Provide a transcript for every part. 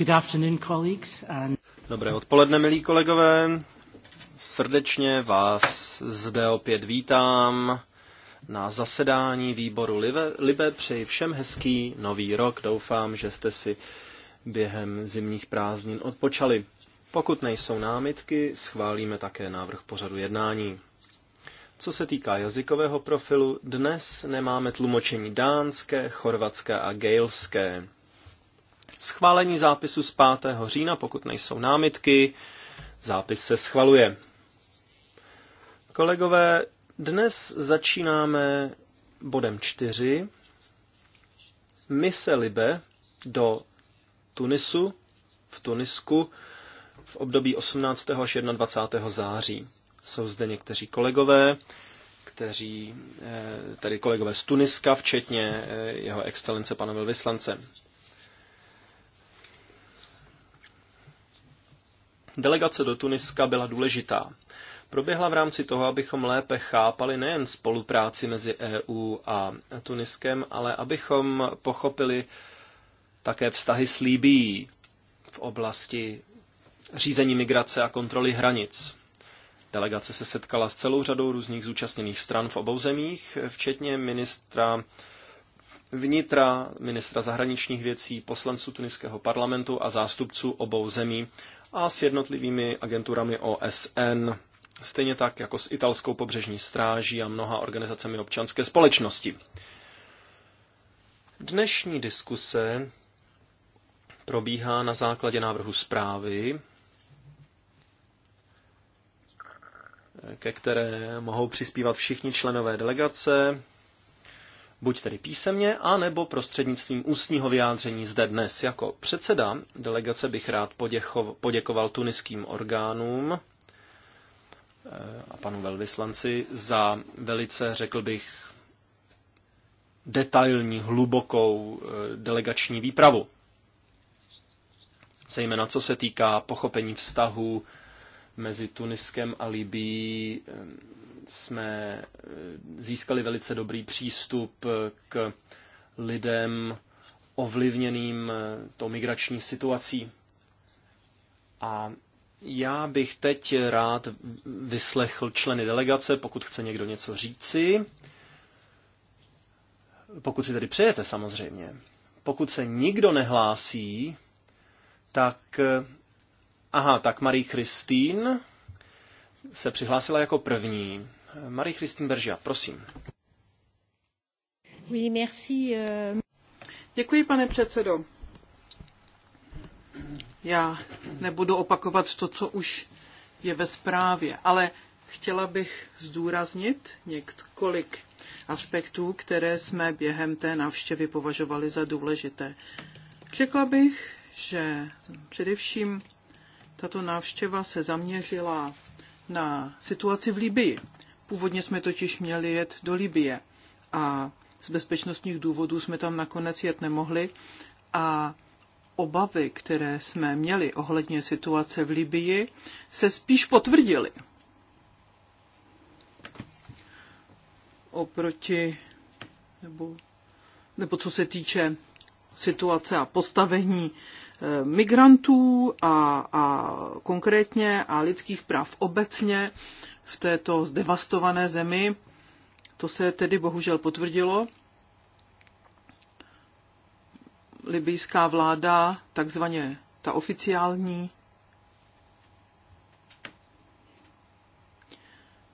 Good afternoon, colleagues. And... Dobré odpoledne, milí kolegové. Srdečně vás zde opět vítám na zasedání výboru Libe. Libe přeji všem hezký nový rok. Doufám, že jste si během zimních prázdnin odpočali. Pokud nejsou námitky, schválíme také návrh pořadu jednání. Co se týká jazykového profilu, dnes nemáme tlumočení dánské, chorvatské a gailské. Schválení zápisu z 5. října, pokud nejsou námitky, zápis se schvaluje. Kolegové, dnes začínáme bodem 4. Mise Libe do Tunisu, v Tunisku, v období 18. až 21. září. Jsou zde někteří kolegové, kteří, eh, tedy kolegové z Tuniska, včetně eh, jeho excelence pana velvyslance. Delegace do Tuniska byla důležitá. Proběhla v rámci toho, abychom lépe chápali nejen spolupráci mezi EU a Tuniskem, ale abychom pochopili také vztahy s Líbí v oblasti řízení migrace a kontroly hranic. Delegace se setkala s celou řadou různých zúčastněných stran v obou zemích, včetně ministra vnitra, ministra zahraničních věcí, poslanců tuniského parlamentu a zástupců obou zemí a s jednotlivými agenturami OSN, stejně tak jako s italskou pobřežní stráží a mnoha organizacemi občanské společnosti. Dnešní diskuse probíhá na základě návrhu zprávy, ke které mohou přispívat všichni členové delegace, buď tedy písemně, anebo prostřednictvím ústního vyjádření zde dnes. Jako předseda delegace bych rád poděkoval tuniským orgánům eh, a panu velvyslanci za velice, řekl bych, detailní, hlubokou eh, delegační výpravu. Zejména co se týká pochopení vztahu mezi Tuniskem a Libí, eh, jsme eh, získali velice dobrý přístup eh, k lidem ovlivněným eh, to migrační situací. A já bych teď rád vyslechl členy delegace, pokud chce někdo něco říci. Pokud si tedy přejete, samozřejmě. Pokud se nikdo nehlásí, tak... Aha, tak Marie Christine se přihlásila jako první. Marie-Christine Beržia, prosím. Oui, merci. Euh. Děkuji, pane předsedo. Já nebudu opakovat to, co už je ve zprávě, ale chtěla bych zdůraznit několik aspektů, které jsme během té návštěvy považovali za důležité. Řekla bych, že především tato návštěva se zaměřila na situaci v Libii. Původně jsme totiž měli jet do Libie a z bezpečnostních důvodů jsme tam nakonec jet nemohli a obavy, které jsme měli ohledně situace v Libii, se spíš potvrdily. Oproti, nebo, nebo co se týče situace a postavení eh, migrantů a, a konkrétně a lidských práv obecně v této zdevastované zemi. To se tedy bohužel potvrdilo. Libijská vláda, takzvaně ta oficiální,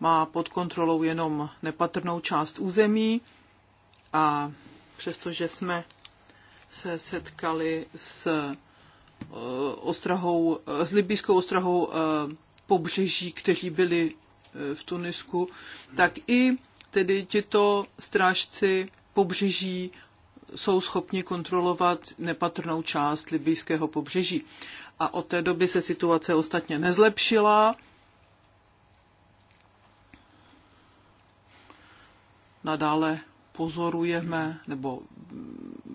má pod kontrolou jenom nepatrnou část území a přestože jsme se setkali s eh, ostrahou, s libijskou ostrahou eh, pobřeží, kteří byli Eh, v Tunisku, tak i tedy tito strážci pobřeží jsou schopni kontrolovat nepatrnou část libijského pobřeží. A od té doby se situace ostatně nezlepšila. Nadále pozorujeme nebo mm,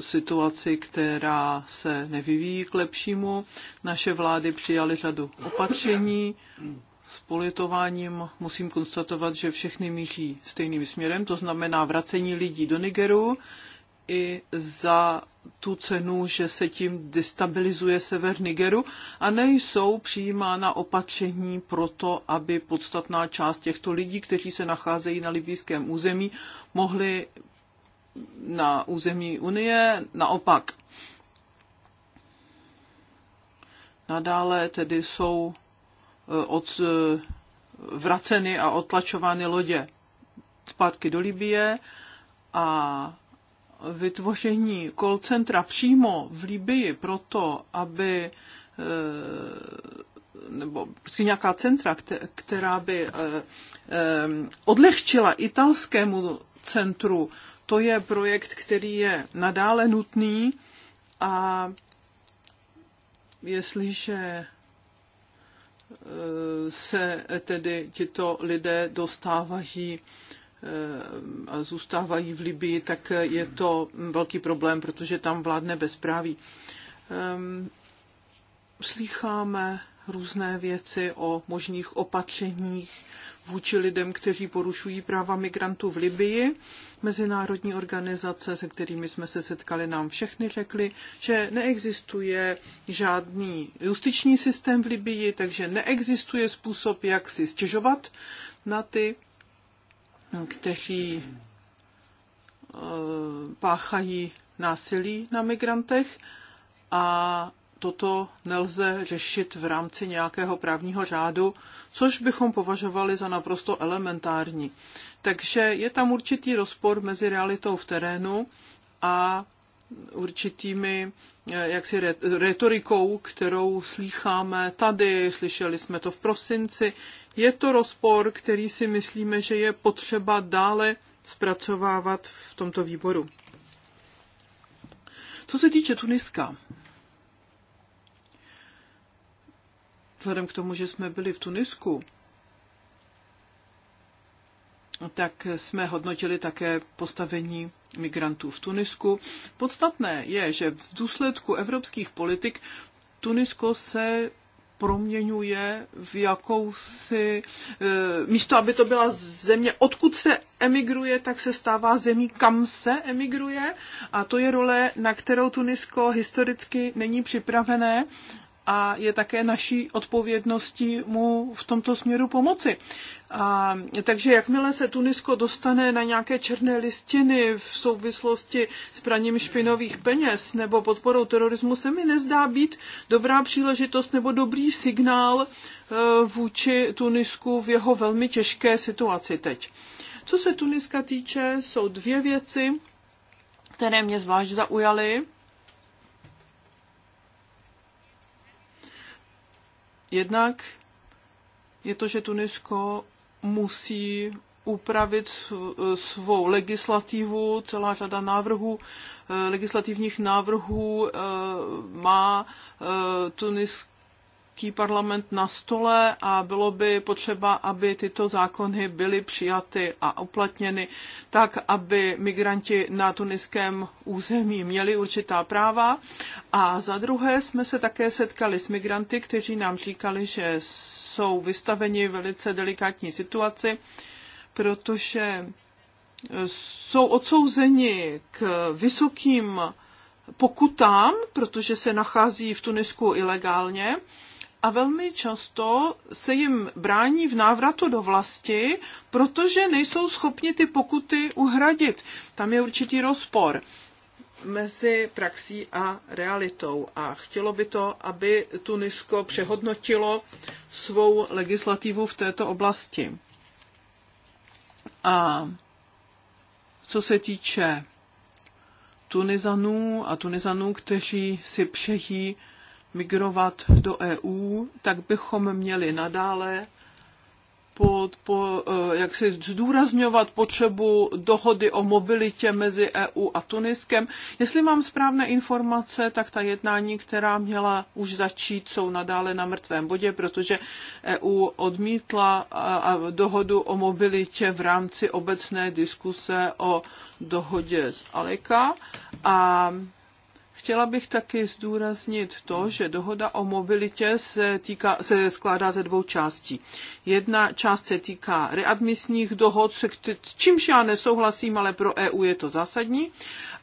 situaci, která se nevyvíjí k lepšímu. Naše vlády přijaly řadu opatření s politováním musím konstatovat, že všechny míří stejným směrem, to znamená vracení lidí do Nigeru i za tu cenu, že se tím destabilizuje sever Nigeru a nejsou přijímána opatření pro to, aby podstatná část těchto lidí, kteří se nacházejí na libýském území, mohli na území Unie naopak. Nadále tedy jsou Eh, od, eh, vraceny a odtlačovány lodě zpátky do Libie a vytvoření call centra přímo v Libii proto, aby eh, nebo prostě nějaká centra, která by odlehčila italskému centru, to je projekt, který je nadále nutný a jestliže se tedy tito lidé dostávají eh, a zůstávají v Libii, tak je to velký problém, protože tam vládne bezpráví. Ehm, Slycháme různé věci o možných opatřeních vůči lidem, kteří porušují práva migrantů v Libii. Mezinárodní organizace, se kterými jsme se setkali, nám všechny řekly, že neexistuje žádný justiční systém v Libii, takže neexistuje způsob, jak si stěžovat na ty, kteří eh, páchají násilí na migrantech a toto nelze řešit v rámci nějakého právního řádu, což bychom považovali za naprosto elementární. Takže je tam určitý rozpor mezi realitou v terénu a určitými eh, jaksi retorikou, kterou slýcháme tady, slyšeli jsme to v prosinci. Je to rozpor, který si myslíme, že je potřeba dále zpracovávat v tomto výboru. Co se týče Tuniska, vzhledem k tomu, že jsme byli v Tunisku, tak jsme hodnotili také postavení migrantů v Tunisku. Podstatné je, že v důsledku evropských politik Tunisko se proměňuje v jakousi, eh, místo aby to byla země, odkud se emigruje, tak se stává zemí, kam se emigruje. A to je role, na kterou Tunisko historicky není připravené a je také naší odpovědností mu v tomto směru pomoci. A, takže jakmile se Tunisko dostane na nějaké černé listiny v souvislosti s praním špinových peněz nebo podporou terorismu, se mi nezdá být dobrá příležitost nebo dobrý signál eh, vůči Tunisku v jeho velmi těžké situaci teď. Co se Tuniska týče, jsou dvě věci, které mě zvlášť zaujaly. Jednak je to, že Tunisko musí upravit svou legislativu. Celá řada návrhů, eh, legislativních návrhů eh, má eh, Tunisko Evropský parlament na stole a bylo by potřeba, aby tyto zákony byly přijaty a uplatněny tak, aby migranti na tuniském území měli určitá práva. A za druhé jsme se také setkali s migranty, kteří nám říkali, že jsou vystaveni velice delikátní situaci, protože jsou odsouzeni k vysokým pokutám, protože se nachází v Tunisku ilegálně a velmi často se jim brání v návratu do vlasti, protože nejsou schopni ty pokuty uhradit. Tam je určitý rozpor mezi praxí a realitou. A chtělo by to, aby Tunisko přehodnotilo svou legislativu v této oblasti. A co se týče Tunizanů a Tunizanů, kteří si přejí migrovat do EU, tak bychom měli nadále pod, po, eh, jak si zdůrazňovat potřebu dohody o mobilitě mezi EU a Tuniskem. Jestli mám správné informace, tak ta jednání, která měla už začít, jsou nadále na mrtvém bodě, protože EU odmítla a, a dohodu o mobilitě v rámci obecné diskuse o dohodě z Aleka a Chtěla bych taky zdůraznit to, že dohoda o mobilitě se, týká, se skládá ze dvou částí. Jedna část se týká readmisních dohod, se čímž já nesouhlasím, ale pro EU je to zásadní.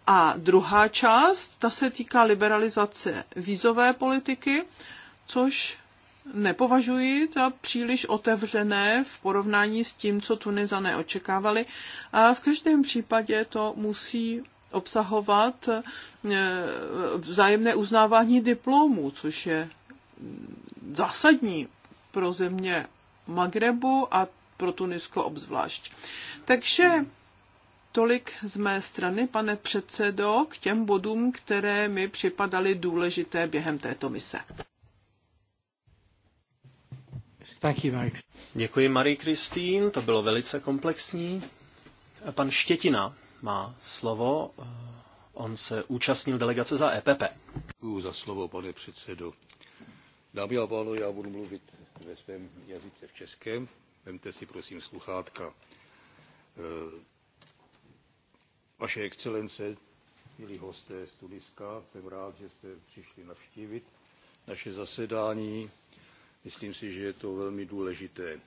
A druhá část, ta se týká liberalizace vízové politiky, což nepovažuji za příliš otevřené v porovnání s tím, co Tunizané očekávali. A v každém případě to musí obsahovat eh, vzájemné uznávání diplomů, což je zásadní pro země Magrebu a pro Tunisko obzvlášť. Takže tolik z mé strany, pane předsedo, k těm bodům, které mi připadaly důležité během této mise. Thank you, Děkuji, Marie Kristýn, to bylo velice komplexní. pan Štětina má slovo. Eh, on se účastnil delegace za EPP. Děkuji za slovo, pane předsedo. Dámy a pánové, já budu mluvit ve svém jazyce v českém. Vemte si prosím sluchátka. Eh, vaše excelence, milí hosté z Tuniska, jsem rád, že jste přišli navštívit naše zasedání. Myslím si, že je to velmi důležité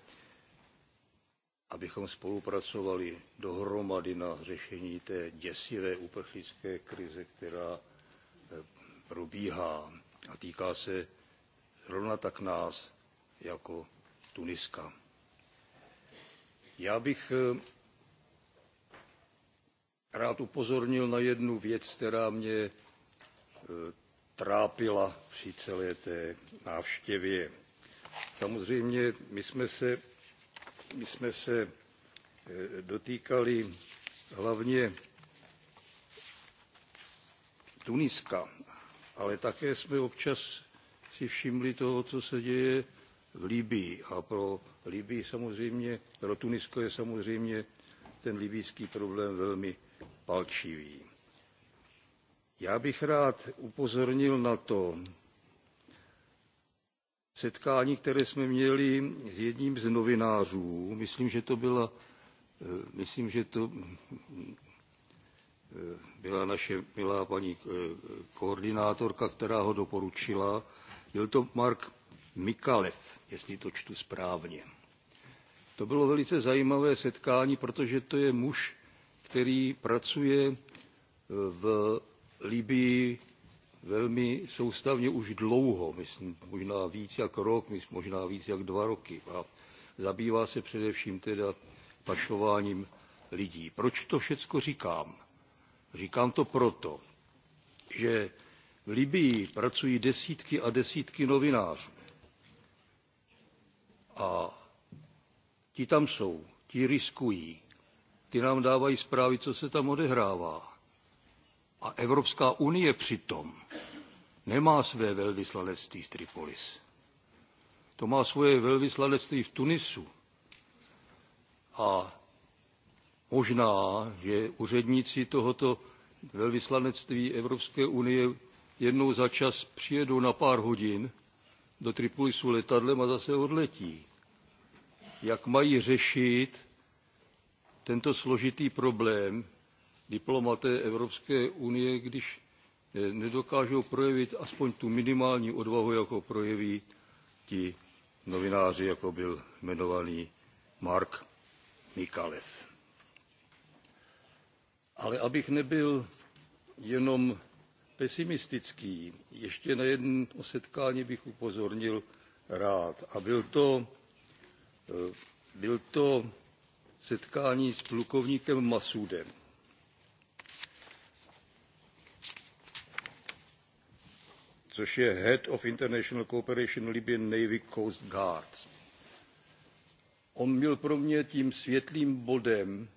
abychom spolupracovali dohromady na řešení té děsivé uprchlické krize, která eh, probíhá a týká se zrovna tak nás jako Tuniska. Já bych eh, rád upozornil na jednu věc, která mě eh, trápila při celé té návštěvě. Samozřejmě my jsme se my jsme se e, dotýkali hlavně Tuniska, ale také jsme občas si všimli toho, co se děje v Libyi. A pro Libii samozřejmě, pro Tunisko je samozřejmě ten libijský problém velmi palčivý. Já bych rád upozornil na to, setkání, které jsme měli s jedním z novinářů. Myslím, že to byla, eh, myslím, že to eh, byla naše milá paní eh, koordinátorka, která ho doporučila. Byl to Mark Mikalev, jestli to čtu správně. To bylo velice zajímavé setkání, protože to je muž, který pracuje v Libii velmi soustavně už dlouho, myslím možná víc jak rok, myslím možná víc jak dva roky. A zabývá se především teda pašováním lidí. Proč to všecko říkám? Říkám to proto, že v Libii pracují desítky a desítky novinářů. A ti tam jsou, ti riskují, ti nám dávají zprávy, co se tam odehrává a Evropská unie přitom nemá své velvyslanectví v Tripolis. To má svoje velvyslanectví v Tunisu. A možná, že úředníci tohoto velvyslanectví Evropské unie jednou za čas přijedou na pár hodin do Tripolisu letadlem a zase odletí. Jak mají řešit tento složitý problém, diplomaté Evropské unie, když eh, nedokážou projevit aspoň tu minimální odvahu, jako projeví ti novináři, jako byl jmenovaný Mark Mikalev. Ale abych nebyl jenom pesimistický, ještě na jedno setkání bych upozornil rád. A byl to, eh, byl to setkání s plukovníkem Masudem. což je Head of International Cooperation Libyan Navy Coast Guard. On byl pro mě tím světlým bodem,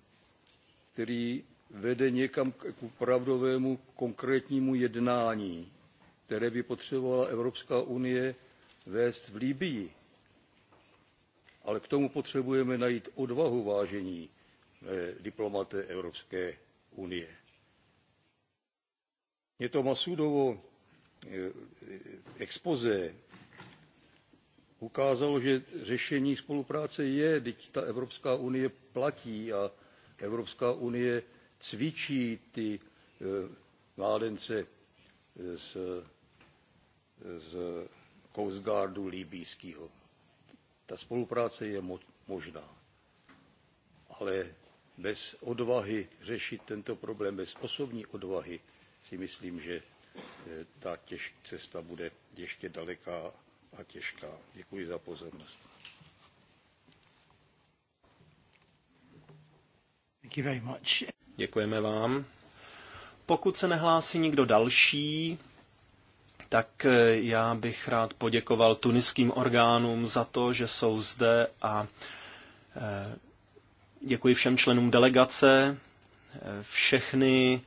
který vede někam k opravdovému konkrétnímu jednání, které by potřebovala Evropská unie vést v Libii. Ale k tomu potřebujeme najít odvahu vážení eh, diplomaté Evropské unie. Je to Masudovo Eh, expoze ukázalo, že řešení spolupráce je, teď ta Evropská unie platí a Evropská unie cvičí ty mládence eh, eh, z, z Coast Guardu libýského. Ta spolupráce je možná, ale bez odvahy řešit tento problém, bez osobní odvahy si myslím, že ta těž, cesta bude ještě daleká a těžká. Děkuji za pozornost. Děkujeme vám. Pokud se nehlásí nikdo další, tak eh, já bych rád poděkoval tuniským orgánům za to, že jsou zde a eh, děkuji všem členům delegace. Eh, všechny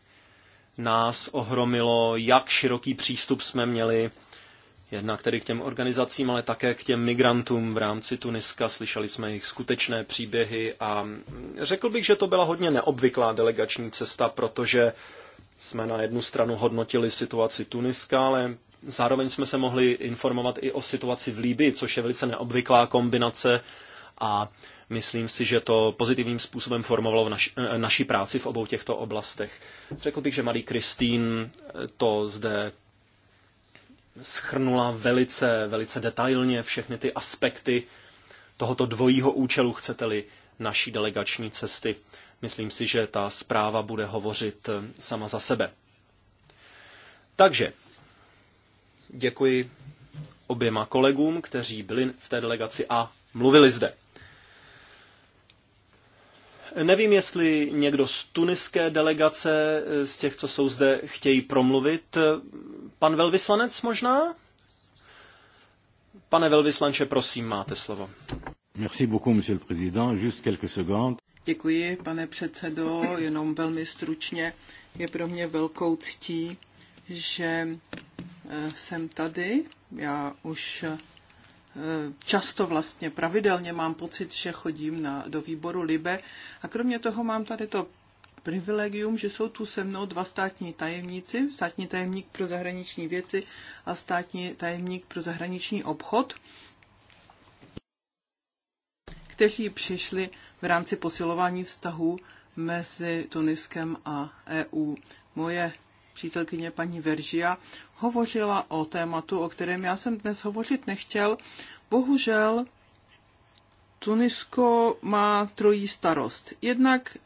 nás ohromilo, jak široký přístup jsme měli jednak tedy k těm organizacím, ale také k těm migrantům v rámci Tuniska. Slyšeli jsme jejich skutečné příběhy a řekl bych, že to byla hodně neobvyklá delegační cesta, protože jsme na jednu stranu hodnotili situaci Tuniska, ale zároveň jsme se mohli informovat i o situaci v Líbii, což je velice neobvyklá kombinace a myslím si, že to pozitivním způsobem formovalo v naš, eh, naší práci v obou těchto oblastech. Řekl bych, že Marie Kristýn eh, to zde schrnula velice, velice detailně všechny ty aspekty tohoto dvojího účelu, chcete-li, naší delegační cesty. Myslím si, že ta zpráva bude hovořit eh, sama za sebe. Takže děkuji oběma kolegům, kteří byli v té delegaci a mluvili zde. Nevím, jestli někdo z tuniské delegace, eh, z těch, co jsou zde, chtějí promluvit. Pan velvyslanec možná? Pane velvyslanče, prosím, máte slovo. Merci beaucoup, monsieur le président. Just quelques secondes. Děkuji, pane předsedo, jenom velmi stručně. Je pro mě velkou ctí, že eh, jsem tady. Já už často vlastně pravidelně mám pocit, že chodím na, do výboru Libe a kromě toho mám tady to privilegium, že jsou tu se mnou dva státní tajemníci, státní tajemník pro zahraniční věci a státní tajemník pro zahraniční obchod, kteří přišli v rámci posilování vztahů mezi Tuniskem a EU. Moje přítelkyně paní Veržia, hovořila o tématu, o kterém já jsem dnes hovořit nechtěl. Bohužel Tunisko má trojí starost. Jednak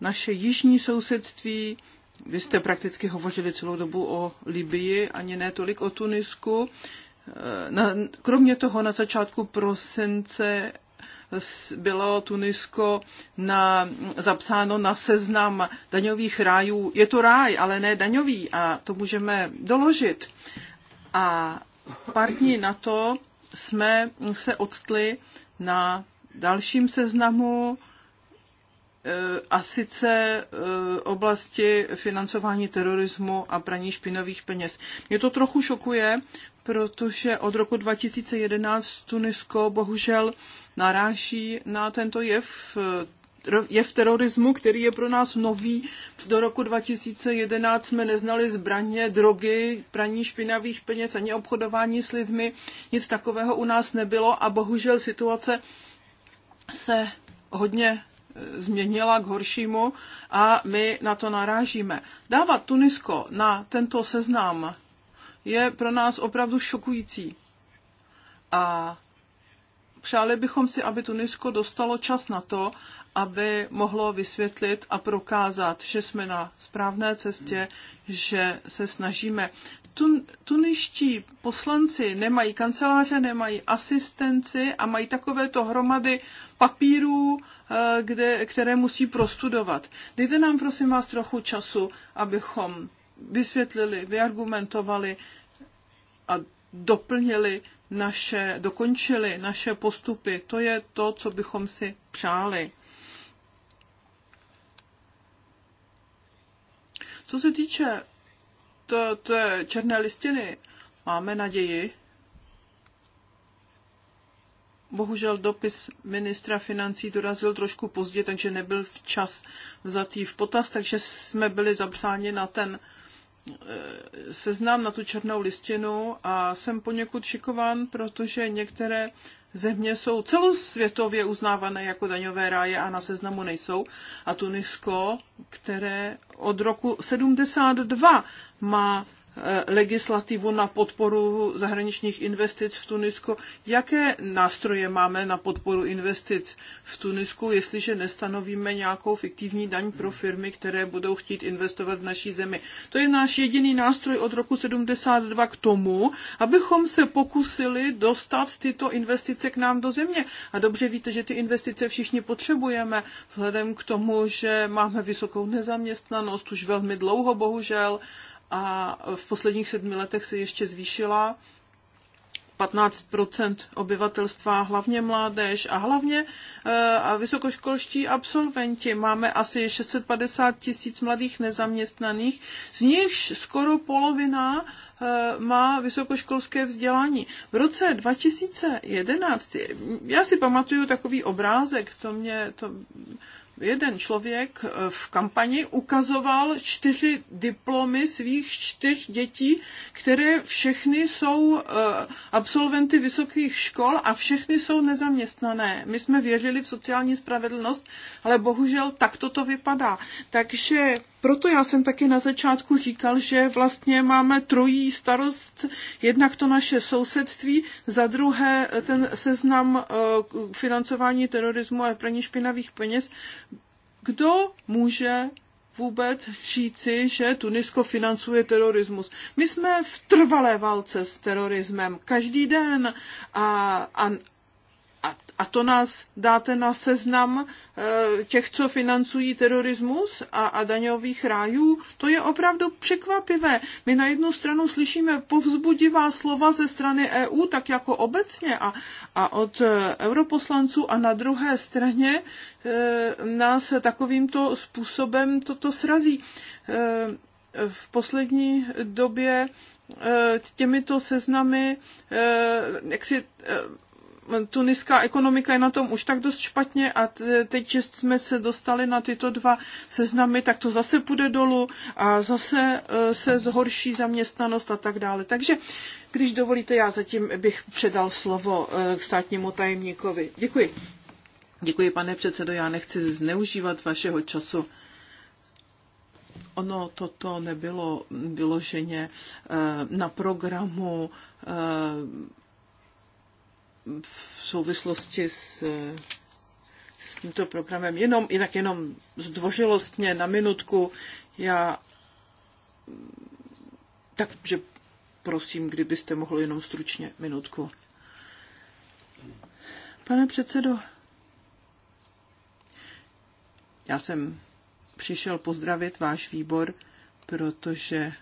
naše jižní sousedství, vy jste prakticky hovořili celou dobu o Libii, ani ne tolik o Tunisku. Na, kromě toho na začátku prosince bylo Tunisko na, zapsáno na seznam daňových rájů. Je to ráj, ale ne daňový a to můžeme doložit. A pár dní na to jsme se odstli na dalším seznamu eh, a sice eh, oblasti financování terorismu a praní špinových peněz. Mě to trochu šokuje, protože od roku 2011 Tunisko bohužel naráží na tento jev eh, jev terorismu, který je pro nás nový. Do roku 2011 jsme neznali zbraně, drogy, praní špinavých peněz ani obchodování s lidmi. Nic takového u nás nebylo a bohužel situace se hodně eh, změnila k horšímu a my na to narážíme. Dávat Tunisko na tento seznam je pro nás opravdu šokující. A přáli bychom si, aby Tunisko dostalo čas na to, aby mohlo vysvětlit a prokázat, že jsme na správné cestě, že se snažíme. Tun, tuniští poslanci nemají kanceláře, nemají asistenci a mají takovéto hromady papírů, eh, kde, které musí prostudovat. Dejte nám prosím vás trochu času, abychom vysvětlili, vyargumentovali a doplnili naše, dokončili naše postupy. To je to, co bychom si přáli. Co se týče to, to černé listiny, máme naději. Bohužel dopis ministra financí dorazil trošku pozdě, takže nebyl včas vzatý v potaz, takže jsme byli zapsáni na ten Eh, seznam na tu černou listinu a jsem poněkud šikován, protože některé země jsou celosvětově uznávané jako daňové ráje a na seznamu nejsou. A Tunisko, které od roku 72 má Eh, legislativu na podporu zahraničních investic v Tunisku. Jaké nástroje máme na podporu investic v Tunisku, jestliže nestanovíme nějakou fiktivní daň pro firmy, které budou chtít investovat v naší zemi? To je náš jediný nástroj od roku 72 k tomu, abychom se pokusili dostat tyto investice k nám do země. A dobře víte, že ty investice všichni potřebujeme, vzhledem k tomu, že máme vysokou nezaměstnanost už velmi dlouho, bohužel, a v posledních sedmi letech se ještě zvýšila. 15 obyvatelstva, hlavně mládež a hlavně eh, a vysokoškolští absolventi. Máme asi 650 tisíc mladých nezaměstnaných, z nichž skoro polovina eh, má vysokoškolské vzdělání. V roce 2011, já si pamatuju takový obrázek, to mě, to, jeden člověk eh, v kampani ukazoval čtyři diplomy svých čtyř dětí, které všechny jsou eh, absolventy vysokých škol a všechny jsou nezaměstnané. My jsme věřili v sociální spravedlnost, ale bohužel takto to vypadá. Takže proto já jsem taky na začátku říkal, že vlastně máme trojí starost, jednak to naše sousedství, za druhé eh, ten seznam eh, financování terorismu a praní špinavých peněz. Kdo může vůbec říci, že Tunisko financuje terorismus. My jsme v trvalé válce s terorismem každý den a, a, a, a to nás dáte na seznam e, těch, co financují terorismus a, a daňových rájů, to je opravdu překvapivé. My na jednu stranu slyšíme povzbudivá slova ze strany EU, tak jako obecně a, a od eh, europoslanců a na druhé straně e, nás takovýmto způsobem toto srazí. E, v poslední době těmito seznamy, jak si tuniská ekonomika je na tom už tak dost špatně a teď, že jsme se dostali na tyto dva seznamy, tak to zase půjde dolů a zase e, se zhorší zaměstnanost a tak dále. Takže, když dovolíte, já zatím bych předal slovo e, k státnímu tajemníkovi. Děkuji. Děkuji, pane předsedo, já nechci zneužívat vašeho času. Ono toto nebylo vyloženě e, na programu v souvislosti s, s tímto programem. Jenom, jinak jenom zdvořilostně na minutku já takže prosím, kdybyste mohli jenom stručně minutku. Pane předsedo, já jsem přišel pozdravit váš výbor, protože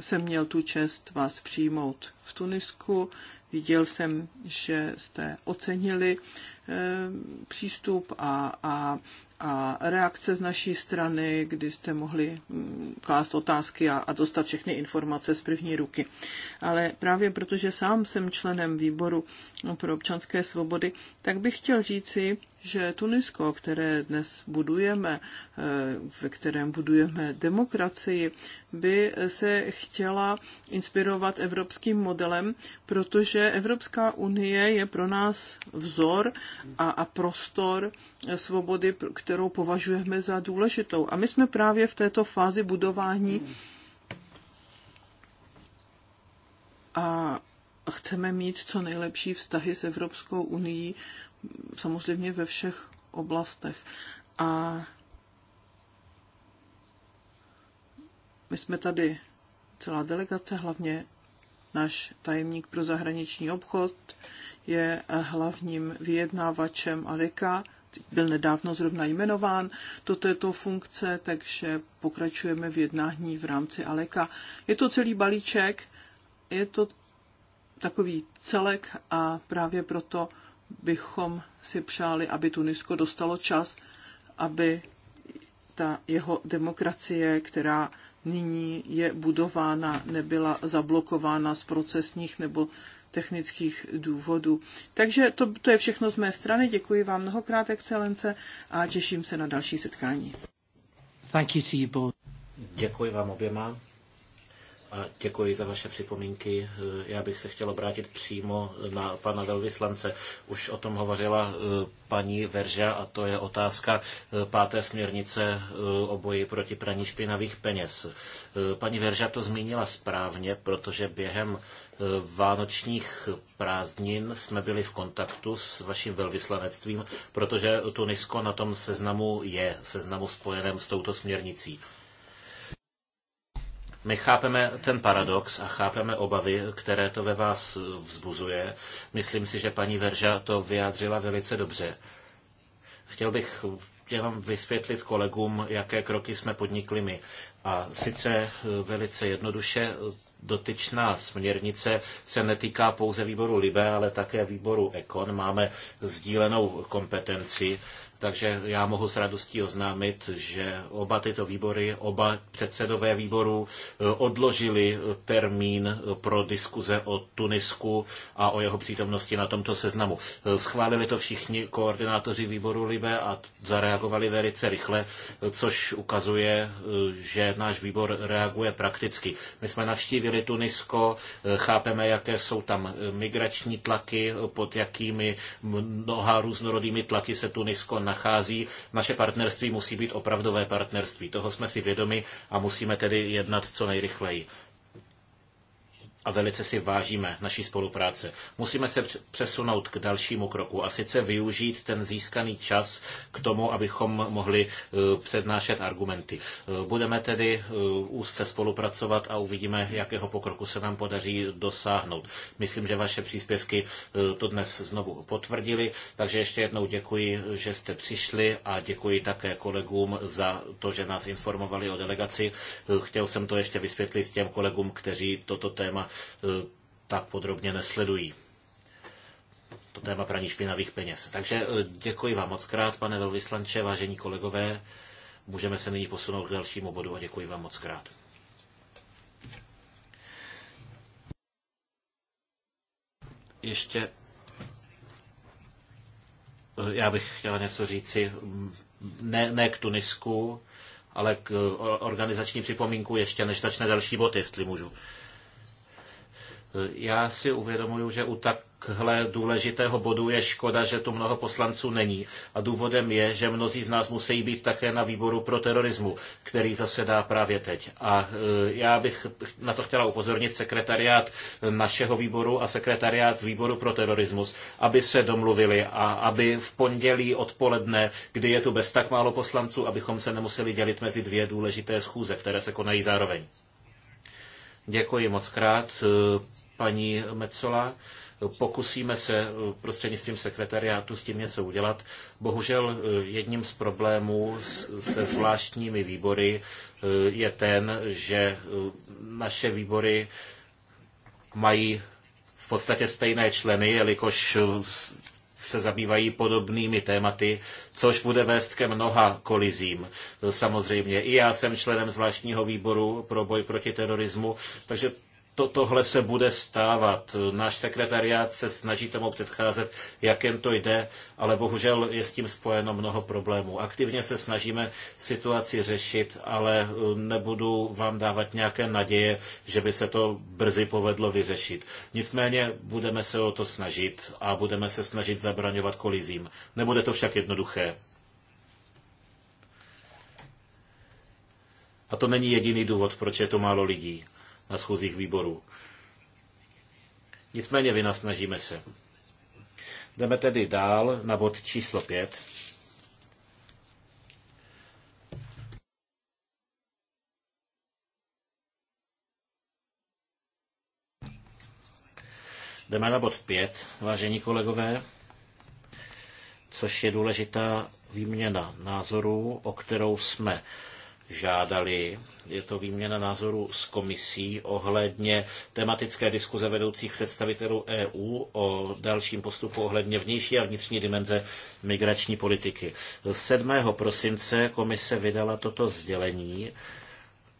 jsem měl tu čest vás přijmout v Tunisku. Viděl jsem, že jste ocenili eh, přístup a, a a reakce z naší strany, kdy jste mohli mm, klást otázky a, dostat všechny informace z první ruky. Ale právě protože sám jsem členem výboru pro občanské svobody, tak bych chtěl říci, že Tunisko, které dnes budujeme, e, ve kterém budujeme demokracii, by se chtěla inspirovat evropským modelem, protože Evropská unie je pro nás vzor a, a prostor svobody, které kterou považujeme za důležitou. A my jsme právě v této fázi budování a chceme mít co nejlepší vztahy s Evropskou unii, samozřejmě ve všech oblastech. A my jsme tady celá delegace, hlavně náš tajemník pro zahraniční obchod je hlavním vyjednávačem Alika byl nedávno zrovna jmenován do této funkce, takže pokračujeme v jednání v rámci Aleka. Je to celý balíček, je to takový celek a právě proto bychom si přáli, aby Tunisko dostalo čas, aby ta jeho demokracie, která nyní je budována, nebyla zablokována z procesních nebo technických důvodů. Takže to, to je všechno z mé strany. Děkuji vám mnohokrát, excelence, a těším se na další setkání. Thank you to you both. Děkuji vám oběma. A děkuji za vaše připomínky. Já bych se chtěl obrátit přímo na pana velvyslance. Už o tom hovořila eh, paní Verža a to je otázka eh, páté směrnice eh, o boji proti praní špinavých peněz. Paní Verža to zmínila správně, protože během vánočních prázdnin jsme byli v kontaktu s vaším velvyslanectvím, protože Tunisko na tom seznamu je, seznamu spojeném s touto směrnicí. My chápeme ten paradox a chápeme obavy, které to ve vás vzbuzuje. Myslím si, že paní Verža to vyjádřila velice dobře. Chtěl bych jenom vysvětlit kolegům, jaké kroky jsme podnikli my. A sice eh, velice jednoduše eh, dotyčná směrnice se netýká pouze výboru LIBE, ale také výboru EKON. Máme sdílenou kompetenci takže já mohu s radostí oznámit, že oba tyto výbory, oba předsedové výboru, eh, odložili eh, termín eh, pro diskuze o Tunisku a o jeho přítomnosti na tomto seznamu. Schválili to všichni koordinátoři výboru Libe a zareagovali velice rychle, což ukazuje, že náš výbor reaguje prakticky. My jsme navštívili Tunisko, chápeme, jaké jsou tam migrační tlaky, pod jakými mnoha různorodými tlaky se Tunisko na nachází. Naše partnerství musí být opravdové partnerství. Toho jsme si vědomi a musíme tedy jednat co nejrychleji a velice si vážíme naší spolupráce. Musíme se přesunout k dalšímu kroku a sice využít ten získaný čas k tomu, abychom mohli e, přednášet argumenty. E, budeme tedy e, úzce spolupracovat a uvidíme, jakého pokroku se nám podaří dosáhnout. Myslím, že vaše příspěvky to dnes znovu potvrdili, takže ještě jednou děkuji, že jste přišli a děkuji také kolegům za to, že nás informovali o delegaci. Chtěl jsem to ještě vysvětlit těm kolegům, kteří toto téma E, tak podrobně nesledují to téma praní špinavých peněz. Takže e, děkuji vám moc krát, pane velvyslanče, vážení kolegové. Můžeme se nyní posunout k dalšímu bodu a děkuji vám moc krát. Ještě e, já bych chtěla něco říci, ne, ne k Tunisku, ale k organizační připomínku ještě, než začne další bod, jestli můžu. Já si uvědomuji, že u takhle důležitého bodu je škoda, že tu mnoho poslanců není. A důvodem je, že mnozí z nás musí být také na výboru pro terorismu, který zasedá právě teď. A e, já bych na to chtěla upozornit sekretariát e, našeho výboru a sekretariát výboru pro terorismus, aby se domluvili a aby v pondělí odpoledne, kdy je tu bez tak málo poslanců, abychom se nemuseli dělit mezi dvě důležité schůze, které se konají zároveň. Děkuji moc krát. E, paní Mecola. Pokusíme se eh, prostřednictvím sekretariátu s tím něco udělat. Bohužel eh, jedním z problémů se zvláštními výbory eh, je ten, že naše výbory mají v podstatě stejné členy, jelikož se zabývají podobnými tématy, což bude vést ke mnoha kolizím. Samozřejmě i já jsem členem zvláštního výboru pro boj proti terorismu, takže to, tohle se bude stávat. Náš sekretariát se snaží tomu předcházet, jak jen to jde, ale bohužel je s tím spojeno mnoho problémů. Aktivně se snažíme situaci řešit, ale eh, nebudu vám dávat nějaké naděje, že by se to brzy povedlo vyřešit. Nicméně budeme se o to snažit a budeme se snažit zabraňovat kolizím. Nebude to však jednoduché. A to není jediný důvod, proč je to málo lidí na schůzích výborů. Nicméně snažíme se. Jdeme tedy dál na bod číslo 5. Jdeme na bod 5, vážení kolegové, což je důležitá výměna názorů, o kterou jsme žádali. Je to výměna názoru s komisí ohledně tematické diskuze vedoucích představitelů EU o dalším postupu ohledně vnější a vnitřní dimenze migrační politiky. 7. prosince komise vydala toto sdělení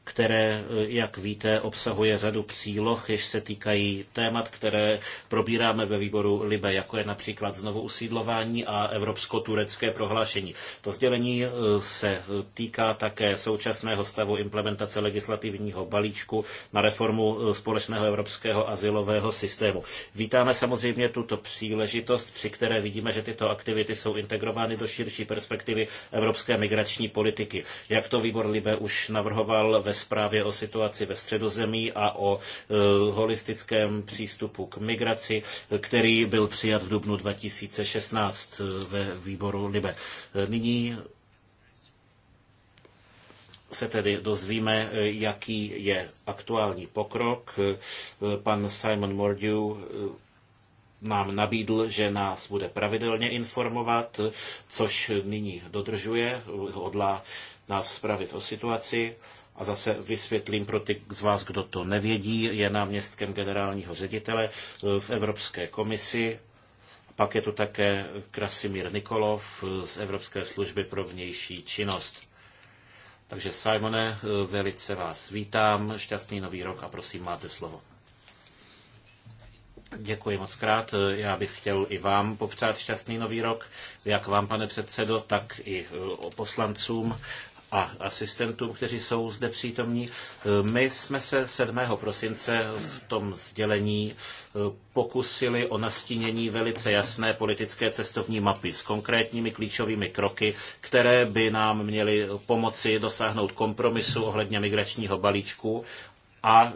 které, eh, jak víte, obsahuje řadu příloh, jež se týkají témat, které probíráme ve výboru LIBE, jako je například znovu usídlování a evropsko-turecké prohlášení. To sdělení eh, se týká také současného stavu implementace legislativního balíčku na reformu eh, společného evropského asilového systému. Vítáme samozřejmě tuto příležitost, při které vidíme, že tyto aktivity jsou integrovány do širší perspektivy evropské migrační politiky. Jak to výbor LIBE už navrhoval ve zprávě o situaci ve středozemí a o e, holistickém přístupu k migraci, který byl přijat v dubnu 2016 e, ve výboru Libe. E, nyní se tedy dozvíme, jaký je aktuální pokrok. Pan Simon Mordew nám nabídl, že nás bude pravidelně informovat, což nyní dodržuje, hodlá nás zpravit o situaci a zase vysvětlím pro ty z vás, kdo to nevědí, je náměstkem generálního ředitele e, v Evropské komisi. Pak je tu také Krasimír Nikolov e, z Evropské služby pro vnější činnost. Takže Simone, e, velice vás vítám, šťastný nový rok a prosím, máte slovo. Děkuji moc krát. Já bych chtěl i vám popřát šťastný nový rok, jak vám, pane předsedo, tak i poslancům a asistentům, kteří jsou zde přítomní. E, my jsme se 7. prosince v tom sdělení e, pokusili o nastínění velice jasné politické cestovní mapy s konkrétními klíčovými kroky, které by nám měly pomoci dosáhnout kompromisu ohledně migračního balíčku a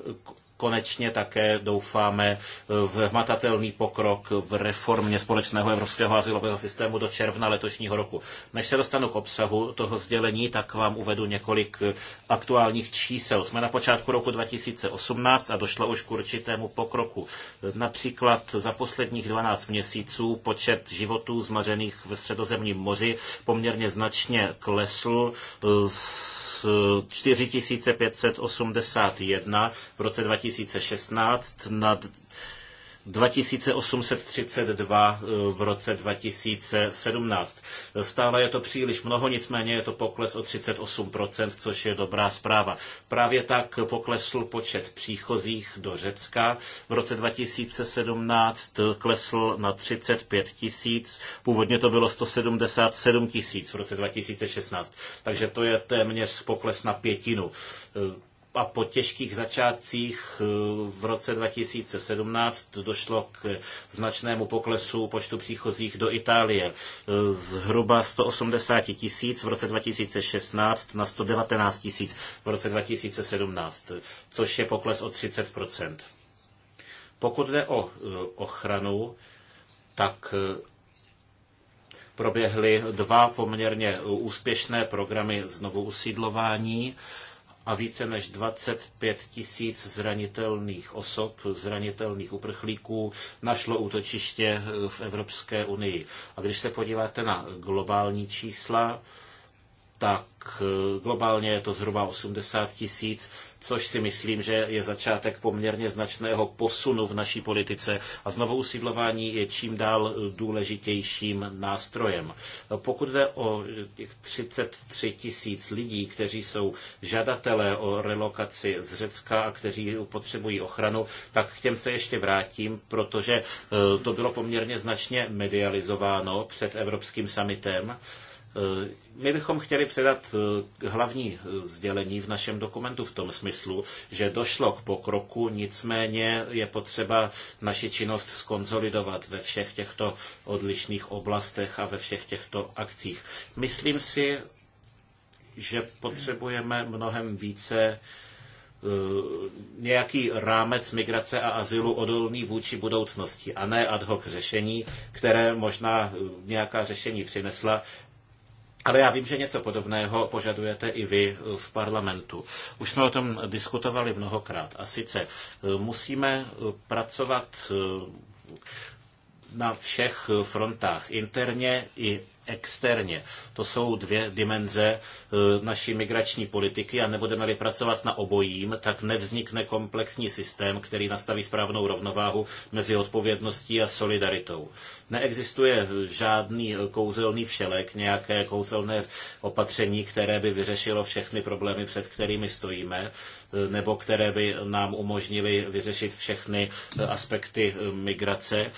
konečně také doufáme v hmatatelný pokrok v reformě společného evropského asilového systému do června letošního roku. Než se dostanu k obsahu toho sdělení, tak vám uvedu několik aktuálních čísel. Jsme na počátku roku 2018 a došlo už k určitému pokroku. Například za posledních 12 měsíců počet životů zmařených ve středozemním moři poměrně značně klesl z 4581 v roce 2000 2016 na 2832 eh, v roce 2017. Stále je to příliš mnoho, nicméně je to pokles o 38%, což je dobrá zpráva. Právě tak poklesl počet příchozích do Řecka. V roce 2017 eh, klesl na 35 tisíc, původně to bylo 177 tisíc v roce 2016, takže to je téměř pokles na pětinu. Eh, a po těžkých začátcích eh, v roce 2017 došlo k značnému poklesu počtu příchozích do Itálie. Eh, zhruba 180 tisíc v roce 2016 na 119 tisíc v roce 2017, což je pokles o 30 Pokud jde o eh, ochranu, tak proběhly dva poměrně úspěšné programy znovu usídlování a více než 25 tisíc zranitelných osob, zranitelných uprchlíků našlo útočiště v Evropské unii. A když se podíváte na globální čísla, tak eh, globálně je to zhruba 80 tisíc, což si myslím, že je začátek poměrně značného posunu v naší politice a znovu usídlování je čím dál eh, důležitějším nástrojem. Pokud jde o 33 eh, tisíc lidí, kteří jsou žadatelé o relokaci z Řecka a kteří potřebují ochranu, tak k těm se ještě vrátím, protože to bylo poměrně značně medializováno před Evropským summitem. Eh, my bychom chtěli předat eh, hlavní eh, sdělení v našem dokumentu v tom smyslu, že došlo k pokroku, nicméně je potřeba naši činnost skonzolidovat ve všech těchto odlišných oblastech a ve všech těchto akcích. Myslím si, že potřebujeme mnohem více nějaký rámec migrace a azylu odolný vůči budoucnosti a ne ad hoc řešení, které možná nějaká řešení přinesla, ale já vím, že něco podobného požadujete i vy v parlamentu. Už jsme o tom diskutovali mnohokrát. A sice eh, musíme eh, pracovat eh, na všech frontách, interně i externě. To jsou dvě dimenze e, naší migrační politiky a nebudeme-li pracovat na obojím, tak nevznikne komplexní systém, který nastaví správnou rovnováhu mezi odpovědností a solidaritou. Neexistuje žádný kouzelný všelek, nějaké kouzelné opatření, které by vyřešilo všechny problémy, před kterými stojíme nebo které by nám umožnily vyřešit všechny eh, aspekty eh, migrace. Eh,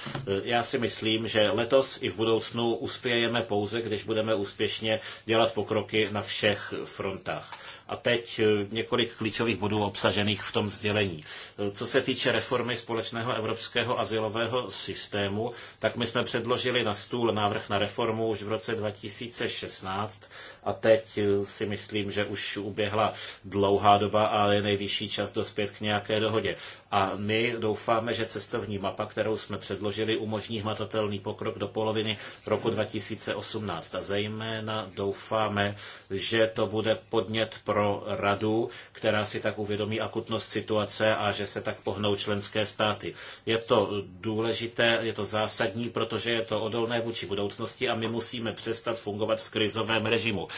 já si myslím, že letos i v budoucnu uspějeme pouze, když budeme úspěšně dělat pokroky na všech frontách. A teď eh, několik klíčových bodů obsažených v tom sdělení. Eh, co se týče reformy společného evropského asilového systému, tak my jsme předložili na stůl návrh na reformu už v roce 2016 a teď eh, si myslím, že už uběhla dlouhá doba a je nejvyšší čas dospět k nějaké dohodě. A my doufáme, že cestovní mapa, kterou jsme předložili, umožní hmatatelný pokrok do poloviny roku 2018. A zejména doufáme, že to bude podnět pro pro radu, která si tak uvědomí akutnost situace a že se tak pohnou členské státy. Je to důležité, je to zásadní, protože je to odolné vůči budoucnosti a my musíme přestat fungovat v krizovém režimu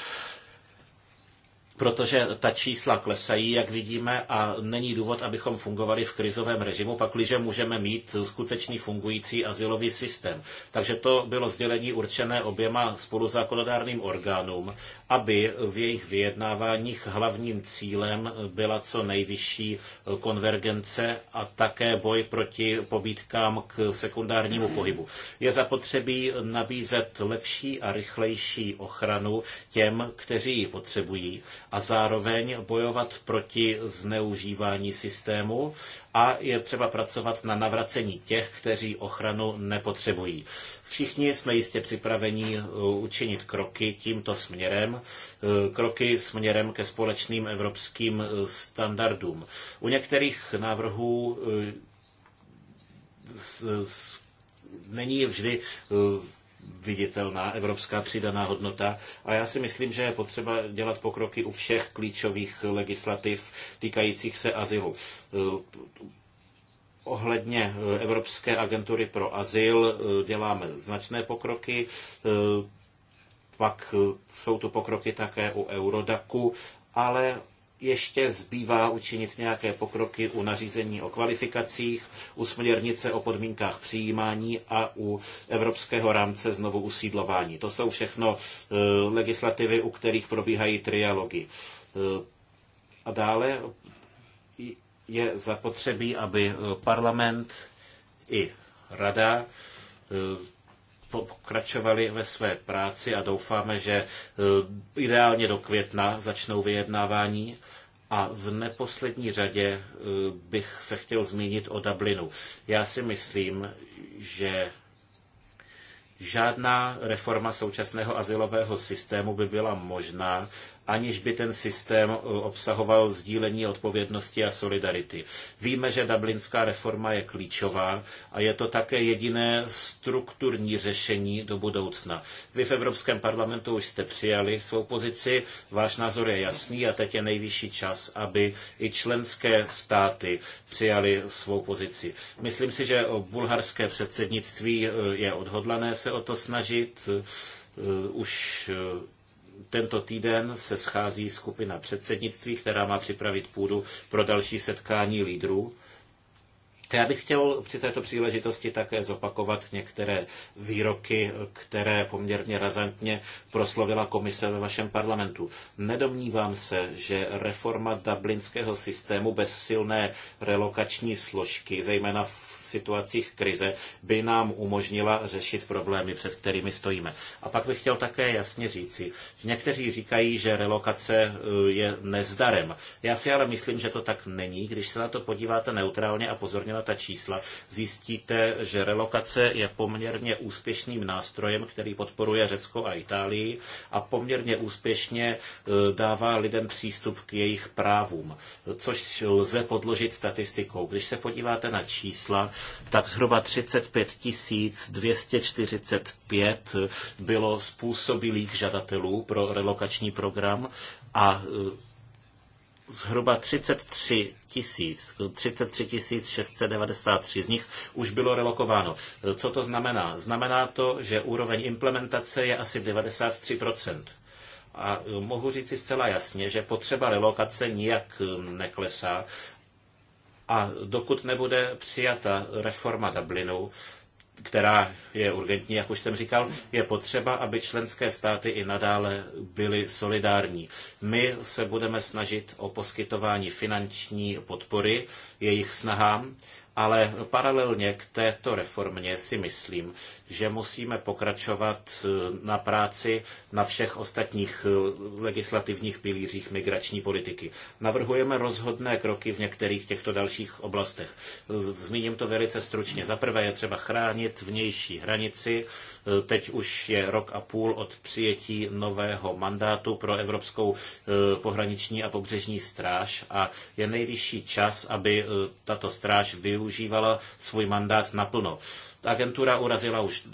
protože ta čísla klesají, jak vidíme, a není důvod, abychom fungovali v krizovém režimu, pakliže můžeme mít skutečný fungující asilový systém. Takže to bylo sdělení určené oběma spoluzákonodárným orgánům aby v jejich vyjednáváních hlavním cílem byla co nejvyšší konvergence a také boj proti pobídkám k sekundárnímu pohybu. Je zapotřebí nabízet lepší a rychlejší ochranu těm, kteří ji potřebují a zároveň bojovat proti zneužívání systému a je třeba pracovat na navracení těch, kteří ochranu nepotřebují. Všichni jsme jistě připraveni učinit kroky tímto směrem Eh, kroky směrem ke společným evropským eh, standardům. U některých návrhů eh, není vždy viditelná evropská přidaná hodnota. A já si myslím, že je potřeba dělat pokroky u všech klíčových legislativ týkajících se azylu. Ohledně Evropské agentury pro azyl děláme značné pokroky. Pak eh, jsou tu pokroky také u Eurodaku, ale ještě zbývá učinit nějaké pokroky u nařízení o kvalifikacích, u směrnice o podmínkách přijímání a u evropského rámce znovu usídlování. To jsou všechno eh, legislativy, u kterých probíhají trialogy. Eh, a dále je zapotřebí, aby parlament i rada pokračovali ve své práci a doufáme, že e, ideálně do května začnou vyjednávání. A v neposlední řadě e, bych se chtěl zmínit o Dublinu. Já si myslím, že žádná reforma současného asilového systému by byla možná, aniž by ten systém uh, obsahoval sdílení odpovědnosti a solidarity. Víme, že dublinská reforma je klíčová a je to také jediné strukturní řešení do budoucna. Vy v Evropském parlamentu už jste přijali svou pozici, váš názor je jasný a teď je nejvyšší čas, aby i členské státy přijali svou pozici. Myslím si, že bulharské předsednictví uh, je odhodlané se o to snažit. Uh, už tento týden se schází skupina předsednictví, která má připravit půdu pro další setkání lídrů. Já bych chtěl při této příležitosti také zopakovat některé výroky, které poměrně razantně proslovila komise ve vašem parlamentu. Nedomnívám se, že reforma dublinského systému bez silné relokační složky, zejména v situacích krize by nám umožnila řešit problémy, před kterými stojíme. A pak bych chtěl také jasně říci, že někteří říkají, že relokace e, je nezdarem. Já si ale myslím, že to tak není. Když se na to podíváte neutrálně a pozorně na ta čísla, zjistíte, že relokace je poměrně úspěšným nástrojem, který podporuje Řecko a Itálii a poměrně úspěšně e, dává lidem přístup k jejich právům, což lze podložit statistikou. Když se podíváte na čísla, tak zhruba 35 245 bylo způsobilých žadatelů pro relokační program a e, zhruba 33 tisíc, 33 693 z nich už bylo relokováno. E, co to znamená? Znamená to, že úroveň implementace je asi 93%. A e, mohu říci zcela jasně, že potřeba relokace nijak neklesá a dokud nebude přijata reforma Dublinu, která je urgentní, jak už jsem říkal, je potřeba, aby členské státy i nadále byly solidární. My se budeme snažit o poskytování finanční podpory jejich snahám, ale paralelně k této reformě si myslím, že musíme pokračovat eh, na práci na všech ostatních eh, legislativních pilířích migrační politiky. Navrhujeme rozhodné kroky v některých těchto dalších oblastech. Eh, zmíním to velice stručně. Za prvé je třeba chránit vnější hranici, Eh, teď už je rok a půl od přijetí nového mandátu pro Evropskou eh, pohraniční a pobřežní stráž a je nejvyšší čas, aby eh, tato stráž využívala svůj mandát naplno. Agentura urazila už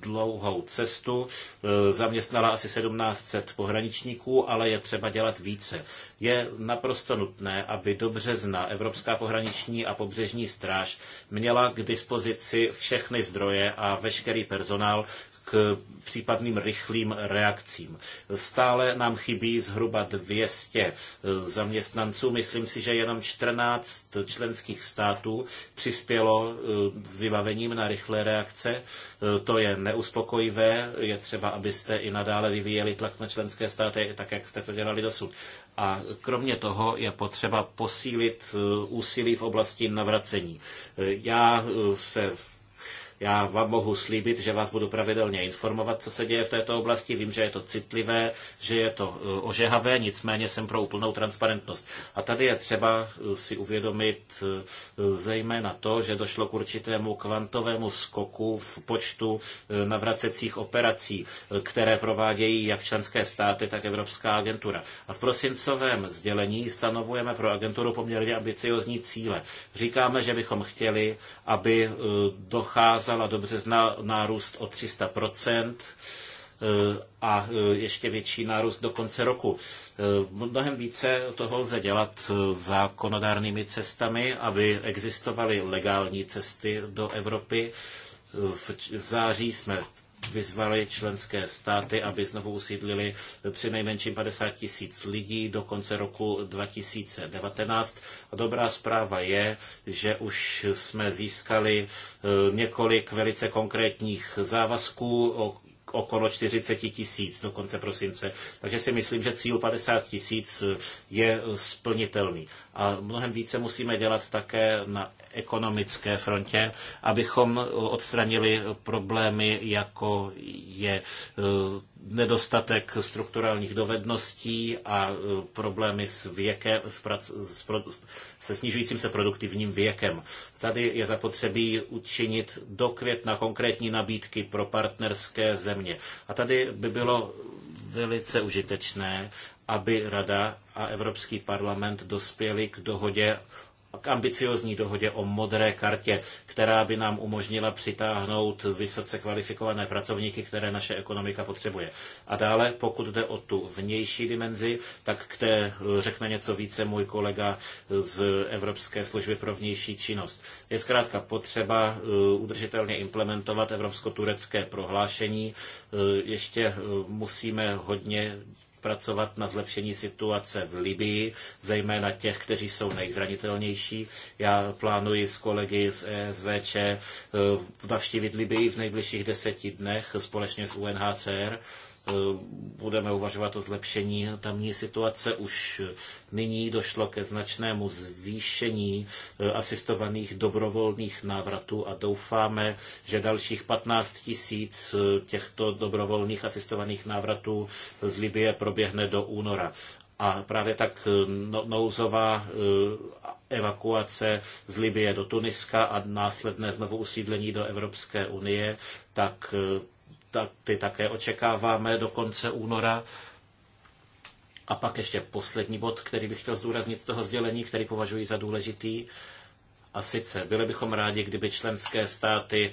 dlouhou cestu, e, zaměstnala asi 1700 pohraničníků, ale je třeba dělat více. Je naprosto nutné, aby do března Evropská pohraniční a pobřežní stráž měla k dispozici všechny zdroje a veškerý personál, případným rychlým reakcím. Stále nám chybí zhruba 200 zaměstnanců. Myslím si, že jenom 14 členských států přispělo eh, vybavením na rychlé reakce. Eh, to je neuspokojivé. Je třeba, abyste i nadále vyvíjeli tlak na členské státy, tak jak jste to dělali dosud. A kromě toho je potřeba posílit eh, úsilí v oblasti navracení. Já se já vám mohu slíbit, že vás budu pravidelně informovat, co se děje v této oblasti. Vím, že je to citlivé, že je to e, ožehavé, nicméně jsem pro úplnou transparentnost. A tady je třeba e, si uvědomit e, zejména to, že došlo k určitému kvantovému skoku v počtu navracecích operací, které provádějí jak členské státy, tak Evropská agentura. A v prosincovém sdělení stanovujeme pro agenturu poměrně ambiciozní cíle. Říkáme, že bychom chtěli, aby docházelo ukázala dobře března nárůst o 300% eh, a eh, ještě větší nárůst do konce roku. Eh, mnohem více toho lze dělat zákonodárnými cestami, aby existovaly legální cesty do Evropy. V září jsme vyzvali členské státy, aby znovu usídlili při nejmenším 50 tisíc lidí do konce roku 2019. A dobrá zpráva je, že už jsme získali eh, několik velice konkrétních závazků, okolo 40 tisíc do konce prosince. Takže si myslím, že cíl 50 tisíc eh, je splnitelný. A mnohem více musíme dělat také na ekonomické frontě, abychom odstranili problémy, jako je e, nedostatek strukturálních dovedností a e, problémy s věkem, s prac, s pro, se snižujícím se produktivním věkem. Tady je zapotřebí učinit do května konkrétní nabídky pro partnerské země. A tady by bylo velice užitečné, aby Rada a Evropský parlament dospěli k dohodě k ambiciozní dohodě o modré kartě, která by nám umožnila přitáhnout vysoce kvalifikované pracovníky, které naše ekonomika potřebuje. A dále, pokud jde o tu vnější dimenzi, tak k té eh, řekne něco více můj kolega z Evropské služby pro vnější činnost. Je zkrátka potřeba eh, udržitelně implementovat evropsko-turecké prohlášení. Eh, ještě musíme hodně pracovat na zlepšení situace v Libii, zejména těch, kteří jsou nejzranitelnější. Já plánuji s kolegy z ESVČ eh, navštívit Libii v nejbližších deseti dnech společně s UNHCR Eh, budeme uvažovat o zlepšení tamní situace. Už nyní došlo ke značnému zvýšení eh, asistovaných dobrovolných návratů a doufáme, že dalších 15 tisíc eh, těchto dobrovolných asistovaných návratů z Libie proběhne do února. A právě tak no, nouzová evakuace z Libie do Tuniska a následné znovu usídlení do Evropské unie, tak ty také očekáváme do konce února. A pak ještě poslední bod, který bych chtěl zdůraznit z toho sdělení, který považuji za důležitý. A sice byli bychom rádi, kdyby členské státy e,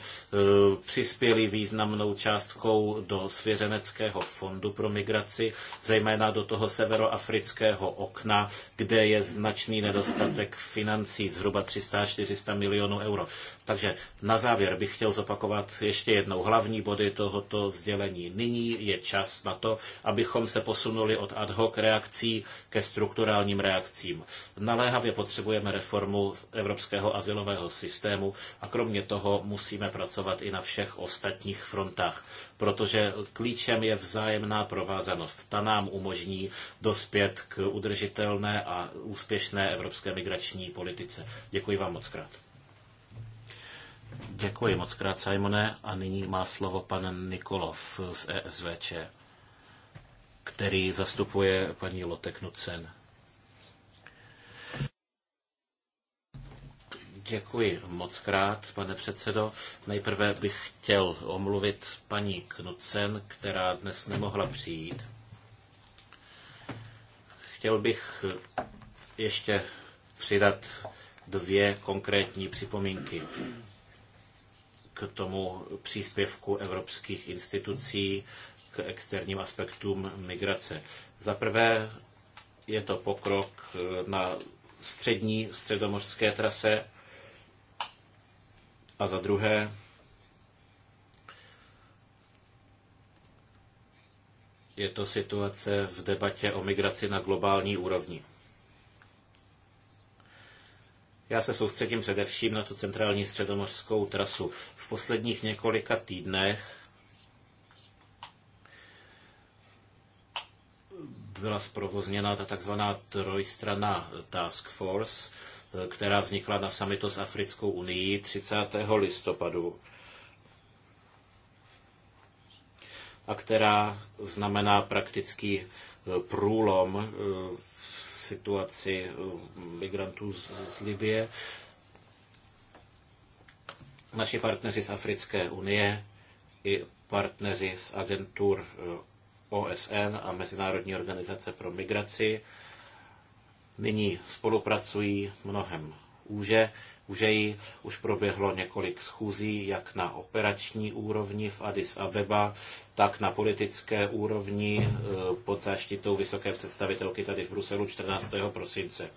přispěly významnou částkou do svěřeneckého fondu pro migraci, zejména do toho severoafrického okna, kde je značný nedostatek financí, zhruba 300-400 milionů euro. Takže na závěr bych chtěl zopakovat ještě jednou hlavní body tohoto sdělení. Nyní je čas na to, abychom se posunuli od ad hoc reakcí ke strukturálním reakcím. Naléhavě potřebujeme reformu evropského azylového systému a kromě toho musíme pracovat i na všech ostatních frontách, protože klíčem je vzájemná provázanost. Ta nám umožní dospět k udržitelné a úspěšné evropské migrační politice. Děkuji vám moc krát. Děkuji moc krát, Simone. A nyní má slovo pan Nikolov z ESVČ, který zastupuje paní Lotek Nucen. Děkuji moc krát, pane předsedo. Nejprve bych chtěl omluvit paní Knucen, která dnes nemohla přijít. Chtěl bych ještě přidat dvě konkrétní připomínky k tomu příspěvku evropských institucí k externím aspektům migrace. Za prvé je to pokrok na střední středomořské trase a za druhé, je to situace v debatě o migraci na globální úrovni. Já se soustředím především na tu centrální středomořskou trasu. V posledních několika týdnech byla zprovozněna ta takzvaná trojstrana Task Force, která vznikla na samitu s Africkou unii 30. listopadu a která znamená praktický eh, průlom eh, v situaci eh, migrantů z, z Libie. Naši partneři z Africké unie i partneři z agentur OSN a Mezinárodní organizace pro migraci nyní spolupracují mnohem úže. Užeji už proběhlo několik schůzí, jak na operační úrovni v Addis Abeba, tak na politické úrovni e, pod záštitou vysoké představitelky tady v Bruselu 14. prosince.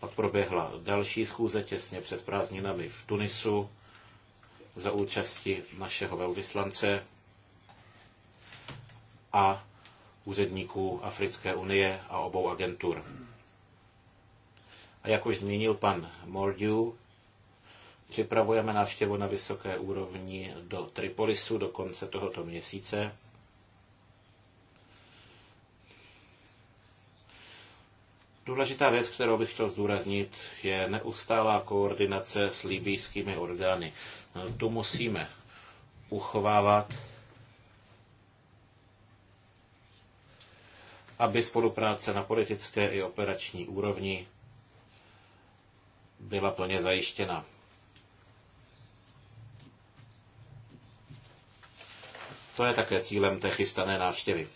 Pak proběhla další schůze těsně před prázdninami v Tunisu za účasti našeho velvyslance a úředníků Africké unie a obou agentur. A jak už zmínil pan Mordew, připravujeme návštěvu na vysoké úrovni do Tripolisu do konce tohoto měsíce. Důležitá věc, kterou bych chtěl zdůraznit, je neustálá koordinace s libýskými orgány. No, tu musíme uchovávat aby spolupráce na politické i operační úrovni byla plně zajištěna. To je také cílem té chystané návštěvy.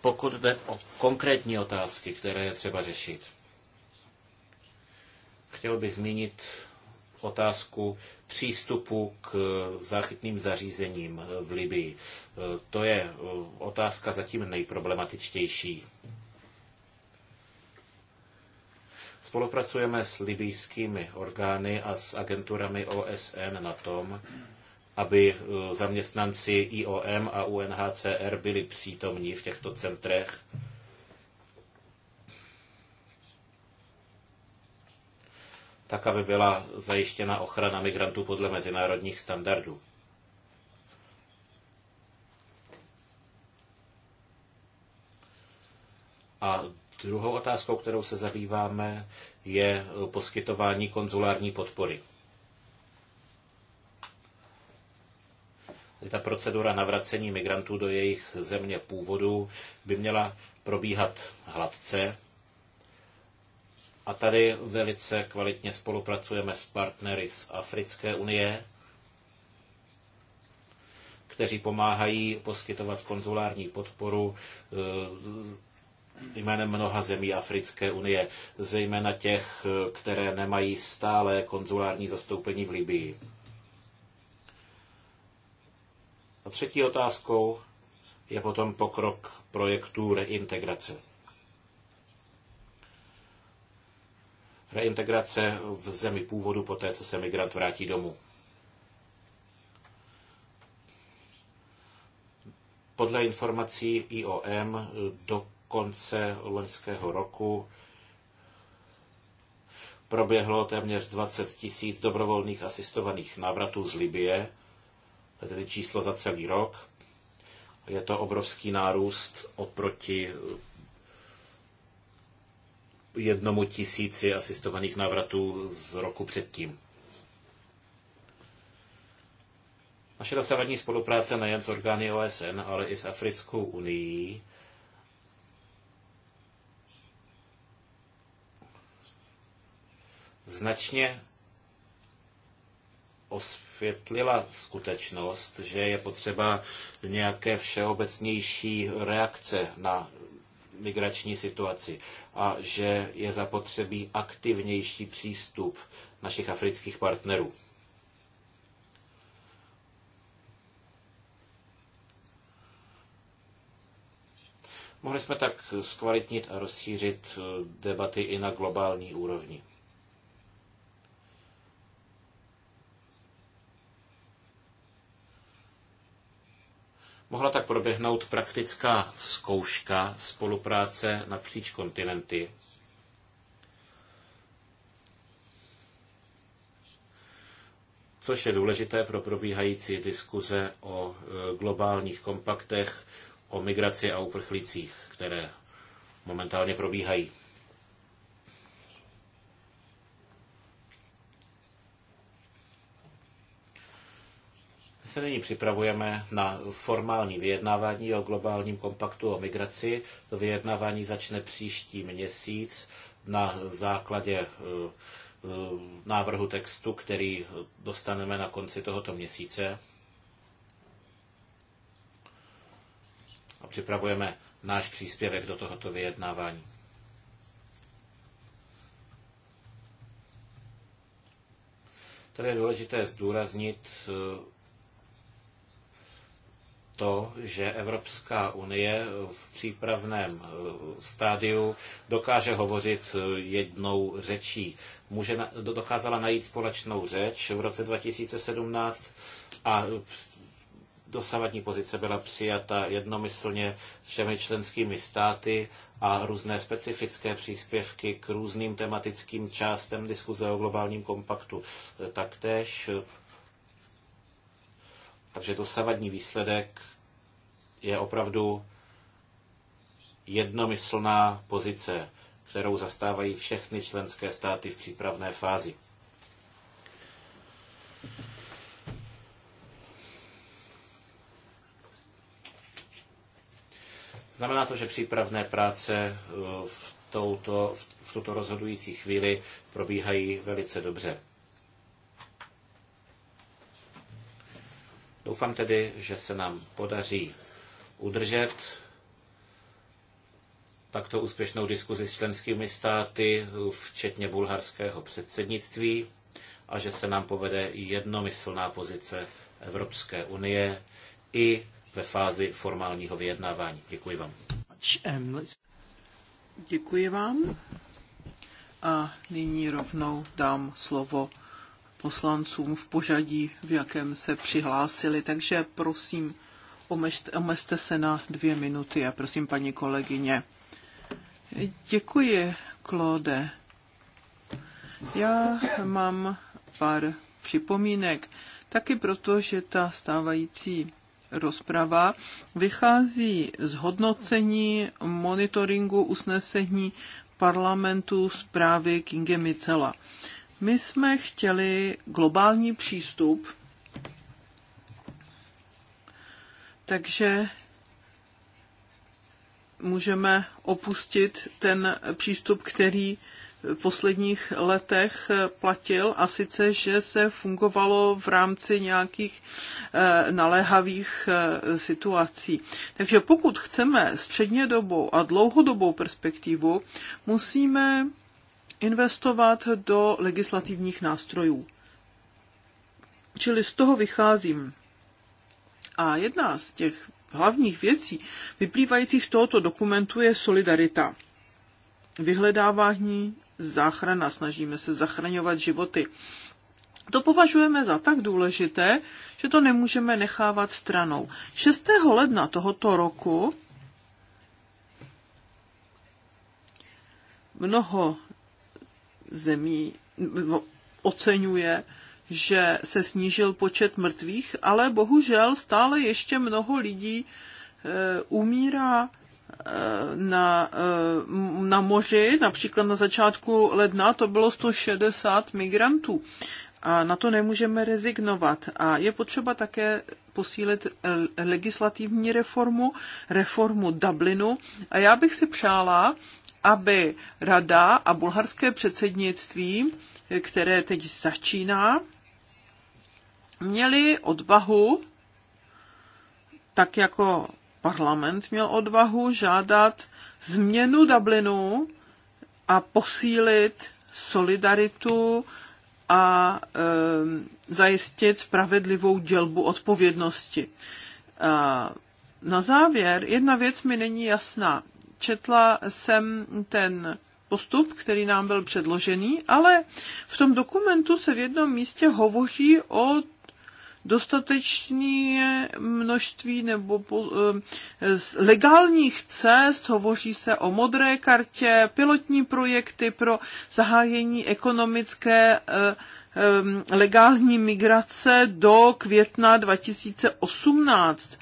Pokud jde o konkrétní otázky, které je třeba řešit, chtěl bych zmínit otázku přístupu k záchytným zařízením v Libii. To je eh, otázka zatím nejproblematičtější. Spolupracujeme s libijskými orgány a s agenturami OSN na tom, aby eh, zaměstnanci IOM a UNHCR byli přítomní v těchto centrech tak aby byla zajištěna ochrana migrantů podle mezinárodních standardů. A druhou otázkou, kterou se zabýváme, je poskytování konzulární podpory. Ta procedura navracení migrantů do jejich země původu by měla probíhat hladce, a tady velice kvalitně spolupracujeme s partnery z Africké unie, kteří pomáhají poskytovat konzulární podporu eh, jménem mnoha zemí Africké unie, zejména těch, eh, které nemají stále konzulární zastoupení v Libii. A třetí otázkou je potom pokrok projektů reintegrace. reintegrace v zemi původu po té, co se migrant vrátí domů. Podle informací IOM do konce loňského roku proběhlo téměř 20 tisíc dobrovolných asistovaných návratů z Libie, tedy číslo za celý rok. Je to obrovský nárůst oproti jednomu tisíci asistovaných návratů z roku předtím. Naše dosavadní spolupráce nejen s orgány OSN, ale i s Africkou unii značně osvětlila skutečnost, že je potřeba nějaké všeobecnější reakce na migrační situaci a že je zapotřebí aktivnější přístup našich afrických partnerů. Mohli jsme tak zkvalitnit a rozšířit eh, debaty i na globální úrovni. Mohla tak proběhnout praktická zkouška spolupráce napříč kontinenty. Což je důležité pro probíhající diskuze o e, globálních kompaktech, o migraci a uprchlících, které momentálně probíhají. se nyní připravujeme na formální vyjednávání o globálním kompaktu o migraci. Vyjednávání začne příští měsíc na základě eh, eh, návrhu textu, který dostaneme na konci tohoto měsíce. A připravujeme náš příspěvek do tohoto vyjednávání. Tady je důležité zdůraznit eh, to, že Evropská unie v přípravném eh, stádiu dokáže hovořit eh, jednou řečí. Může, dokázala najít společnou řeč v roce 2017 a dosavadní pozice byla přijata jednomyslně všemi členskými státy a různé specifické příspěvky k různým tematickým částem diskuze o globálním kompaktu eh, taktéž. Takže dosavadní výsledek je opravdu jednomyslná pozice, kterou zastávají všechny členské státy v přípravné fázi. Znamená to, že přípravné práce eh, v, touto, v tuto rozhodující chvíli probíhají velice dobře. Doufám tedy, že se nám podaří udržet takto úspěšnou diskuzi s členskými státy, včetně bulharského předsednictví, a že se nám povede jednomyslná pozice Evropské unie i ve fázi formálního vyjednávání. Děkuji vám. Děkuji vám. A nyní rovnou dám slovo poslancům v pořadí, v jakém se přihlásili. Takže prosím, omezte se na dvě minuty a prosím paní kolegyně. Děkuji, Klode. Já mám pár připomínek, taky proto, že ta stávající rozprava vychází z hodnocení monitoringu usnesení parlamentu zprávy Kinge Micela. My jsme chtěli globální přístup takže můžeme opustit ten přístup, který v posledních letech platil, a sice, že se fungovalo v rámci nějakých eh, naléhavých eh, situací. Takže pokud chceme střednědobou a dlouhodobou perspektivu, musíme investovat do legislativních nástrojů. Čili z toho vycházím. A jedna z těch hlavních věcí vyplývajících z tohoto dokumentu je solidarita. Vyhledávání, záchrana, snažíme se zachraňovat životy. To považujeme za tak důležité, že to nemůžeme nechávat stranou. 6. ledna tohoto roku mnoho zemí oceňuje že se snížil počet mrtvých, ale bohužel stále ještě mnoho lidí eh, umírá eh, na, eh, na moři, například na začátku ledna to bylo 160 migrantů. A na to nemůžeme rezignovat. A je potřeba také posílit legislativní reformu, reformu Dublinu. A já bych si přála, aby Rada a bulharské předsednictví, které teď začíná, měli odvahu, tak jako parlament měl odvahu žádat změnu Dublinu a posílit solidaritu a e, zajistit spravedlivou dělbu odpovědnosti. E, na závěr, jedna věc mi není jasná. Četla jsem ten postup, který nám byl předložený, ale v tom dokumentu se v jednom místě hovoří o dostatečné množství nebo po, eh, z legálních cest, hovoří se o modré kartě, pilotní projekty pro zahájení ekonomické eh, eh, legální migrace do května 2018.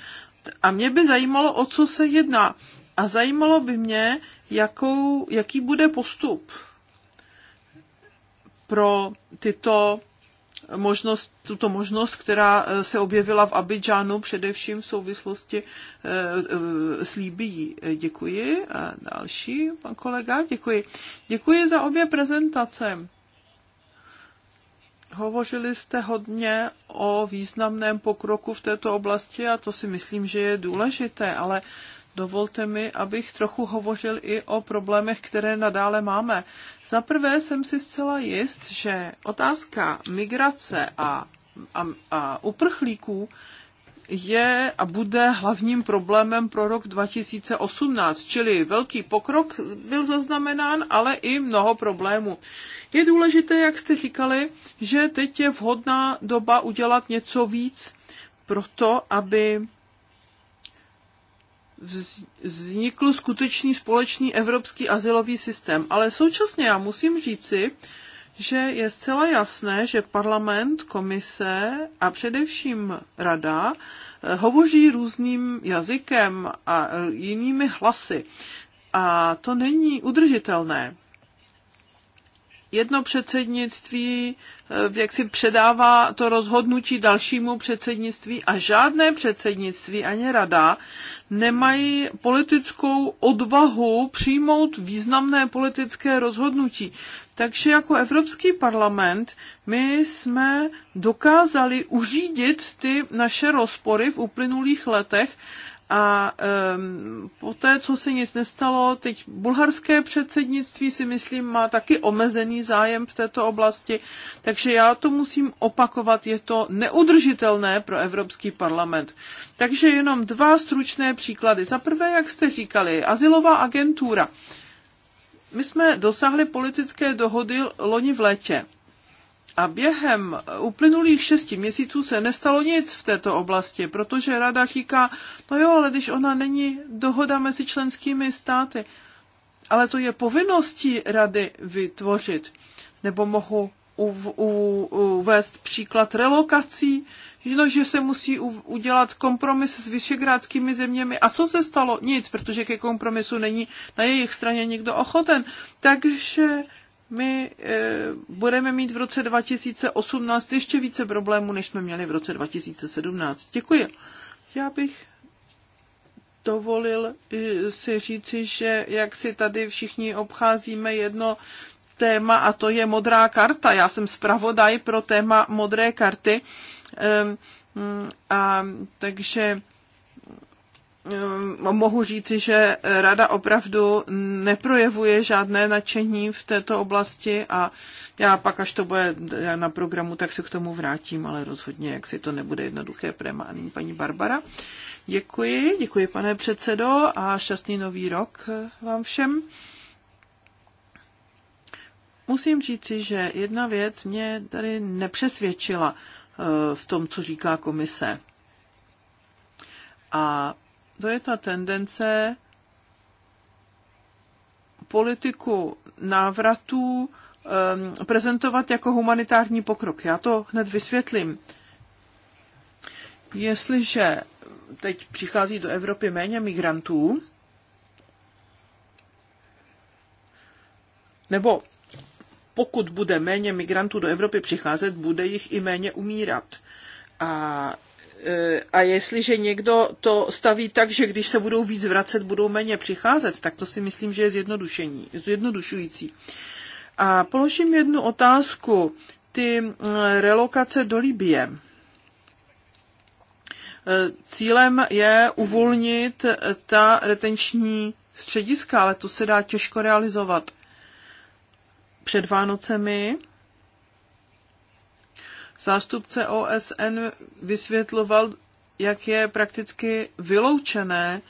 A mě by zajímalo, o co se jedná. A zajímalo by mě, jakou, jaký bude postup pro tyto možnost, tuto možnost, která eh, se objevila v Abidžánu, především v souvislosti eh, eh, s Líbí. Děkuji. A další, pan kolega, děkuji. Děkuji za obě prezentace. Hovořili jste hodně o významném pokroku v této oblasti a to si myslím, že je důležité, ale Dovolte mi, abych trochu hovořil i o problémech, které nadále máme. Za prvé jsem si zcela jist, že otázka migrace a, a, a uprchlíků je a bude hlavním problémem pro rok 2018, čili velký pokrok byl zaznamenán, ale i mnoho problémů. Je důležité, jak jste říkali, že teď je vhodná doba udělat něco víc pro to, aby vznikl skutečný společný evropský asilový systém. Ale současně já musím říci, že je zcela jasné, že parlament, komise a především rada eh, hovoří různým jazykem a eh, jinými hlasy. A to není udržitelné jedno předsednictví eh, jak si předává to rozhodnutí dalšímu předsednictví a žádné předsednictví ani rada nemají politickou odvahu přijmout významné politické rozhodnutí. Takže jako Evropský parlament my jsme dokázali uřídit ty naše rozpory v uplynulých letech a um, po té, co se nic nestalo, teď bulharské předsednictví si myslím má taky omezený zájem v této oblasti, takže já to musím opakovat, je to neudržitelné pro Evropský parlament. Takže jenom dva stručné příklady. Za prvé, jak jste říkali, asilová agentura. My jsme dosáhli politické dohody loni v létě a během uplynulých šesti měsíců se nestalo nic v této oblasti, protože rada říká, no jo, ale když ona není dohoda mezi členskými státy, ale to je povinností rady vytvořit. Nebo mohu uvést příklad relokací, no, že se musí udělat kompromis s vyšegrádskými zeměmi. A co se stalo? Nic, protože ke kompromisu není na jejich straně nikdo ochoten. Takže my eh, budeme mít v roce 2018 ještě více problémů, než jsme měli v roce 2017. Děkuji. Já bych dovolil eh, si říci, že jak si tady všichni obcházíme jedno téma a to je modrá karta. Já jsem zpravodaj pro téma modré karty. Ehm, a takže Ehm, mohu říci, že rada opravdu neprojevuje žádné nadšení v této oblasti a já pak, až to bude na programu, tak se k tomu vrátím, ale rozhodně, jak si to nebude jednoduché prema. A paní Barbara. Děkuji, děkuji pane předsedo a šťastný nový rok vám všem. Musím říci, že jedna věc mě tady nepřesvědčila eh, v tom, co říká komise. A to je ta tendence politiku návratů um, ehm, prezentovat jako humanitární pokrok. Já to hned vysvětlím. Jestliže teď přichází do Evropy méně migrantů, nebo pokud bude méně migrantů do Evropy přicházet, bude jich i méně umírat. A Eh, a jestliže někdo to staví tak, že když se budou víc vracet, budou méně přicházet, tak to si myslím, že je zjednodušení, zjednodušující. A položím jednu otázku. Ty eh, relokace do Libie. Eh, cílem je uvolnit ta retenční střediska, ale to se dá těžko realizovat. Před Vánocemi zástupce OSN vysvětloval, jak je prakticky vyloučené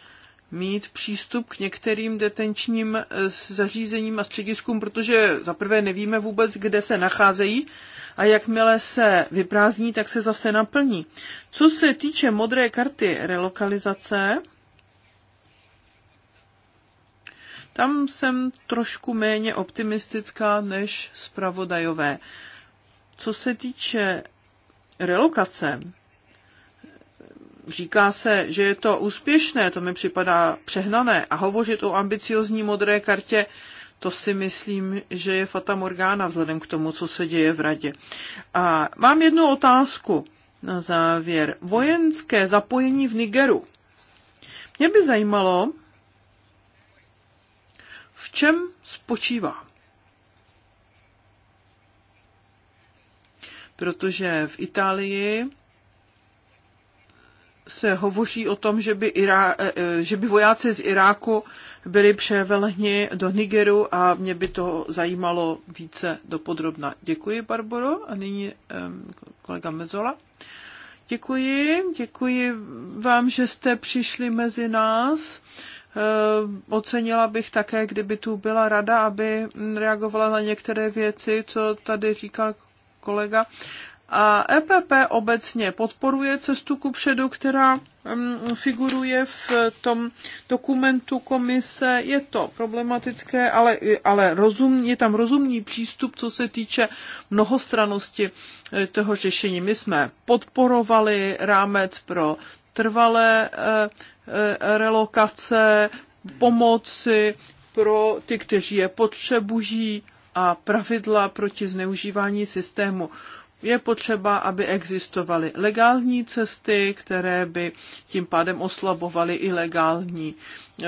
mít přístup k některým detenčním eh, zařízením a střediskům, protože zaprvé nevíme vůbec, kde se nacházejí a jakmile se vyprázdní, tak se zase naplní. Co se týče modré karty relokalizace, tam jsem trošku méně optimistická než zpravodajové. Co se týče relokace, říká se, že je to úspěšné, to mi připadá přehnané. A hovořit o ambiciozní modré kartě, to si myslím, že je Fata Morgana vzhledem k tomu, co se děje v radě. A mám jednu otázku na závěr. Vojenské zapojení v Nigeru. Mě by zajímalo, v čem spočívá. protože v Itálii se hovoří o tom, že by, Irá, eh, eh, že by vojáci z Iráku byli převelhni do Nigeru a mě by to zajímalo více dopodrobna. Děkuji, Barboro. A nyní kolega Mezola. Děkuji, děkuji vám, že jste přišli mezi nás. Eh, ocenila bych také, kdyby tu byla rada, aby reagovala na některé věci, co tady říkal kolega. A EPP obecně podporuje cestu ku předu, která mm, figuruje v tom dokumentu komise. Je to problematické, ale, ale rozum, je tam rozumný přístup, co se týče mnohostranosti eh, toho řešení. My jsme podporovali rámec pro trvalé eh, eh, relokace, pomoci pro ty, kteří je potřebují a pravidla proti zneužívání systému je potřeba, aby existovaly legální cesty, které by tím pádem oslabovaly i legální eh,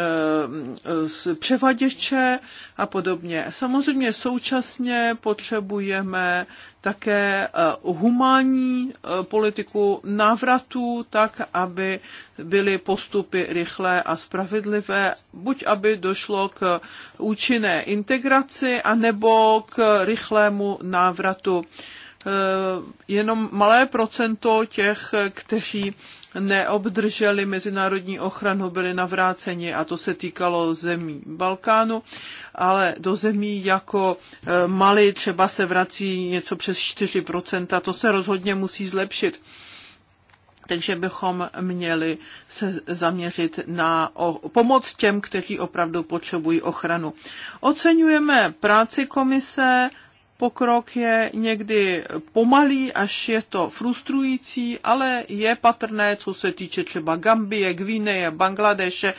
převaděče a podobně. Samozřejmě současně potřebujeme také eh, humánní eh, politiku návratu, tak aby byly postupy rychlé a spravedlivé, buď aby došlo k účinné integraci, anebo k rychlému návratu Eh, jenom malé procento těch, kteří neobdrželi mezinárodní ochranu, byli navráceni a to se týkalo zemí Balkánu, ale do zemí jako eh, Mali třeba se vrací něco přes 4%, to se rozhodně musí zlepšit. Takže bychom měli se zaměřit na o, pomoc těm, kteří opravdu potřebují ochranu. Oceňujeme práci komise Pokrok je někdy pomalý, až je to frustrující, ale je patrné, co se týče třeba Gambie, Gvineje, Bangladeše.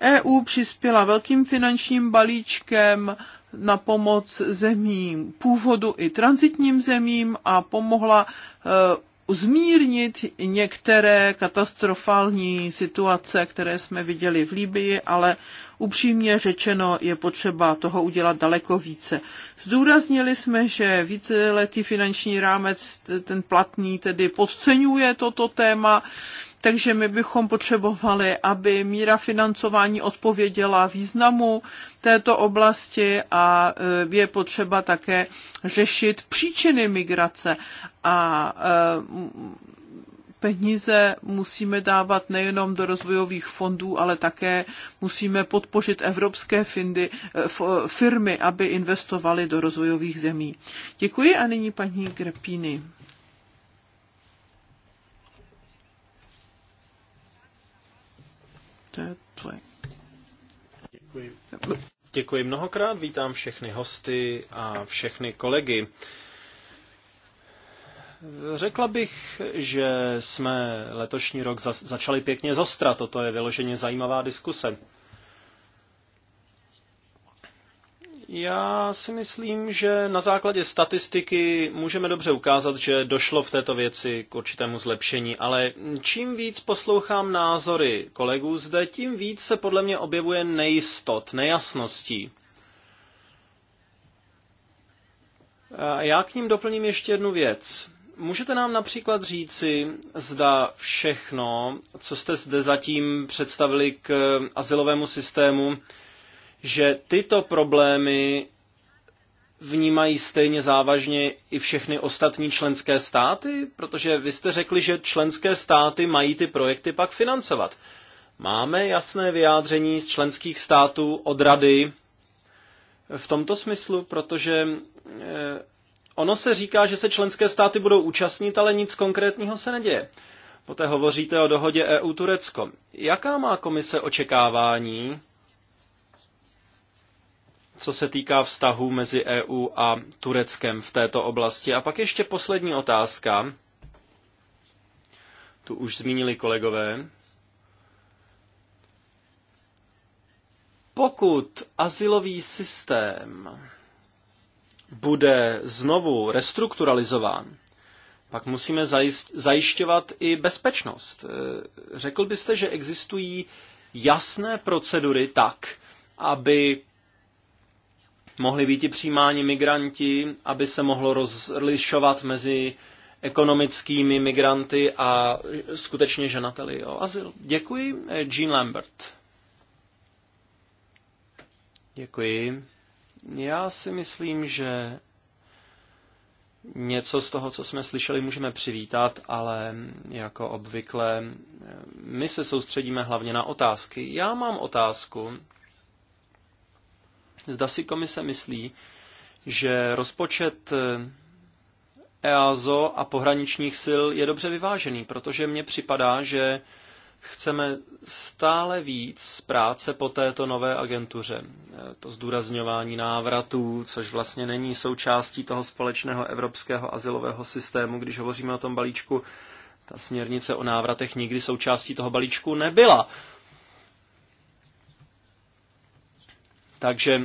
EU přispěla velkým finančním balíčkem na pomoc zemím původu i transitním zemím a pomohla e, zmírnit některé katastrofální situace, které jsme viděli v Líbii, ale upřímně řečeno je potřeba toho udělat daleko více. Zdůraznili jsme, že víceletý finanční rámec, ten platný, tedy podceňuje toto téma, takže my bychom potřebovali, aby míra financování odpověděla významu této oblasti a e, je potřeba také řešit příčiny migrace a e, peníze musíme dávat nejenom do rozvojových fondů, ale také musíme podpořit evropské findy, eh, firmy, aby investovaly do rozvojových zemí. Děkuji a nyní paní Grepíny. Děkuji. Děkuji mnohokrát, vítám všechny hosty a všechny kolegy. Řekla bych, že jsme letošní rok za- začali pěkně zostra. Toto je vyloženě zajímavá diskuse. Já si myslím, že na základě statistiky můžeme dobře ukázat, že došlo v této věci k určitému zlepšení, ale čím víc poslouchám názory kolegů zde, tím víc se podle mě objevuje nejistot, nejasností. Já k ním doplním ještě jednu věc. Můžete nám například říci, zda všechno, co jste zde zatím představili k asilovému systému, že tyto problémy vnímají stejně závažně i všechny ostatní členské státy? Protože vy jste řekli, že členské státy mají ty projekty pak financovat. Máme jasné vyjádření z členských států od rady v tomto smyslu, protože eh, Ono se říká, že se členské státy budou účastnit, ale nic konkrétního se neděje. Poté hovoříte o dohodě EU-Turecko. Jaká má komise očekávání, co se týká vztahu mezi EU a Tureckem v této oblasti? A pak ještě poslední otázka. Tu už zmínili kolegové. Pokud asilový systém bude znovu restrukturalizován, pak musíme zajišťovat i bezpečnost. Eh, řekl byste, že existují jasné procedury tak, aby mohli být i přijímáni migranti, aby se mohlo rozlišovat mezi ekonomickými migranty a skutečně ženateli o azyl. Děkuji, eh, Jean Lambert. Děkuji. Já si myslím, že něco z toho, co jsme slyšeli, můžeme přivítat, ale jako obvykle eh, my se soustředíme hlavně na otázky. Já mám otázku, zda si komise myslí, že rozpočet eh, EASO a pohraničních sil je dobře vyvážený, protože mně připadá, že chceme stále víc práce po této nové agentuře. E, to zdůrazňování návratů, což vlastně není součástí toho společného evropského asilového systému, když hovoříme o tom balíčku, ta směrnice o návratech nikdy součástí toho balíčku nebyla. Takže e,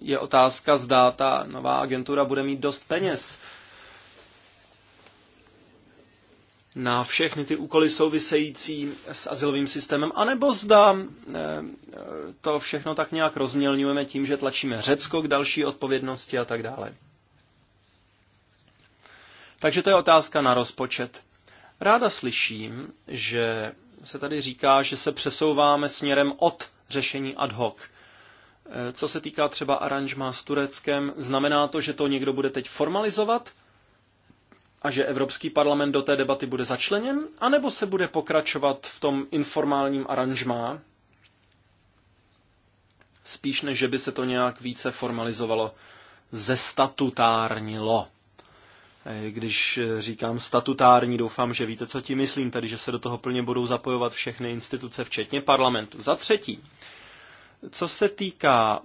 je otázka, zda ta nová agentura bude mít dost peněz na všechny ty úkoly související s asilovým systémem, anebo zda eh, to všechno tak nějak rozmělňujeme tím, že tlačíme Řecko k další odpovědnosti a tak dále. Takže to je otázka na rozpočet. Ráda slyším, že se tady říká, že se přesouváme směrem od řešení ad hoc. Eh, co se týká třeba aranžma s Tureckem, znamená to, že to někdo bude teď formalizovat – a že Evropský parlament do té debaty bude začleněn, anebo se bude pokračovat v tom informálním aranžmá, spíš než že by se to nějak více formalizovalo, zestatutárnilo. Když eh, říkám statutární, doufám, že víte, co tím myslím, tedy že se do toho plně budou zapojovat všechny instituce, včetně parlamentu. Za třetí, co se týká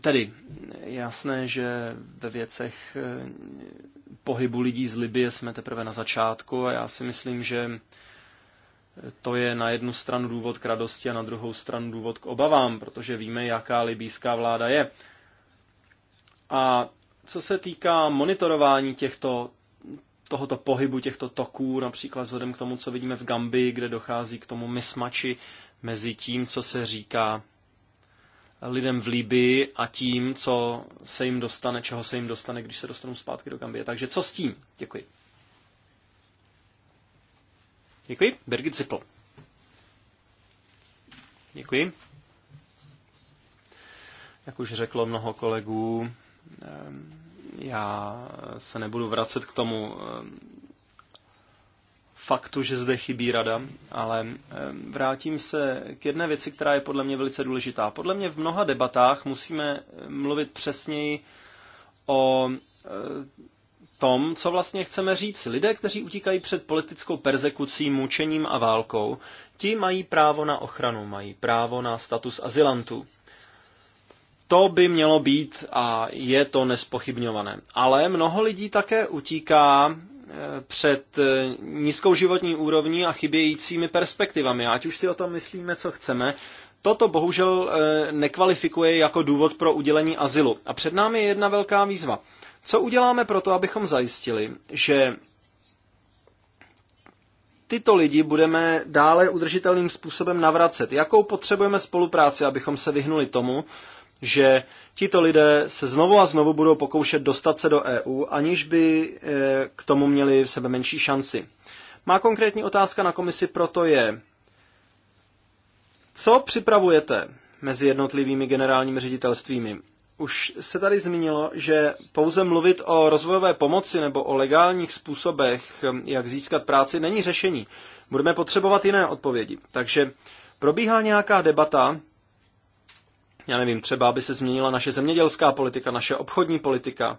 Tedy jasné, že ve věcech eh, pohybu lidí z Libie jsme teprve na začátku a já si myslím, že to je na jednu stranu důvod k radosti a na druhou stranu důvod k obavám, protože víme, jaká libýská vláda je. A co se týká monitorování těchto, tohoto pohybu, těchto toků, například vzhledem k tomu, co vidíme v Gambii, kde dochází k tomu mismači mezi tím, co se říká lidem v Líbii a tím, co se jim dostane, čeho se jim dostane, když se dostanou zpátky do Gambie. Takže co s tím? Děkuji. Děkuji. Birgit Zippel. Děkuji. Jak už řeklo mnoho kolegů, ehm, já se nebudu vracet k tomu ehm, faktu, že zde chybí rada, ale eh, vrátím se k jedné věci, která je podle mě velice důležitá. Podle mě v mnoha debatách musíme eh, mluvit přesněji o eh, tom, co vlastně chceme říct. Lidé, kteří utíkají před politickou persekucí, mučením a válkou, ti mají právo na ochranu, mají právo na status azylantů. To by mělo být a je to nespochybňované. Ale mnoho lidí také utíká před eh, nízkou životní úrovní a chybějícími perspektivami. Ať už si o tom myslíme, co chceme, toto bohužel eh, nekvalifikuje jako důvod pro udělení azylu. A před námi je jedna velká výzva. Co uděláme pro to, abychom zajistili, že tyto lidi budeme dále udržitelným způsobem navracet? Jakou potřebujeme spolupráci, abychom se vyhnuli tomu, že tito lidé se znovu a znovu budou pokoušet dostat se do EU, aniž by e, k tomu měli v sebe menší šanci. Má konkrétní otázka na komisi proto je, co připravujete mezi jednotlivými generálními ředitelstvími? Už se tady zmínilo, že pouze mluvit o rozvojové pomoci nebo o legálních způsobech, jak získat práci, není řešení. Budeme potřebovat jiné odpovědi. Takže probíhá nějaká debata já nevím, třeba aby se změnila naše zemědělská politika, naše obchodní politika,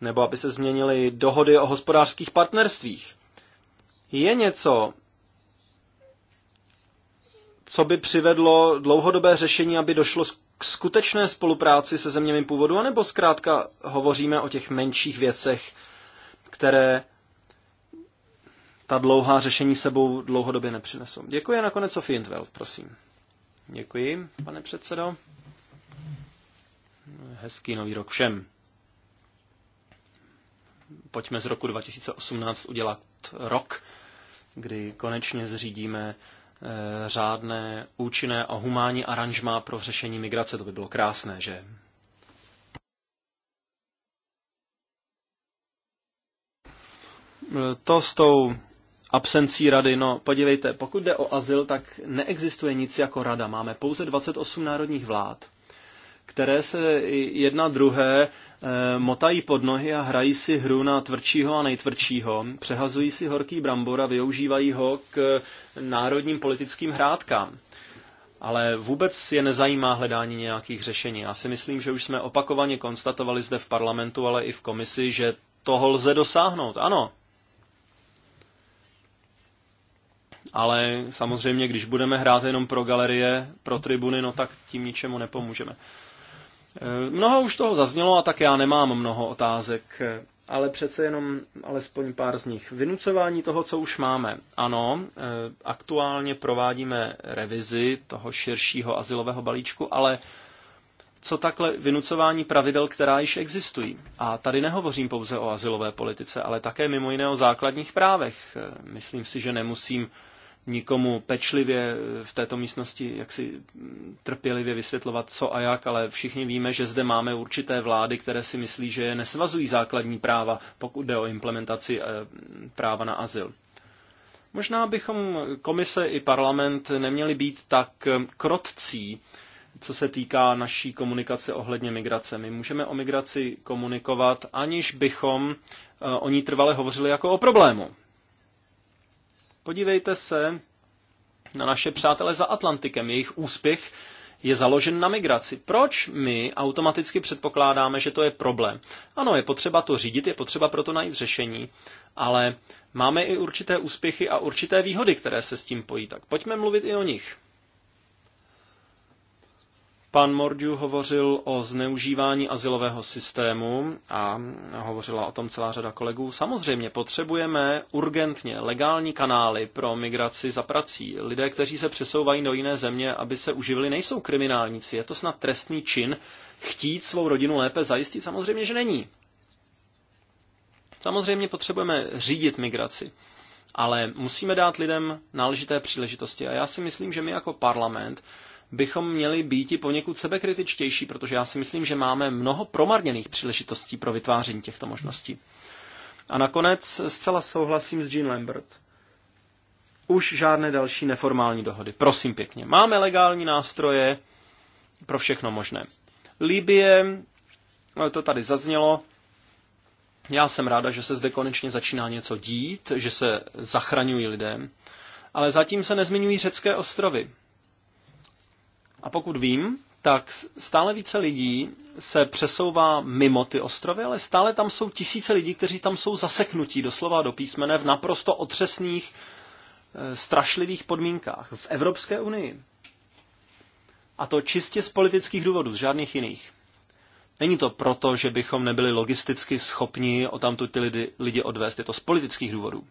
nebo aby se změnily dohody o hospodářských partnerstvích. Je něco, co by přivedlo dlouhodobé řešení, aby došlo k skutečné spolupráci se zeměmi původu, anebo zkrátka hovoříme o těch menších věcech, které ta dlouhá řešení sebou dlouhodobě nepřinesou. Děkuji nakonec Sofie Intveld, prosím. Děkuji, pane předsedo. Hezký nový rok všem. Pojďme z roku 2018 udělat rok, kdy konečně zřídíme eh, řádné, účinné a humánní aranžma pro řešení migrace. To by bylo krásné, že? To s tou absencí rady. No, podívejte, pokud jde o azyl, tak neexistuje nic jako rada. Máme pouze 28 národních vlád, které se jedna druhé e, motají pod nohy a hrají si hru na tvrdšího a nejtvrdšího, přehazují si horký brambor a využívají ho k eh, národním politickým hrádkám. Ale vůbec je nezajímá hledání nějakých řešení. Já si myslím, že už jsme opakovaně konstatovali zde v parlamentu, ale i v komisi, že toho lze dosáhnout. Ano, ale samozřejmě, když budeme hrát jenom pro galerie, pro tribuny, no tak tím ničemu nepomůžeme. E, mnoho už toho zaznělo a tak já nemám mnoho otázek, e, ale přece jenom alespoň pár z nich. Vynucování toho, co už máme. Ano, e, aktuálně provádíme revizi toho širšího asilového balíčku, ale co takhle vynucování pravidel, která již existují. A tady nehovořím pouze o asilové politice, ale také mimo jiné o základních právech. Myslím si, že nemusím nikomu pečlivě eh, v této místnosti jaksi mm, trpělivě vysvětlovat, co a jak, ale všichni víme, že zde máme určité vlády, které si myslí, že je nesvazují základní práva, pokud jde o implementaci eh, práva na azyl. Možná bychom komise i parlament neměli být tak eh, krotcí, co se týká naší komunikace ohledně migrace. My můžeme o migraci komunikovat, aniž bychom o ní trvale hovořili jako o problému. Podívejte se na naše přátele za Atlantikem. Jejich úspěch je založen na migraci. Proč my automaticky předpokládáme, že to je problém? Ano, je potřeba to řídit, je potřeba proto najít řešení, ale máme i určité úspěchy a určité výhody, které se s tím pojí. Tak pojďme mluvit i o nich. Pan Mordiu hovořil o zneužívání asilového systému a hovořila o tom celá řada kolegů. Samozřejmě potřebujeme urgentně legální kanály pro migraci za prací. Lidé, kteří se přesouvají do jiné země, aby se uživili, nejsou kriminálníci. Je to snad trestný čin chtít svou rodinu lépe zajistit? Samozřejmě, že není. Samozřejmě potřebujeme řídit migraci ale musíme dát lidem náležité příležitosti. A já si myslím, že my jako parlament bychom měli být i poněkud sebekritičtější, protože já si myslím, že máme mnoho promarněných příležitostí pro vytváření těchto možností. A nakonec zcela souhlasím s Jean Lambert. Už žádné další neformální dohody. Prosím pěkně. Máme legální nástroje pro všechno možné. Libie, to tady zaznělo, já jsem ráda, že se zde konečně začíná něco dít, že se zachraňují lidé, ale zatím se nezmiňují řecké ostrovy. A pokud vím, tak stále více lidí se přesouvá mimo ty ostrovy, ale stále tam jsou tisíce lidí, kteří tam jsou zaseknutí doslova do písmene v naprosto otřesných, eh, strašlivých podmínkách v Evropské unii. A to čistě z politických důvodů, z žádných jiných. Není to proto, že bychom nebyli logisticky schopni o tamto ty lidi, lidi odvést, je to z politických důvodů.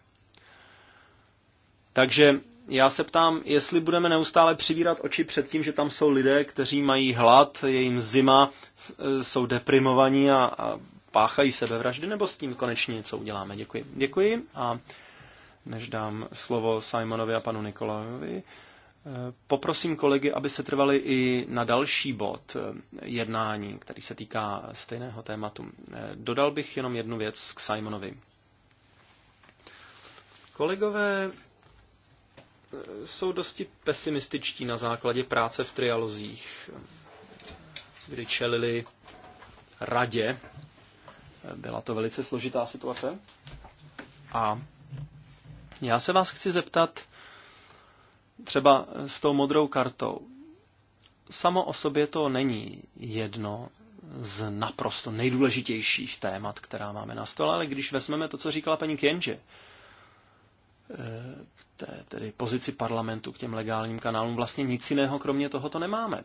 Takže já se ptám, jestli budeme neustále přivírat oči před tím, že tam jsou lidé, kteří mají hlad, je jim zima, e, jsou deprimovaní a, a páchají sebevraždy, nebo s tím konečně něco uděláme. Děkuji. Děkuji a než dám slovo Simonovi a panu Nikolajovi, e, poprosím kolegy, aby se trvali i na další bod e, jednání, který se týká stejného tématu. Dodal bych jenom jednu věc k Simonovi. Kolegové jsou dosti pesimističtí na základě práce v trialozích, kdy čelili radě. Byla to velice složitá situace. A já se vás chci zeptat třeba s tou modrou kartou. Samo o sobě to není jedno z naprosto nejdůležitějších témat, která máme na stole, ale když vezmeme to, co říkala paní Kienže, v eh, té tedy pozici parlamentu k těm legálním kanálům vlastně nic jiného kromě toho to nemáme.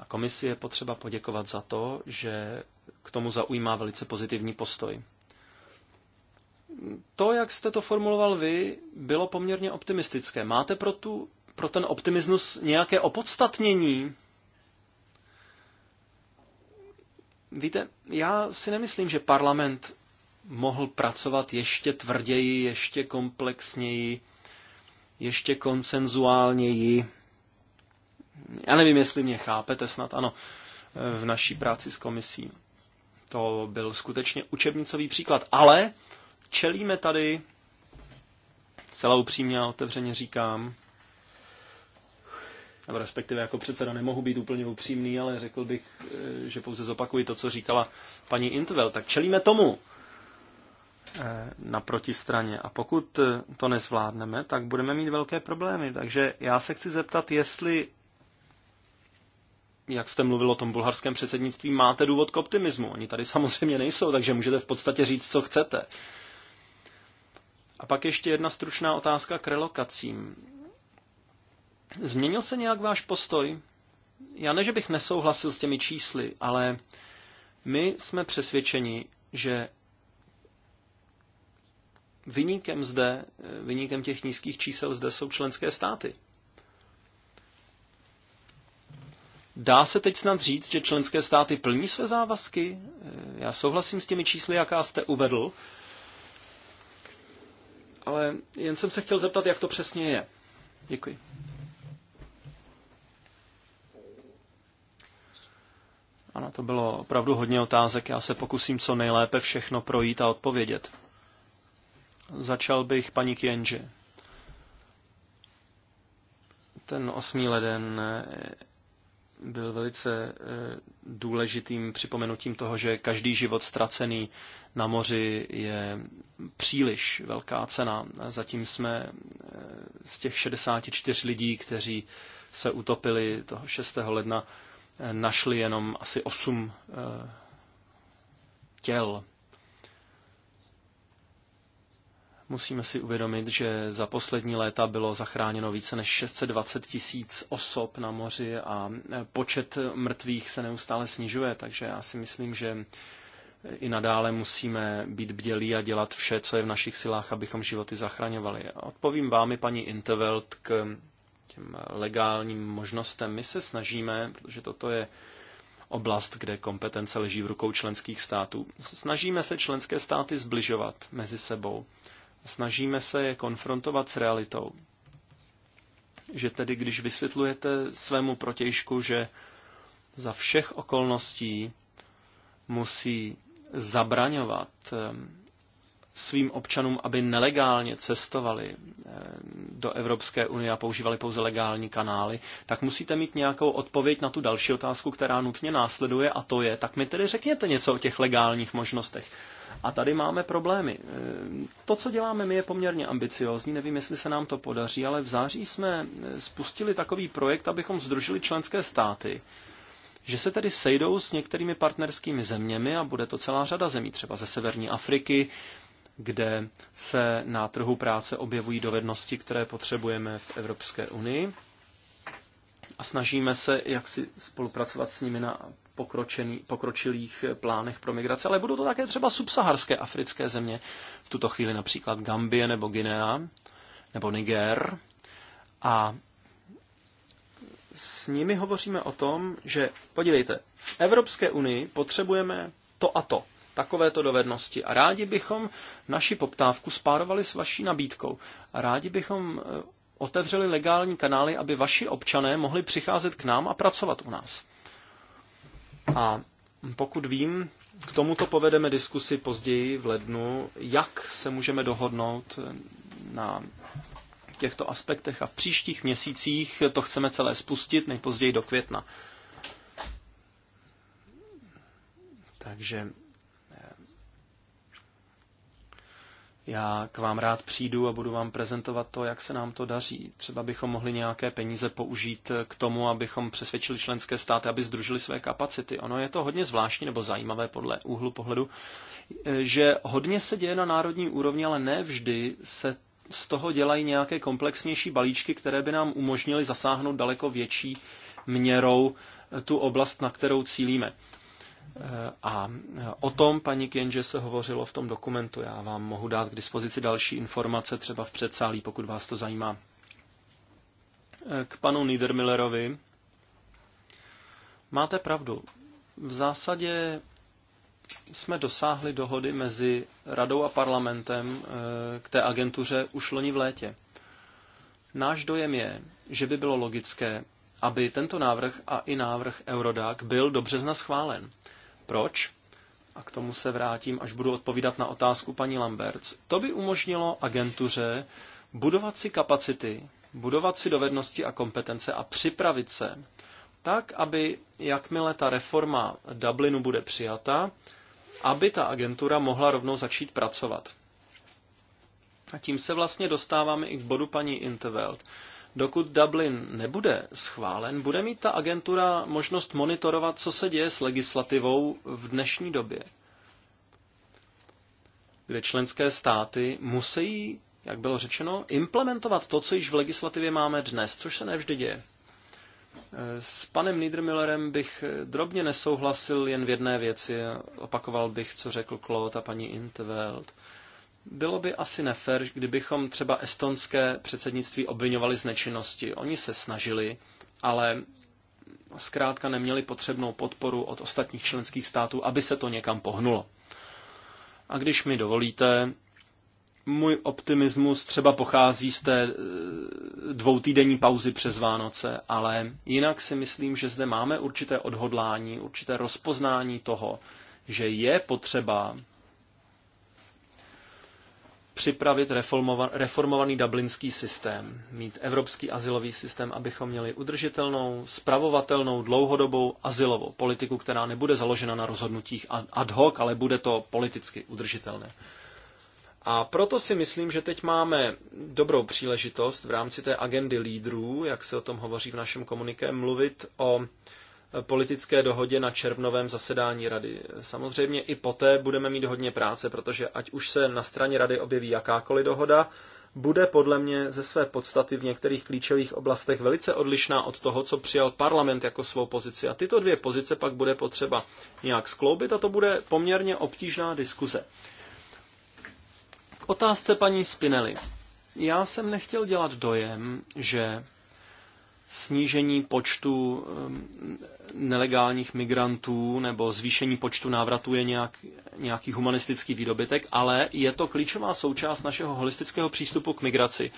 A komisi je potřeba poděkovat za to, že k tomu zaujímá velice pozitivní postoj. To, jak jste to formuloval vy, bylo poměrně optimistické. Máte pro, tu, pro ten optimismus nějaké opodstatnění? Víte, já si nemyslím, že parlament mohl pracovat ještě tvrději, ještě komplexněji, ještě konsenzuálněji. Já nevím, jestli mě chápete, snad ano, v naší práci s komisí. To byl skutečně učebnicový příklad, ale čelíme tady, celá upřímně a otevřeně říkám, nebo respektive jako předseda nemohu být úplně upřímný, ale řekl bych, eh, že pouze zopakuji to, co říkala paní Intvel, tak čelíme tomu, Eh, na protistraně. A pokud eh, to nezvládneme, tak budeme mít velké problémy. Takže já se chci zeptat, jestli, jak jste mluvil o tom bulharském předsednictví, máte důvod k optimismu. Oni tady samozřejmě nejsou, takže můžete v podstatě říct, co chcete. A pak ještě jedna stručná otázka k relokacím. Změnil se nějak váš postoj? Já ne, že bych nesouhlasil s těmi čísly, ale my jsme přesvědčeni, že Vyníkem zde, vyníkem těch nízkých čísel zde jsou členské státy. Dá se teď snad říct, že členské státy plní své závazky? Já souhlasím s těmi čísly, jaká jste uvedl, ale jen jsem se chtěl zeptat, jak to přesně je. Děkuji. Ano, to bylo opravdu hodně otázek. Já se pokusím co nejlépe všechno projít a odpovědět. Začal bych paní Kienže. Ten osmý leden eh, byl velice eh, důležitým připomenutím toho, že každý život ztracený na moři je příliš velká cena. Zatím jsme eh, z těch 64 lidí, kteří se utopili toho 6. ledna, našli jenom asi 8 těl. Musíme si uvědomit, že za poslední léta bylo zachráněno více než 620 tisíc osob na moři a e, počet mrtvých se neustále snižuje, takže já si myslím, že i nadále musíme být bdělí a dělat vše, co je v našich silách, abychom životy zachraňovali. Odpovím vámi, paní Intervelt, k těm legálním možnostem. My se snažíme, protože toto je oblast, kde kompetence leží v rukou členských států. Snažíme se členské státy zbližovat mezi sebou snažíme se je konfrontovat s realitou. Že tedy, když vysvětlujete svému protějšku, že za všech okolností musí zabraňovat ehm, svým občanům, aby nelegálně cestovali ehm, do Evropské unie a používali pouze legální kanály, tak musíte mít nějakou odpověď na tu další otázku, která nutně následuje, a to je, tak mi tedy řekněte něco o těch legálních možnostech. A tady máme problémy. Eh, to, co děláme my, je poměrně ambiciozní, nevím, jestli se nám to podaří, ale v září jsme eh, spustili takový projekt, abychom združili členské státy, že se tedy sejdou s některými partnerskými zeměmi a bude to celá řada zemí, třeba ze severní Afriky, kde se na trhu práce objevují dovednosti, které potřebujeme v Evropské unii a snažíme se jak si spolupracovat s nimi na pokročilých plánech pro migraci, ale budou to také třeba subsaharské africké země, v tuto chvíli například Gambie nebo Guinea nebo Niger. A s nimi hovoříme o tom, že podívejte, v Evropské unii potřebujeme to a to, takovéto dovednosti a rádi bychom naši poptávku spárovali s vaší nabídkou a rádi bychom eh, otevřeli legální kanály, aby vaši občané mohli přicházet k nám a pracovat u nás. A pokud vím, k tomuto povedeme diskusi později v lednu, jak se můžeme dohodnout na těchto aspektech a v příštích měsících to chceme celé spustit nejpozději do května. Takže Já k vám rád přijdu a budu vám prezentovat to, jak se nám to daří. Třeba bychom mohli nějaké peníze použít k tomu, abychom přesvědčili členské státy, aby združili své kapacity. Ono je to hodně zvláštní nebo zajímavé podle úhlu pohledu, že hodně se děje na národní úrovni, ale ne vždy se z toho dělají nějaké komplexnější balíčky, které by nám umožnily zasáhnout daleko větší měrou tu oblast, na kterou cílíme. A o tom, paní Kjenže, se hovořilo v tom dokumentu. Já vám mohu dát k dispozici další informace třeba v předsálí, pokud vás to zajímá. K panu Niedermillerovi. Máte pravdu. V zásadě jsme dosáhli dohody mezi radou a parlamentem eh, k té agentuře už loni v létě. Náš dojem je, že by bylo logické, aby tento návrh a i návrh Eurodac byl do března schválen. Proč? A k tomu se vrátím, až budu odpovídat na otázku paní Lamberts. To by umožnilo agentuře budovat si kapacity, budovat si dovednosti a kompetence a připravit se tak, aby jakmile ta reforma Dublinu bude přijata, aby ta agentura mohla rovnou začít pracovat. A tím se vlastně dostáváme i k bodu paní Intervelt. Dokud Dublin nebude schválen, bude mít ta agentura možnost monitorovat, co se děje s legislativou v dnešní době, kde členské státy musí, jak bylo řečeno, implementovat to, co již v legislativě máme dnes, což se nevždy děje. S panem Niedermüllerem bych drobně nesouhlasil jen v jedné věci. Opakoval bych, co řekl Claude a paní Intveld. Bylo by asi nefér, kdybychom třeba estonské předsednictví obvinovali z nečinnosti. Oni se snažili, ale zkrátka neměli potřebnou podporu od ostatních členských států, aby se to někam pohnulo. A když mi dovolíte, můj optimismus třeba pochází z té eh, dvoutýdenní pauzy přes Vánoce, ale jinak si myslím, že zde máme určité odhodlání, určité rozpoznání toho, že je potřeba připravit reformovaný dublinský systém, mít evropský asilový systém, abychom měli udržitelnou, spravovatelnou, dlouhodobou asilovou politiku, která nebude založena na rozhodnutích ad hoc, ale bude to politicky udržitelné. A proto si myslím, že teď máme dobrou příležitost v rámci té agendy lídrů, jak se o tom hovoří v našem komuniké, mluvit o politické dohodě na červnovém zasedání rady. Samozřejmě i poté budeme mít hodně práce, protože ať už se na straně rady objeví jakákoliv dohoda, bude podle mě ze své podstaty v některých klíčových oblastech velice odlišná od toho, co přijal parlament jako svou pozici. A tyto dvě pozice pak bude potřeba nějak skloubit a to bude poměrně obtížná diskuze. K otázce paní Spinelli. Já jsem nechtěl dělat dojem, že snížení počtu um, nelegálních migrantů nebo zvýšení počtu návratů je nějak, nějaký humanistický výdobytek, ale je to klíčová součást našeho holistického přístupu k migraci,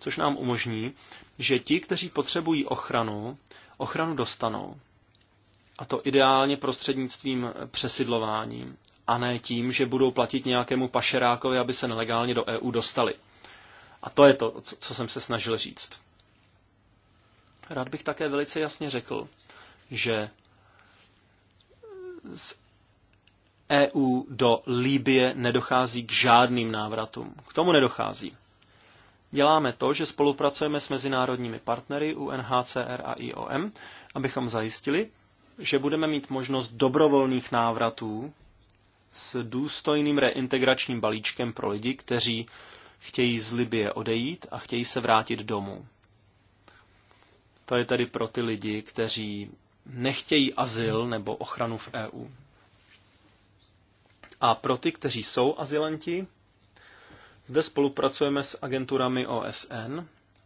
což nám umožní, že ti, kteří potřebují ochranu, ochranu dostanou. A to ideálně prostřednictvím přesidlování a ne tím, že budou platit nějakému pašerákovi, aby se nelegálně do EU dostali. A to je to, co jsem se snažil říct. Rád bych také velice jasně řekl, že z EU do Líbie nedochází k žádným návratům. K tomu nedochází. Děláme to, že spolupracujeme s mezinárodními partnery UNHCR a IOM, abychom zajistili, že budeme mít možnost dobrovolných návratů s důstojným reintegračním balíčkem pro lidi, kteří chtějí z Libie odejít a chtějí se vrátit domů. To je tedy pro ty lidi, kteří nechtějí azyl nebo ochranu v EU. A pro ty, kteří jsou azylanti, zde spolupracujeme s agenturami OSN,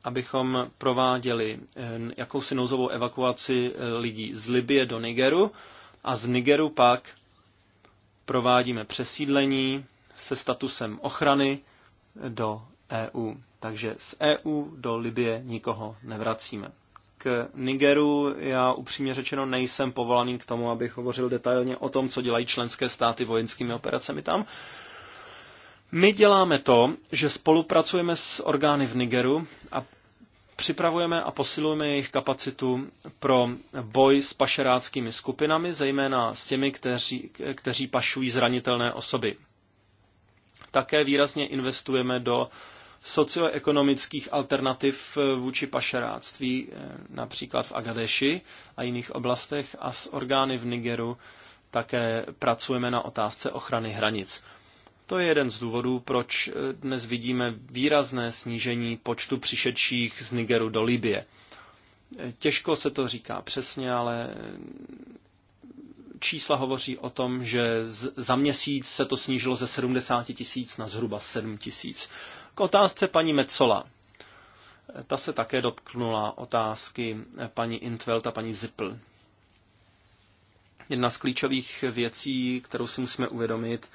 abychom prováděli eh, jakousi nouzovou evakuaci eh, lidí z Libie do Nigeru a z Nigeru pak provádíme přesídlení se statusem ochrany eh, do EU. Takže z EU do Libie nikoho nevracíme k Nigeru já upřímně řečeno nejsem povolaný k tomu, abych hovořil detailně o tom, co dělají členské státy vojenskými operacemi tam. My děláme to, že spolupracujeme s orgány v Nigeru a připravujeme a posilujeme jejich kapacitu pro boj s pašeráckými skupinami, zejména s těmi, kteří, kteří pašují zranitelné osoby. Také výrazně investujeme do uh, socioekonomických alternativ eh, vůči pašeráctví, eh, například v Agadeši a jiných oblastech a s orgány v Nigeru také pracujeme na otázce ochrany hranic. To je jeden z důvodů, proč eh, dnes vidíme výrazné snížení počtu přišedších z Nigeru do Libie. Těžko se to říká přesně, ale čísla hovoří o tom, že za měsíc se to snížilo ze 70 tisíc na zhruba 7 tisíc. K otázce paní Mecola. Ta se také dotknula otázky paní Intvelt a paní Zippel. Jedna z klíčových věcí, kterou si musíme uvědomit,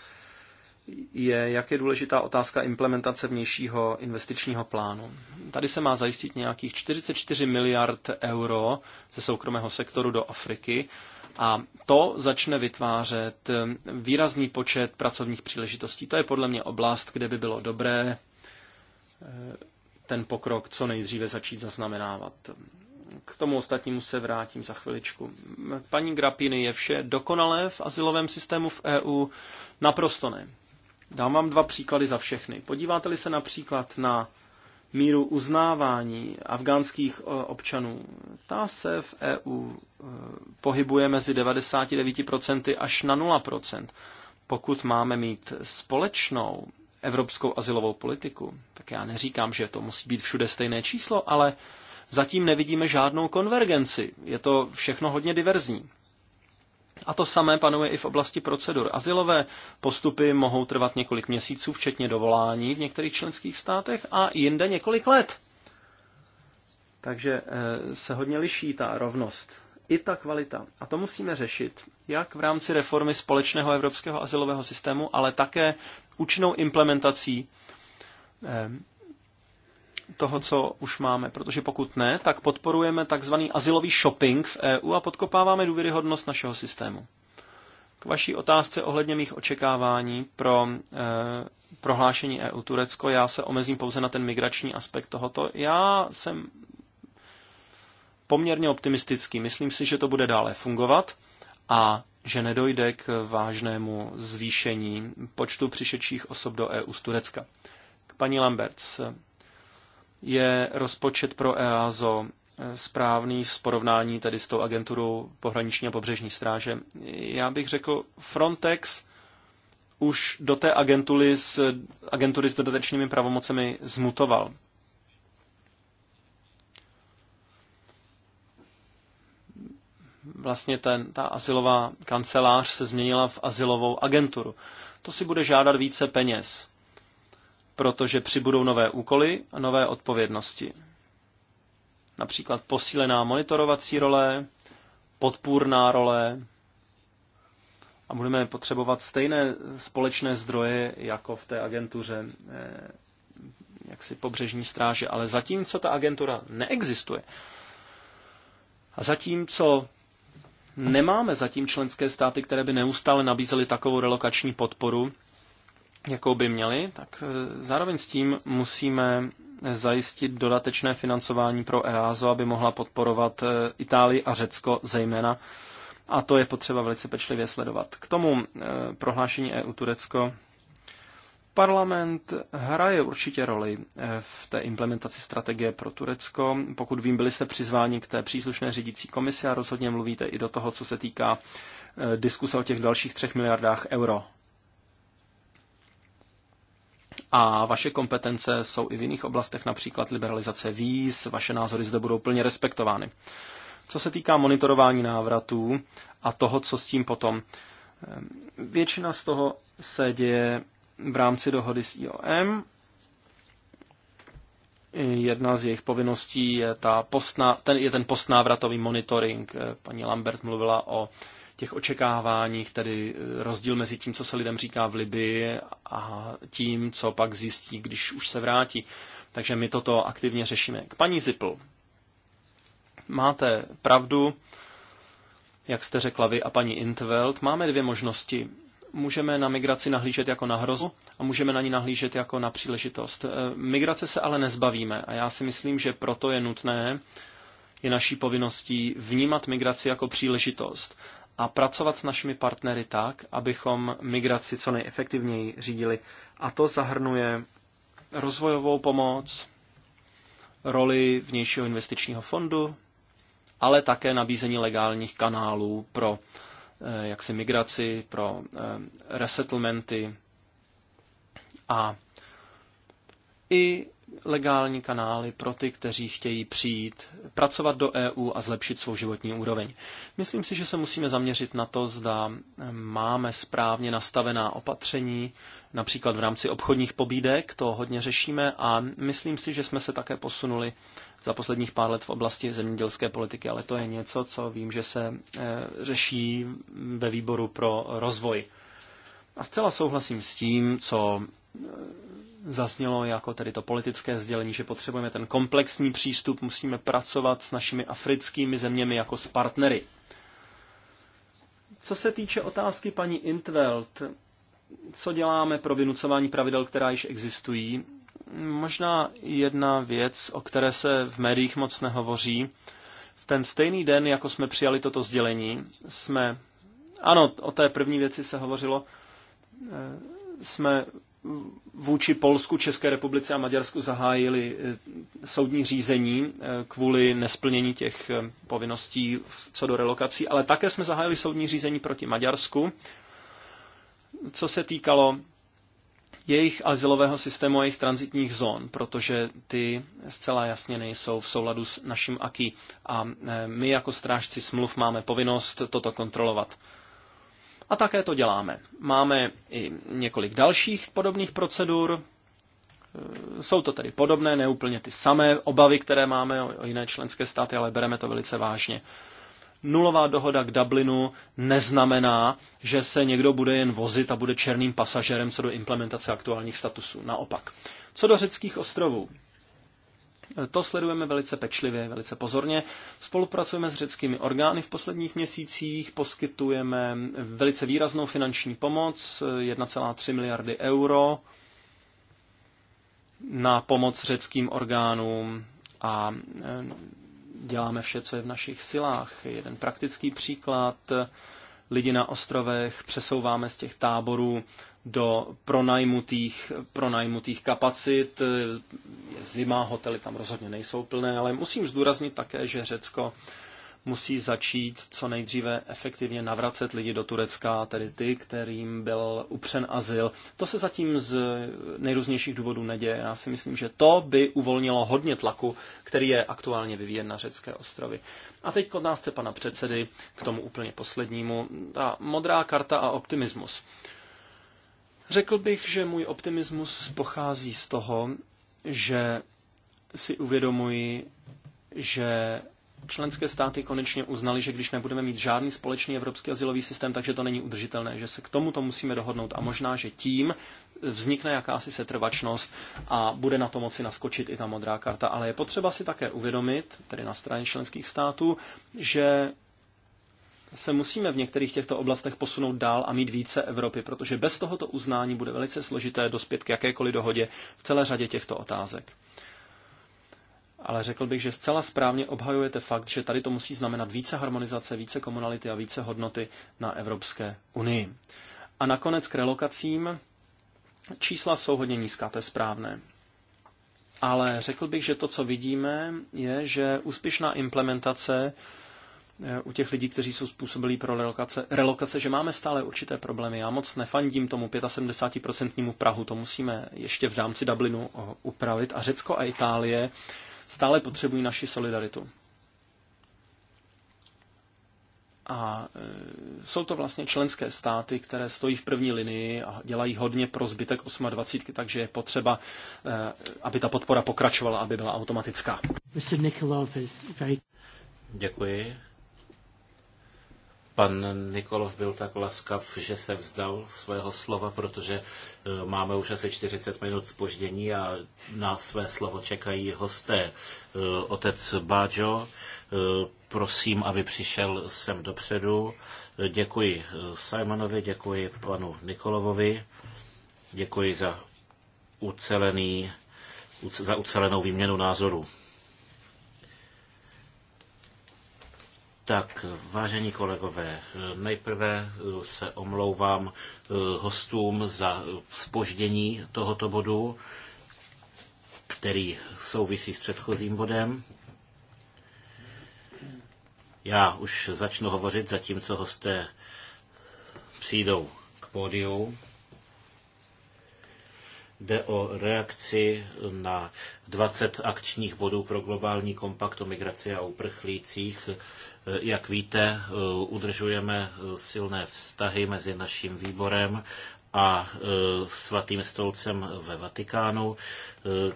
je, jak je důležitá otázka implementace vnějšího investičního plánu. Tady se má zajistit nějakých 44 miliard euro ze soukromého sektoru do Afriky a to začne vytvářet výrazný počet pracovních příležitostí. To je podle mě oblast, kde by bylo dobré ten pokrok co nejdříve začít zaznamenávat. K tomu ostatnímu se vrátím za chviličku. Paní Grapiny, je vše dokonalé v asilovém systému v EU? Naprosto ne. Dám vám dva příklady za všechny. Podíváte-li se například na míru uznávání afgánských e, občanů, ta se v EU e, pohybuje mezi 99% až na 0%. Pokud máme mít společnou evropskou asilovou politiku. Tak já neříkám, že to musí být všude stejné číslo, ale zatím nevidíme žádnou konvergenci. Je to všechno hodně diverzní. A to samé panuje i v oblasti procedur. Azylové postupy mohou trvat několik měsíců, včetně dovolání v některých členských státech a jinde několik let. Takže eh, se hodně liší ta rovnost i ta kvalita. A to musíme řešit jak v rámci reformy společného evropského asilového systému, ale také účinnou implementací eh, toho, co už máme. Protože pokud ne, tak podporujeme takzvaný asilový shopping v EU a podkopáváme důvěryhodnost našeho systému. K vaší otázce ohledně mých očekávání pro eh, e, prohlášení EU Turecko, já se omezím pouze na ten migrační aspekt tohoto. Já jsem poměrně optimistický. Myslím si, že to bude dále fungovat a že nedojde k vážnému zvýšení počtu přišedších osob do EU z Turecka. K paní Lamberts. Je rozpočet pro EASO správný v porovnání tedy s tou agenturou pohraniční a pobřežní stráže? Já bych řekl, Frontex už do té agentury s, agentury s dodatečnými pravomocemi zmutoval. vlastně ten, ta asilová kancelář se změnila v asilovou agenturu. To si bude žádat více peněz, protože přibudou nové úkoly a nové odpovědnosti. Například posílená monitorovací role, podpůrná role a budeme potřebovat stejné společné zdroje jako v té agentuře eh, jaksi pobřežní stráže. Ale zatímco ta agentura neexistuje a zatímco nemáme zatím členské státy, které by neustále nabízely takovou relokační podporu, jakou by měly, tak eh, zároveň s tím musíme zajistit dodatečné financování pro EASO, aby mohla podporovat eh, Itálii a Řecko zejména. A to je potřeba velice pečlivě sledovat. K tomu eh, prohlášení EU Turecko Parlament hraje určitě roli eh, v té implementaci strategie pro Turecko. Pokud vím, byli jste přizváni k té příslušné řídící komisi a rozhodně mluvíte i do toho, co se týká eh, diskuse o těch dalších třech miliardách euro. A vaše kompetence jsou i v jiných oblastech, například liberalizace víz, vaše názory zde budou plně respektovány. Co se týká monitorování návratů a toho, co s tím potom, eh, většina z toho se děje v rámci dohody s IOM. Jedna z jejich povinností je, ta postná, ten, je ten postnávratový monitoring. Paní Lambert mluvila o těch očekáváních, tedy eh, rozdíl mezi tím, co se lidem říká v Libii a tím, co pak zjistí, když už se vrátí. Takže my toto aktivně řešíme. K paní Zipl. Máte pravdu, jak jste řekla vy a paní Intveld. Máme dvě možnosti můžeme na migraci nahlížet jako na hrozbu a můžeme na ní nahlížet jako na příležitost. Eh, migrace se ale nezbavíme a já si myslím, že proto je nutné, je naší povinností vnímat migraci jako příležitost a pracovat s našimi partnery tak, abychom migraci co nejefektivněji řídili. A to zahrnuje rozvojovou pomoc, roli vnějšího investičního fondu, ale také nabízení legálních kanálů pro Eh, jaksi migraci, pro eh, resettlementy a i legální kanály pro ty, kteří chtějí přijít, pracovat do EU a zlepšit svou životní úroveň. Myslím si, že se musíme zaměřit na to, zda eh, máme správně nastavená opatření, například v rámci obchodních pobídek, to hodně řešíme a myslím si, že jsme se také posunuli za posledních pár let v oblasti zemědělské politiky, ale to je něco, co vím, že se eh, řeší ve výboru pro rozvoj. A zcela souhlasím s tím, co eh, zaznělo jako tedy to politické sdělení, že potřebujeme ten komplexní přístup, musíme pracovat s našimi africkými zeměmi jako s partnery. Co se týče otázky paní Intveld, co děláme pro vynucování pravidel, která již existují, možná jedna věc, o které se v médiích moc nehovoří. V ten stejný den, jako jsme přijali toto sdělení, jsme, ano, o té první věci se hovořilo, e, jsme vůči Polsku, České republice a Maďarsku zahájili eh, soudní řízení eh, kvůli nesplnění těch eh, povinností co do relokací, ale také jsme zahájili soudní řízení proti Maďarsku, co se týkalo jejich azylového systému a jejich transitních zón, protože ty zcela jasně nejsou v souladu s naším AKI a my jako strážci smluv máme povinnost toto kontrolovat. A také to děláme. Máme i několik dalších podobných procedur. E, jsou to tedy podobné, neúplně ty samé obavy, které máme o jiné členské státy, ale bereme to velice vážně. Nulová dohoda k Dublinu neznamená, že se někdo bude jen vozit a bude černým pasažerem co do implementace aktuálních statusů. Naopak. Co do řeckých ostrovů? To sledujeme velice pečlivě, velice pozorně. Spolupracujeme s řeckými orgány v posledních měsících, poskytujeme velice výraznou finanční pomoc, 1,3 miliardy euro na pomoc řeckým orgánům a e, děláme vše, co je v našich silách. Jeden praktický příklad, lidi na ostrovech přesouváme z těch táborů do pronajmutých, pronajmutých kapacit. Je zima, hotely tam rozhodně nejsou plné, ale musím zdůraznit také, že Řecko musí začít co nejdříve efektivně navracet lidi do Turecka, tedy ty, kterým byl upřen azyl. To se zatím z nejrůznějších důvodů neděje. Já si myslím, že to by uvolnilo hodně tlaku, který je aktuálně vyvíjen na řecké ostrovy. A teď k nás pana předsedy k tomu úplně poslednímu. Ta modrá karta a optimismus. Řekl bych, že můj optimismus pochází z toho, že si uvědomuji, že členské státy konečně uznali, že když nebudeme mít žádný společný evropský asilový systém, takže to není udržitelné, že se k tomuto musíme dohodnout a možná, že tím vznikne jakási setrvačnost a bude na to moci naskočit i ta modrá karta. Ale je potřeba si také uvědomit, tedy na straně členských států, že se musíme v některých těchto oblastech posunout dál a mít více Evropy, protože bez tohoto uznání bude velice složité dospět k jakékoliv dohodě v celé řadě těchto otázek. Ale řekl bych, že zcela správně obhajujete fakt, že tady to musí znamenat více harmonizace, více komunality a více hodnoty na Evropské unii. A nakonec k relokacím. Čísla jsou hodně nízká, to je správné. Ale řekl bych, že to, co vidíme, je, že úspěšná implementace Eh, u těch lidí, kteří jsou způsobili pro relokace, relokace, že máme stále určité problémy. Já moc nefandím tomu 75% Prahu, to musíme ještě v rámci Dublinu eh, upravit. A Řecko a Itálie stále potřebují naši solidaritu. A eh, jsou to vlastně členské státy, které stojí v první linii a dělají hodně pro zbytek 28, takže je potřeba, aby ta podpora pokračovala, aby byla automatická. Děkuji. Pan Nikolov byl tak laskav, že se vzdal svého slova, protože e, máme už asi 40 minut spoždění a na své slovo čekají hosté. E, otec Bájo, e, prosím, aby přišel sem dopředu. Děkuji Simonovi, děkuji panu Nikolovovi, děkuji za ucelený, za ucelenou výměnu názorů. Tak, vážení kolegové, nejprve eh, se omlouvám eh, hostům za spoždění tohoto bodu, který souvisí s předchozím bodem. Já už začnu hovořit, zatímco hosté přijdou k pódiu. Jde o reakci na 20 akčních bodů pro globální kompakt o migraci a uprchlících, Eh, jak víte, eh, udržujeme eh, silné vztahy mezi naším výborem a svatým stolcem ve Vatikánu.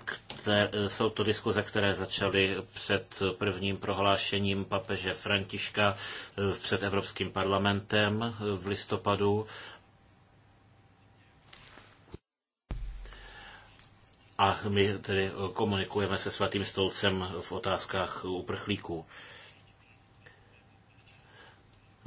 Které, jsou to diskuze, které začaly před prvním prohlášením papeže Františka před Evropským parlamentem v listopadu. A my tedy komunikujeme se svatým stolcem v otázkách uprchlíků.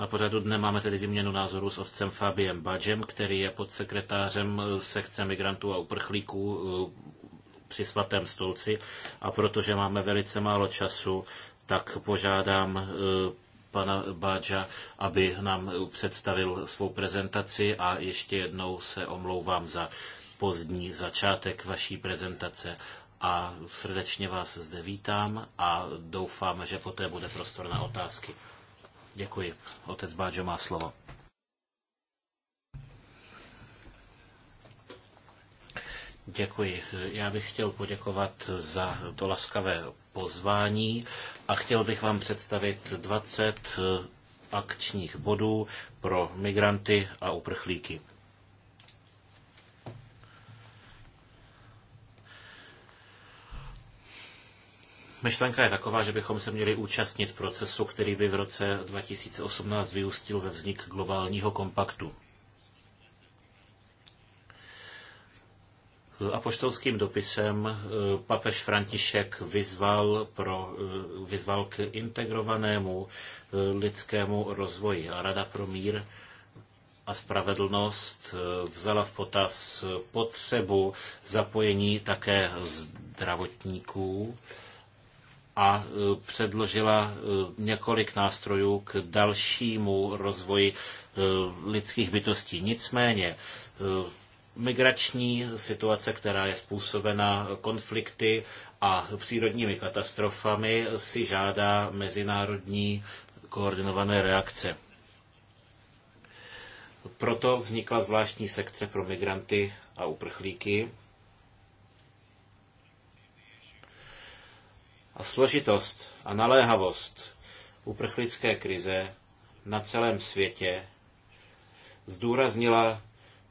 Na pořadu dne máme tedy výměnu názoru s otcem Fabiem Badžem, který je podsekretářem sekce migrantů a uprchlíků eh, při svatém stolci a protože máme velice málo času, tak požádám eh, pana Bádža, aby nám představil svou prezentaci a ještě jednou se omlouvám za pozdní začátek vaší prezentace a srdečně vás zde vítám a doufám, že poté bude prostor na otázky. Děkuji. Otec Báďo má slovo. Děkuji. Já bych chtěl poděkovat za to laskavé pozvání a chtěl bych vám představit 20 akčních bodů pro migranty a uprchlíky. Myšlenka je taková, že bychom se měli účastnit procesu, který by v roce 2018 vyústil ve vznik globálního kompaktu. Apoštolským dopisem eh, papež František vyzval, pro, eh, vyzval k integrovanému eh, lidskému rozvoji a Rada pro mír a spravedlnost vzala v potaz potřebu zapojení také zdravotníků a e, předložila e, několik nástrojů k dalšímu rozvoji e, lidských bytostí. Nicméně migrační situace, která je způsobena konflikty a přírodními katastrofami, si žádá mezinárodní koordinované reakce. Proto vznikla zvláštní sekce pro migranty a uprchlíky, a složitost a naléhavost uprchlické krize na celém světě zdůraznila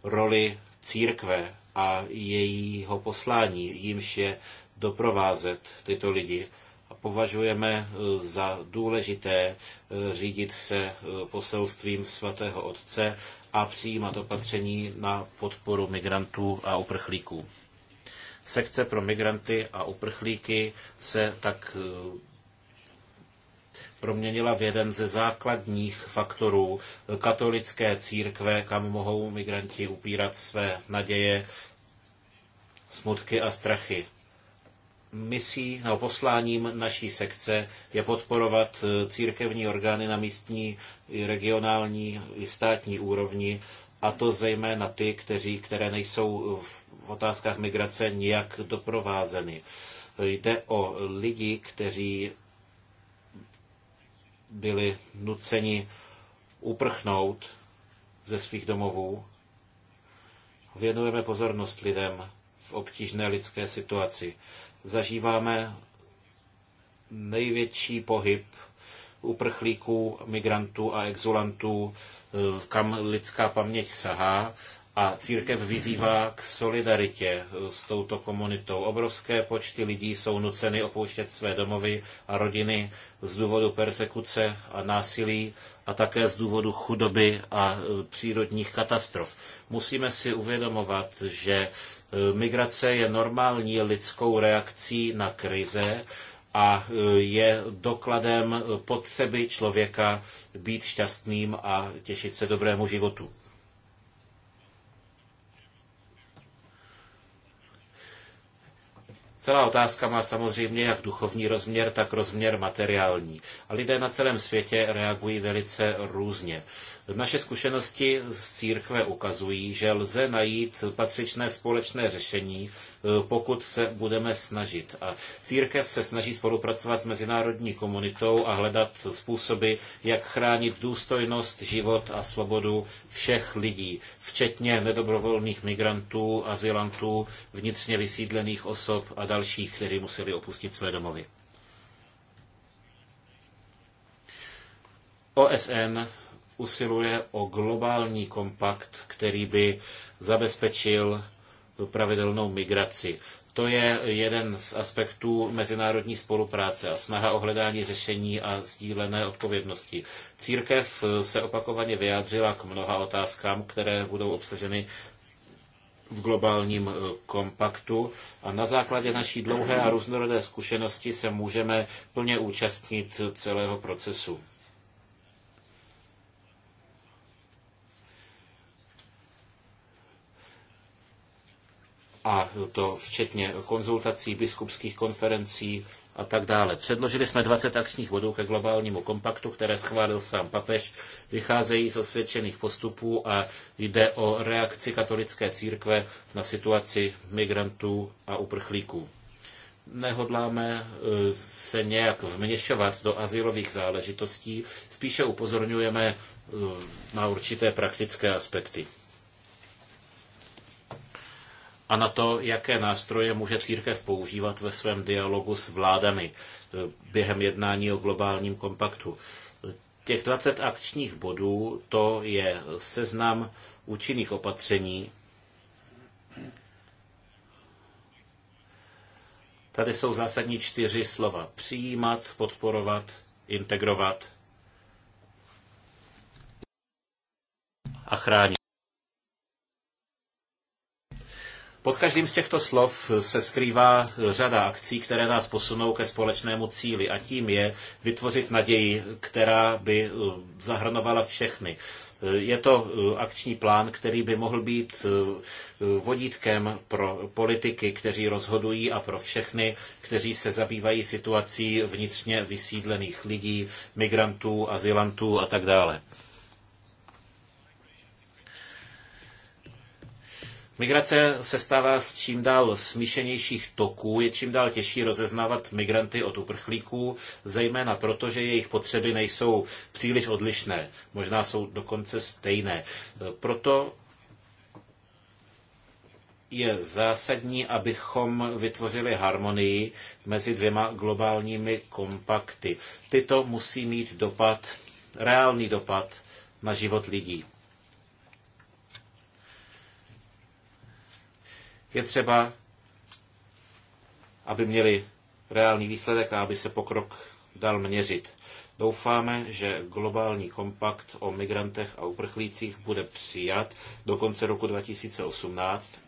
roli církve a jejího poslání, jímž je doprovázet tyto lidi. A považujeme eh, za důležité eh, řídit se eh, poselstvím svatého Otce a přijímat opatření na podporu migrantů a uprchlíků. Sekce pro migranty a uprchlíky se tak eh, proměnila v jeden ze základních faktorů katolické církve, kam mohou migranti upírat své naděje, smutky a strachy. Misí nebo posláním naší sekce je podporovat eh, církevní orgány na místní, regionální i státní úrovni a to zejména ty, kteří, které nejsou v otázkách migrace nijak doprovázeny. Jde o lidi, kteří byli nuceni uprchnout ze svých domovů. Věnujeme pozornost lidem v obtížné lidské situaci. Zažíváme největší pohyb uprchlíků, migrantů a exulantů, eh, kam lidská paměť sahá. A církev vyzývá k solidaritě eh, s touto komunitou. Obrovské počty lidí jsou nuceny opouštět své domovy a rodiny z důvodu persekuce a násilí a také z důvodu chudoby a eh, přírodních katastrof. Musíme si uvědomovat, že migrace je normální lidskou reakcí na krize a e, je dokladem potřeby člověka být šťastným a těšit se dobrému životu. Celá otázka má samozřejmě jak duchovní rozměr, tak rozměr materiální. A lidé na celém světě reagují velice různě. Naše zkušenosti z církve ukazují, že lze najít patřičné společné řešení, eh, pokud se budeme snažit. A církev se snaží spolupracovat s mezinárodní komunitou a hledat způsoby, jak chránit důstojnost, život a svobodu všech lidí, včetně nedobrovolných migrantů, azylantů, vnitřně vysídlených osob a dalších, kteří museli opustit své domovy. OSN usiluje o globální kompakt, který by zabezpečil pravidelnou migraci. To je jeden z aspektů mezinárodní spolupráce a snaha o hledání řešení a sdílené odpovědnosti. Církev se opakovaně vyjádřila k mnoha otázkám, které budou obsaženy v globálním eh, kompaktu a na základě naší dlouhé a různorodé zkušenosti se můžeme plně účastnit celého procesu. a to včetně konzultací, biskupských konferencí a tak dále. Předložili jsme 20 akčních bodů ke globálnímu kompaktu, které schválil sám papež, vycházejí z osvědčených postupů a jde o reakci katolické církve na situaci migrantů a uprchlíků. Nehodláme e, se nějak vměšovat do asilových záležitostí, spíše upozorňujeme e, na určité praktické aspekty a na to, jaké nástroje může církev používat ve svém dialogu s vládami e, během jednání o globálním kompaktu. Těch 20 akčních bodů to je seznam účinných opatření. Tady jsou zásadní čtyři slova. Přijímat, podporovat, integrovat a chránit. Pod každým z těchto slov eh, se skrývá eh, řada akcí, které nás posunou ke společnému cíli a tím je vytvořit naději, která by eh, zahrnovala všechny. Je to akční plán, který by mohl být vodítkem pro politiky, kteří rozhodují a pro všechny, kteří se zabývají situací vnitřně vysídlených lidí, migrantů, azylantů a tak dále. Migrace se stává s čím dál smíšenějších toků, je čím dál těžší rozeznávat migranty od uprchlíků, zejména proto, že jejich potřeby nejsou příliš odlišné, možná jsou dokonce stejné. Proto je zásadní, abychom vytvořili harmonii mezi dvěma globálními kompakty. Tyto musí mít dopad, reálný dopad na život lidí. Je třeba, aby měli reálný výsledek a aby se pokrok dal měřit. Doufáme, že globální kompakt o migrantech a uprchlících bude přijat do konce roku 2018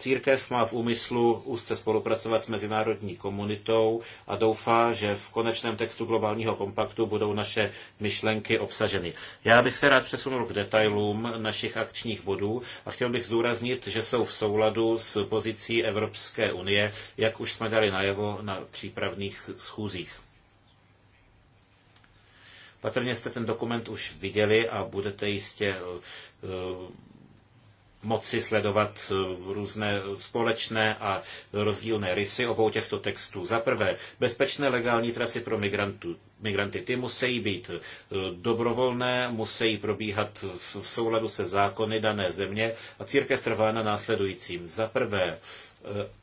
Církev má v úmyslu úzce spolupracovat s mezinárodní komunitou a doufá, že v konečném textu globálního kompaktu budou naše myšlenky obsaženy. Já bych se rád přesunul k detailům našich akčních bodů a chtěl bych zdůraznit, že jsou v souladu s pozicí Evropské unie, jak už jsme dali najevo na přípravných schůzích. Patrně jste ten dokument už viděli a budete jistě eh, moci sledovat eh, různé společné a rozdílné rysy obou těchto textů. Za prvé, bezpečné legální trasy pro migrantů. Migranty ty musí být eh, dobrovolné, musí probíhat v souladu se zákony dané země a církev trvá na následujícím. Za prvé, eh,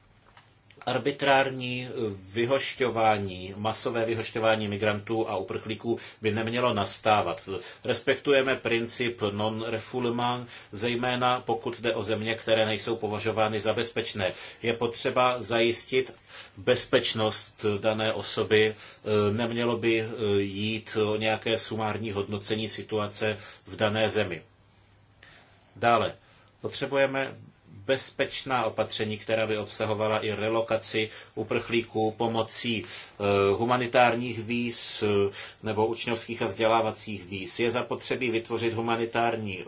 Arbitrární eh, vyhošťování, masové vyhošťování migrantů a uprchlíků by nemělo nastávat. Respektujeme princip non-refoulement, zejména pokud jde o země, které nejsou považovány za bezpečné. Je potřeba zajistit bezpečnost dané osoby. Eh, nemělo by eh, jít o nějaké sumární hodnocení situace v dané zemi. Dále, potřebujeme bezpečná opatření, která by obsahovala i relokaci uprchlíků pomocí eh, humanitárních víz eh, nebo učňovských a vzdělávacích víz. Je zapotřebí vytvořit humanitární eh,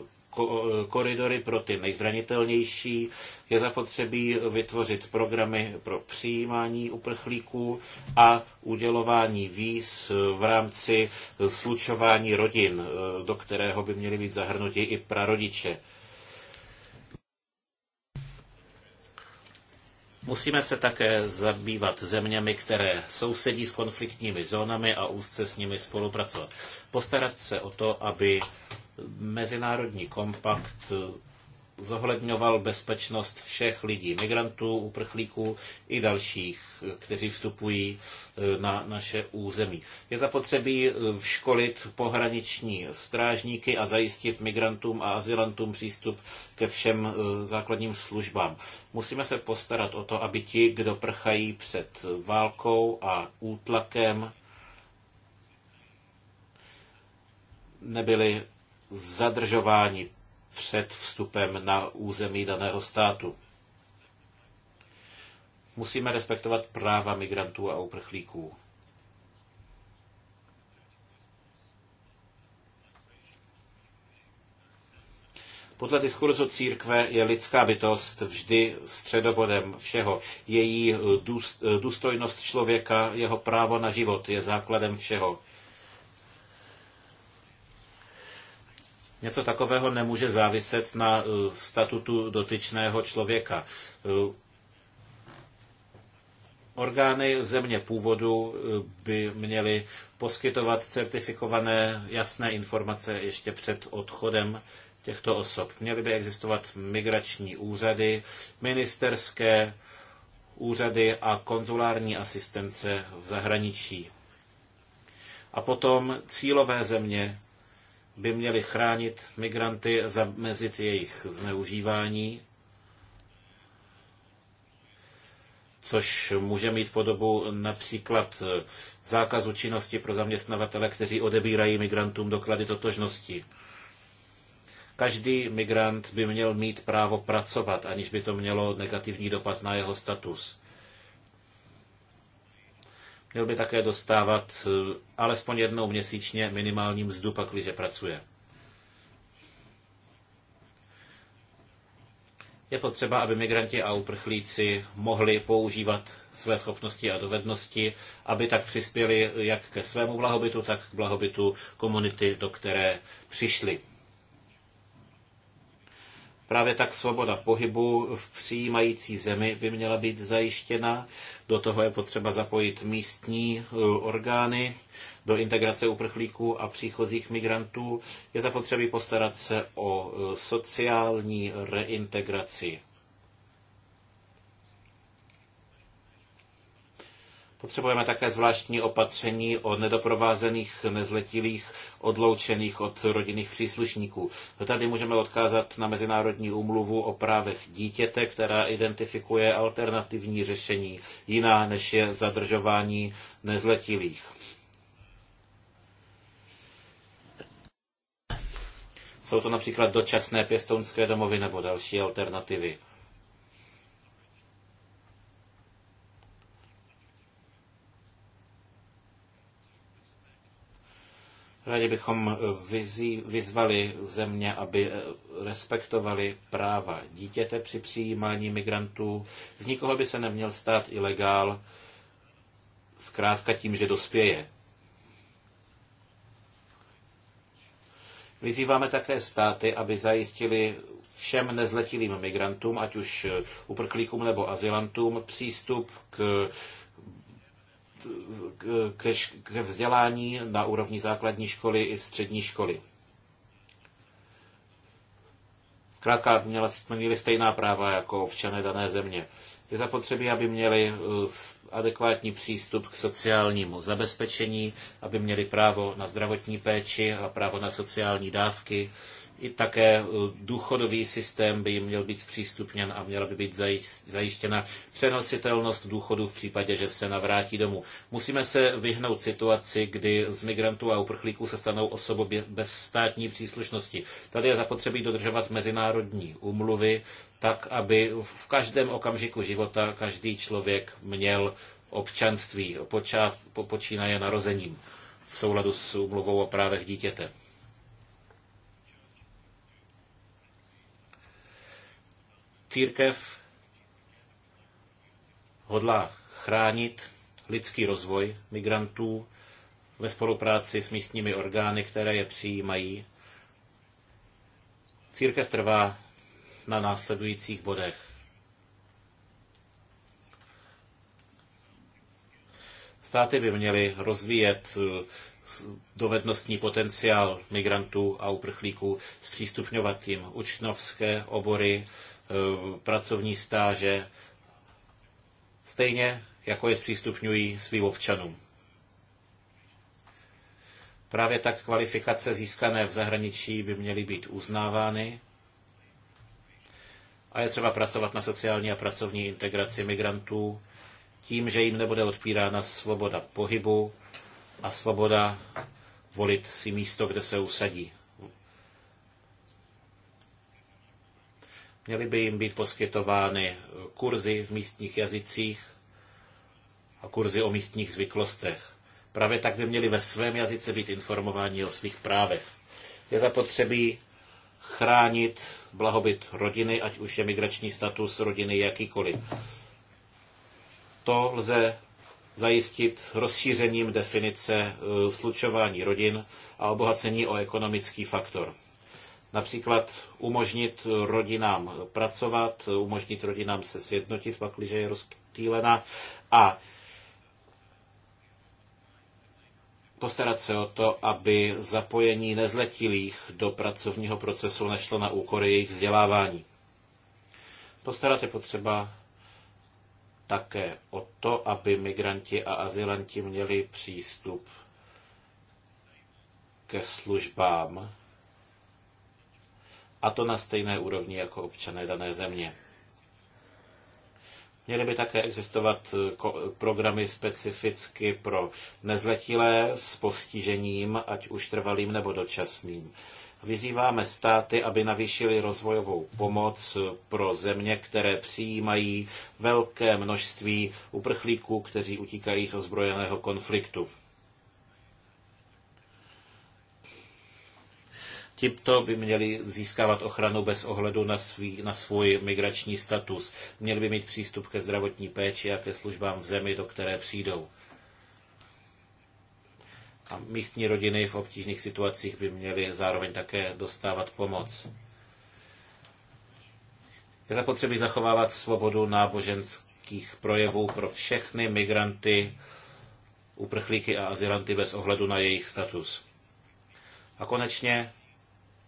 koridory pro ty nejzranitelnější, je zapotřebí vytvořit programy pro přijímání uprchlíků a udělování víz v rámci slučování rodin, do kterého by měly být zahrnuti i prarodiče. Musíme se také zabývat zeměmi, které sousedí s konfliktními zónami a úzce s nimi spolupracovat. Postarat se o to, aby mezinárodní kompakt zohledňoval bezpečnost všech lidí, migrantů, uprchlíků i dalších, kteří vstupují e, na naše území. Je zapotřebí e, školit pohraniční strážníky a zajistit migrantům a azylantům přístup ke všem e, základním službám. Musíme se postarat o to, aby ti, kdo prchají před válkou a útlakem, nebyli zadržováni před vstupem na území daného státu. Musíme respektovat práva migrantů a uprchlíků. Podle diskurzu církve je lidská bytost vždy středobodem všeho. Její důstojnost člověka, jeho právo na život je základem všeho. Něco takového nemůže záviset na eh, statutu dotyčného člověka. Eh, orgány země původu eh, by měly poskytovat certifikované jasné informace ještě před odchodem těchto osob. Měly by existovat migrační úřady, ministerské úřady a konzulární asistence v zahraničí. A potom cílové země by měly chránit migranty a zamezit jejich zneužívání, což může mít podobu například zákazu činnosti pro zaměstnavatele, kteří odebírají migrantům doklady totožnosti. Každý migrant by měl mít právo pracovat, aniž by to mělo negativní dopad na jeho status. Měl by také dostávat eh, alespoň jednou měsíčně minimální mzdu, pakliže pracuje. Je potřeba, aby migranti a uprchlíci mohli používat své schopnosti a dovednosti, aby tak přispěli jak ke svému blahobytu, tak k blahobytu komunity, do které přišli. Právě tak svoboda pohybu v přijímající zemi by měla být zajištěna. Do toho je potřeba zapojit místní e, orgány do integrace uprchlíků a příchozích migrantů. Je zapotřebí postarat se o e, sociální reintegraci. Potřebujeme také zvláštní opatření o nedoprovázených nezletilých odloučených od rodinných příslušníků. Tady můžeme odkázat na Mezinárodní úmluvu o právech dítěte, která identifikuje alternativní řešení jiná, než je zadržování nezletilých. Jsou to například dočasné pěstounské domovy nebo další alternativy. Rádi bychom eh, vyzvali země, aby eh, respektovali práva dítěte při přijímání migrantů. Z nikoho by se neměl stát ilegál, zkrátka tím, že dospěje. Vyzýváme také státy, aby zajistili všem nezletilým migrantům, ať už eh, uprchlíkům nebo azylantům, přístup k ke, ke vzdělání na úrovni základní školy i střední školy. Zkrátka, měli stejná práva jako občané dané země. Je zapotřebí, aby měli uh, adekvátní přístup k sociálnímu zabezpečení, aby měli právo na zdravotní péči a právo na sociální dávky, i také eh, důchodový systém by jim měl být zpřístupněn a měla by být zajištěna přenositelnost důchodu v případě, že se navrátí domů. Musíme se vyhnout situaci, kdy z migrantů a uprchlíků se stanou osoby bez státní příslušnosti. Tady je zapotřebí dodržovat mezinárodní úmluvy, tak aby v každém okamžiku života každý člověk měl občanství, počínaje narozením v souladu s úmluvou o právech dítěte. Církev hodlá chránit lidský rozvoj migrantů ve spolupráci s místními orgány, které je přijímají. Církev trvá na následujících bodech. Státy by měly rozvíjet eh, dovednostní potenciál migrantů a uprchlíků, zpřístupňovat jim učnovské obory, Eh, pracovní stáže, stejně jako je zpřístupňují svým občanům. Právě tak kvalifikace získané v zahraničí by měly být uznávány a je třeba pracovat na sociální a pracovní integraci migrantů tím, že jim nebude odpírána svoboda pohybu a svoboda volit si místo, kde se usadí. Měly by jim být poskytovány eh, kurzy v místních jazycích a kurzy o místních zvyklostech. Právě tak by měli ve svém jazyce být informováni o svých právech. Je zapotřebí chránit blahobyt rodiny, ať už je migrační status rodiny jakýkoliv. To lze zajistit rozšířením definice eh, slučování rodin a obohacení o ekonomický faktor. Například umožnit rodinám pracovat, umožnit rodinám se sjednotit, pakliže je rozptýlena a postarat se o to, aby zapojení nezletilých do pracovního procesu nešlo na úkor jejich vzdělávání. Postarat je potřeba také o to, aby migranti a azylanti měli přístup ke službám, a to na stejné úrovni jako občané dané země. Měly by také existovat eh, programy specificky pro nezletilé s postižením, ať už trvalým nebo dočasným. Vyzýváme státy, aby navýšili rozvojovou pomoc pro země, které přijímají velké množství uprchlíků, kteří utíkají z ozbrojeného konfliktu. Tímto by měli získávat ochranu bez ohledu na, svý, na svůj migrační status. Měli by mít přístup ke zdravotní péči a ke službám v zemi, do které přijdou. A místní rodiny v obtížných situacích by měly zároveň také dostávat pomoc. Je zapotřebí zachovávat svobodu náboženských projevů pro všechny migranty, uprchlíky a azylanty bez ohledu na jejich status. A konečně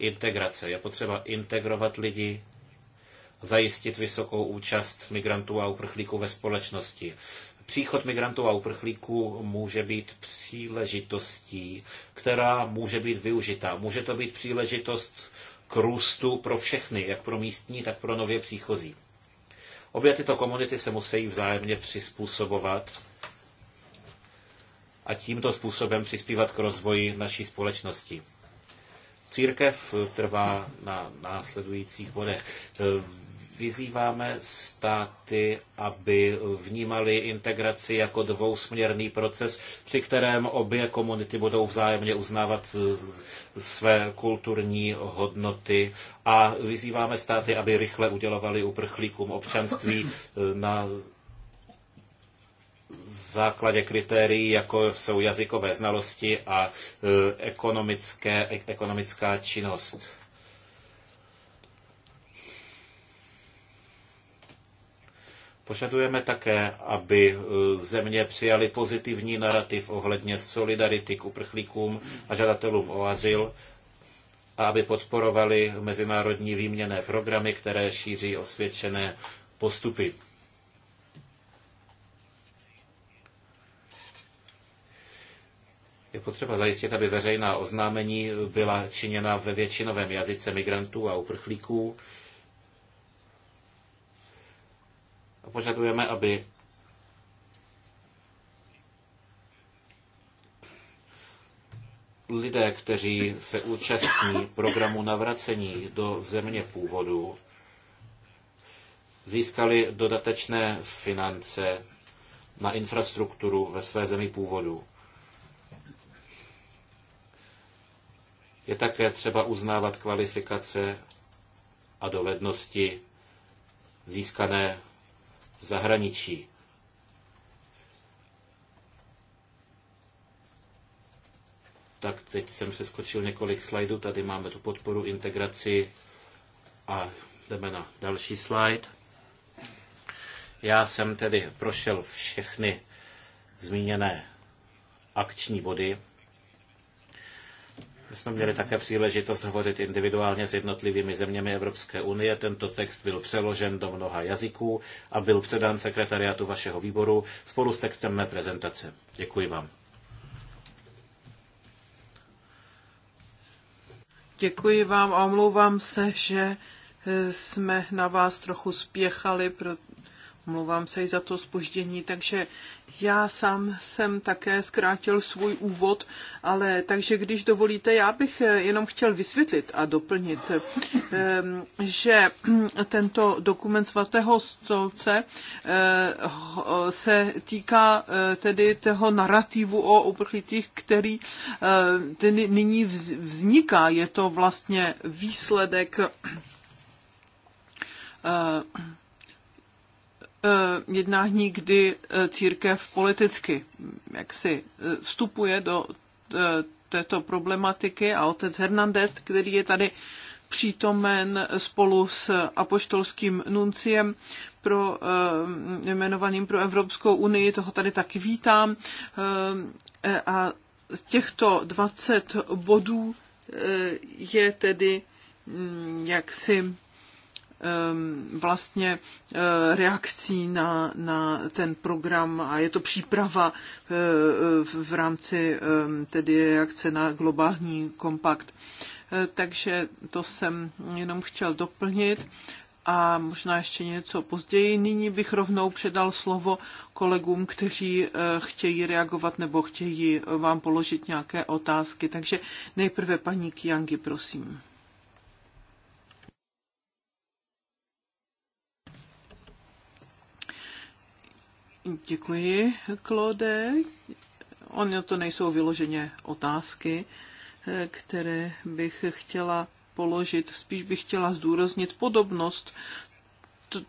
integrace. Je potřeba integrovat lidi, zajistit vysokou účast migrantů a uprchlíků ve společnosti. Příchod migrantů a uprchlíků může být příležitostí, která může být využitá. Může to být příležitost k růstu pro všechny, jak pro místní, tak pro nově příchozí. Obě tyto komunity se musí vzájemně přizpůsobovat a tímto způsobem přispívat k rozvoji naší společnosti. Církev trvá na následujících bodech. E, vyzýváme státy, aby vnímali integraci jako dvousměrný proces, při kterém obě komunity budou vzájemně uznávat své kulturní hodnoty a vyzýváme státy, aby rychle udělovali uprchlíkům občanství e, na základě kritérií, jako jsou jazykové znalosti a e, ekonomické, e, ekonomická činnost. Požadujeme také, aby e, země přijali pozitivní narrativ ohledně solidarity k uprchlíkům a žadatelům o azyl a aby podporovali mezinárodní výměné programy, které šíří osvědčené postupy. Je potřeba zajistit, aby veřejná oznámení byla činěna ve většinovém jazyce migrantů a uprchlíků. A požadujeme, aby lidé, kteří se účastní programu navracení do země původu, získali dodatečné finance na infrastrukturu ve své zemi původu. Je také třeba uznávat kvalifikace a dovednosti získané v zahraničí. Tak teď jsem přeskočil několik slajdů. Tady máme tu podporu integraci a jdeme na další slide. Já jsem tedy prošel všechny zmíněné akční body. My jsme měli také příležitost hovořit individuálně s jednotlivými zeměmi Evropské unie. Tento text byl přeložen do mnoha jazyků a byl předán sekretariátu vašeho výboru spolu s textem mé prezentace. Děkuji vám. Děkuji vám a omlouvám se, že eh, jsme na vás trochu spěchali, Mluvám se i za to spoždění, takže já sám jsem také zkrátil svůj úvod, ale takže když dovolíte, já bych eh, jenom chtěl vysvětlit a doplnit, eh, že tento dokument svatého stolce eh, se týká tedy toho narrativu o uprchlících, který nyní vzniká. Je to vlastně výsledek Eh, jednání, kdy eh, církev politicky jaksi eh, vstupuje do této problematiky a otec Hernandez, který je tady přítomen spolu s apoštolským nunciem pro, jmenovaným pro Evropskou unii, toho tady taky vítám. A z těchto 20 bodů je tedy mm, jaksi Ehm, vlastně eh, reakcí na, na ten program a je to příprava eh, v rámci ehm, tedy reakce na globální kompakt. Eh, takže to jsem jenom chtěl doplnit a možná ještě něco později. Nyní bych rovnou předal slovo kolegům, kteří chtějí reagovat nebo chtějí vám položit nějaké otázky. Takže nejprve paní Kiangi, prosím. Děkuji, Klode. Ono to nejsou vyloženě otázky, které bych chtěla položit. Spíš bych chtěla zdůraznit podobnost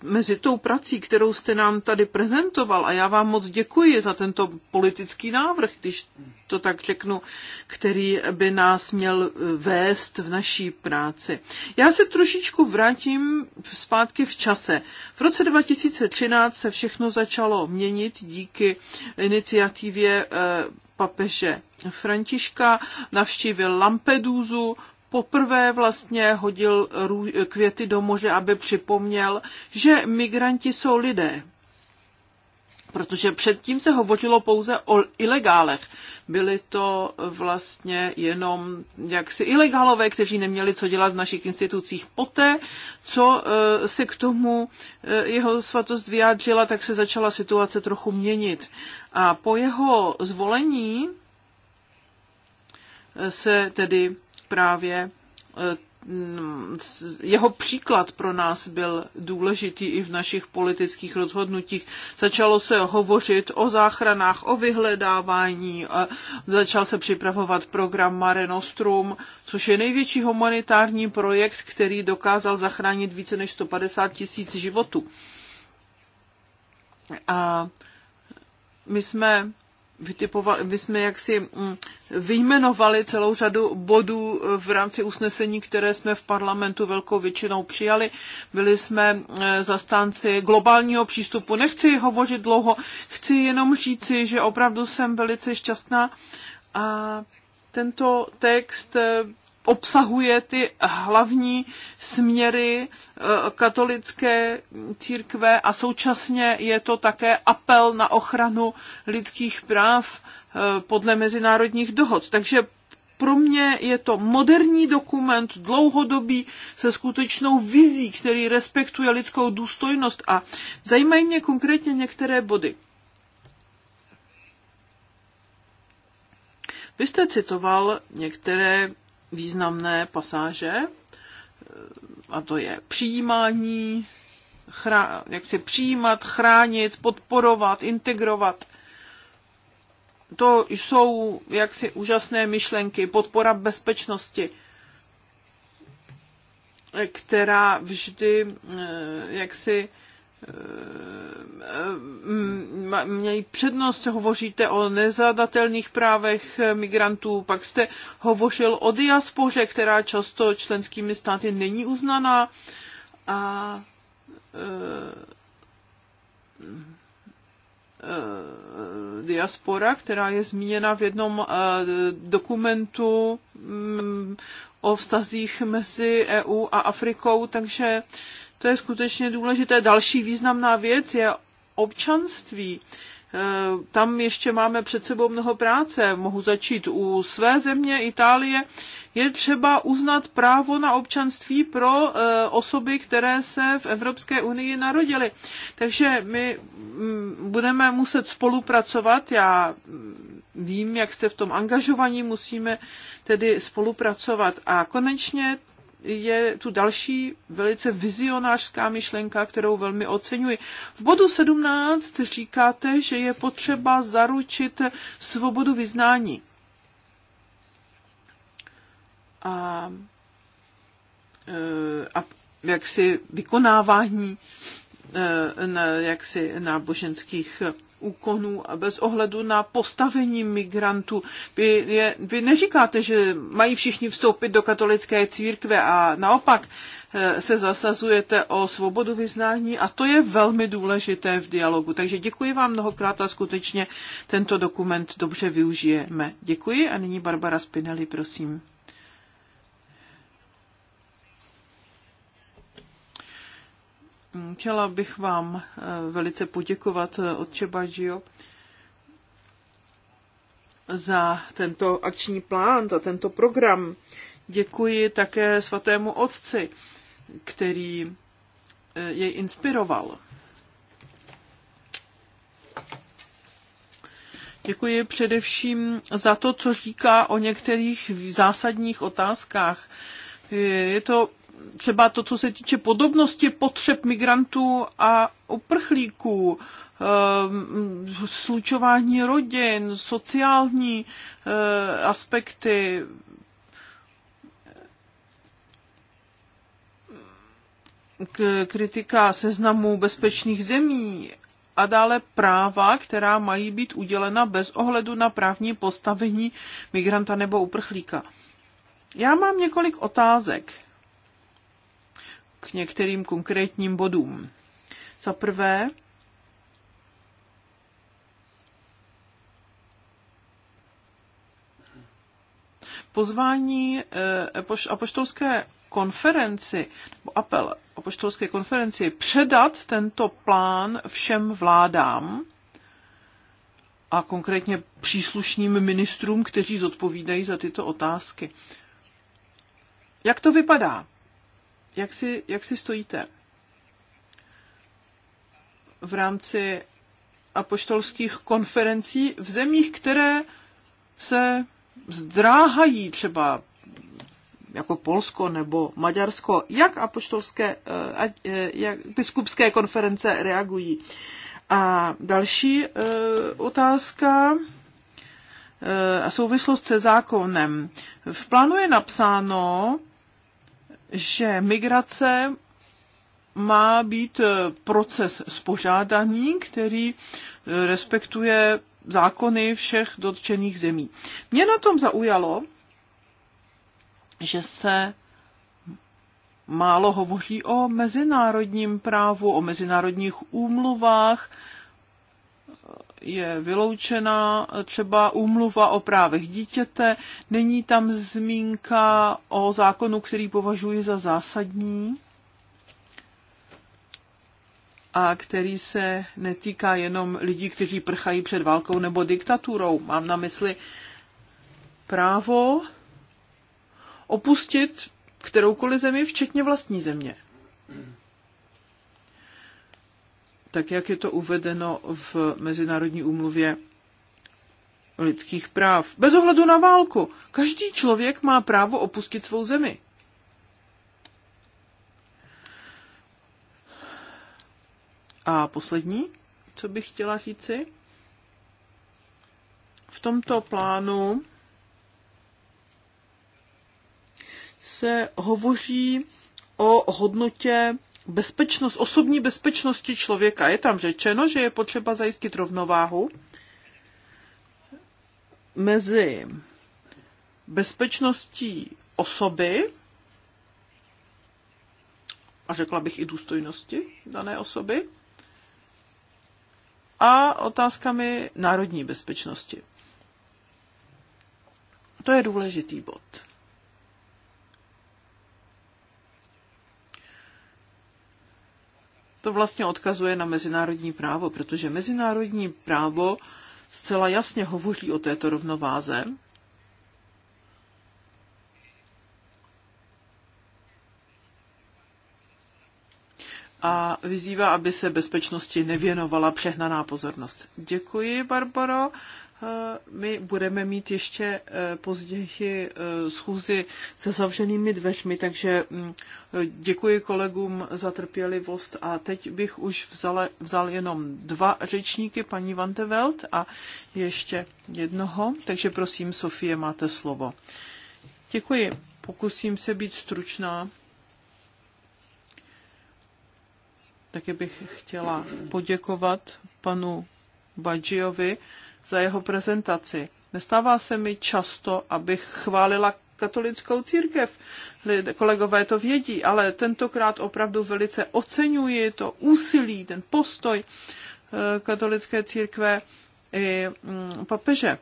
mezi tou prací, kterou jste nám tady prezentoval, a já vám moc děkuji za tento politický návrh, když to tak řeknu, který by nás měl eh, vést v naší práci. Já se trošičku vrátím zpátky v čase. V roce 2013 se všechno začalo měnit díky iniciativě eh, papeže Františka, navštívil Lampedusu, poprvé vlastně hodil květy do moře, aby připomněl, že migranti jsou lidé. Protože předtím se hovořilo pouze o ilegálech. Byli to vlastně jenom jaksi ilegálové, kteří neměli co dělat v našich institucích. Poté, co e, se k tomu e, jeho svatost vyjádřila, tak se začala situace trochu měnit. A po jeho zvolení e, se tedy právě eh, jeho příklad pro nás byl důležitý i v našich politických rozhodnutích. Začalo se hovořit o záchranách, o vyhledávání, začal se připravovat program Mare Nostrum, což je největší humanitární projekt, který dokázal zachránit více než 150 tisíc životů. A my jsme vytipovali, my jsme jaksi mm, vyjmenovali celou řadu bodů eh, v rámci usnesení, které jsme v parlamentu velkou většinou přijali. Byli jsme eh, zastánci globálního přístupu. Nechci hovořit dlouho, chci jenom říci, že opravdu jsem velice šťastná a tento text eh, obsahuje ty hlavní směry eh, katolické církve a současně je to také apel na ochranu lidských práv eh, podle mezinárodních dohod. Takže pro mě je to moderní dokument, dlouhodobý, se skutečnou vizí, který respektuje lidskou důstojnost a zajímají mě konkrétně některé body. Vy jste citoval některé významné pasáže, a to je přijímání, chrá, jak si přijímat, chránit, podporovat, integrovat. To jsou jaksi úžasné myšlenky, podpora bezpečnosti, která vždy eh, jaksi Ehm, ehm, mějí přednost, hovoříte o nezadatelných právech migrantů, pak jste hovořil o diaspoře, která často členskými státy není uznaná a ehm, diaspora, která je zmíněna v jednom eh, dokumentu mm, o vztazích mezi EU a Afrikou, takže to je skutečně důležité. Další významná věc je občanství. E, tam ještě máme před sebou mnoho práce. Mohu začít u své země, Itálie. Je třeba uznat právo na občanství pro e, osoby, které se v Evropské unii narodily. Takže my mm, budeme muset spolupracovat. Já mm, vím, jak jste v tom angažovaní, musíme tedy spolupracovat. A konečně je tu další velice vizionářská myšlenka, kterou velmi oceňuji. V bodu 17 říkáte, že je potřeba zaručit svobodu vyznání. A, e, a jaksi vykonávání e, jaksi náboženských úkonů a bez ohledu na postavení migrantů. Vy, je, vy neříkáte, že mají všichni vstoupit do katolické církve a naopak eh, se zasazujete o svobodu vyznání a to je velmi důležité v dialogu. Takže děkuji vám mnohokrát a skutečně tento dokument dobře využijeme. Děkuji a nyní Barbara Spinelli, prosím. Chtěla bych vám eh, velice poděkovat, eh, od Čebažio za tento akční plán, za tento program. Děkuji také svatému otci, který eh, jej inspiroval. Děkuji především za to, co říká o některých zásadních otázkách. Je to třeba to, co se týče podobnosti potřeb migrantů a uprchlíků, eh, slučování rodin, sociální eh, aspekty, k kritika seznamu bezpečných zemí a dále práva, která mají být udělena bez ohledu na právní postavení migranta nebo uprchlíka. Já mám několik otázek k některým konkrétním bodům. Za prvé, pozvání eh, apoštolské konferenci, nebo apel apoštolské konferenci předat tento plán všem vládám a konkrétně příslušným ministrům, kteří zodpovídají za tyto otázky. Jak to vypadá? jak si, jak si stojíte v rámci apoštolských konferencí v zemích, které se zdráhají třeba jako Polsko nebo Maďarsko, jak apoštolské, eh, eh, jak biskupské konference reagují. A další eh, otázka a souvislost se zákonem. V plánu je napsáno, že migrace má být proces spořádaný, který eh, respektuje zákony všech dotčených zemí. Mě na tom zaujalo, že se málo hovoří o mezinárodním právu, o mezinárodních úmluvách je vyloučena třeba úmluva o právech dítěte, není tam zmínka o zákonu, který považuji za zásadní a který se netýká jenom lidí, kteří prchají před válkou nebo diktaturou. Mám na mysli právo opustit kteroukoliv zemi, včetně vlastní země tak jak je to uvedeno v Mezinárodní úmluvě lidských práv. Bez ohledu na válku. Každý člověk má právo opustit svou zemi. A poslední, co bych chtěla říci, v tomto plánu se hovoří o hodnotě bezpečnost, osobní bezpečnosti člověka. Je tam řečeno, že je potřeba zajistit rovnováhu mezi bezpečností osoby a řekla bych i důstojnosti dané osoby a otázkami národní bezpečnosti. To je důležitý bod. to vlastně odkazuje na mezinárodní právo, protože mezinárodní právo zcela jasně hovoří o této rovnováze. a vyzývá, aby se bezpečnosti nevěnovala přehnaná pozornost. Děkuji, Barbaro my budeme mít ještě eh, později eh, schůzi se zavřenými dveřmi, takže mm, děkuji kolegům za trpělivost a teď bych už vzal, vzal jenom dva řečníky, paní Vantevelt a ještě jednoho, takže prosím, Sofie, máte slovo. Děkuji, pokusím se být stručná. Také bych chtěla poděkovat panu Badžiovi, za jeho prezentaci. Nestává se mi často, abych chválila katolickou církev. Kolegové to vědí, ale tentokrát opravdu velice oceňuji to úsilí, ten postoj eh, katolické církve i mm, papeže.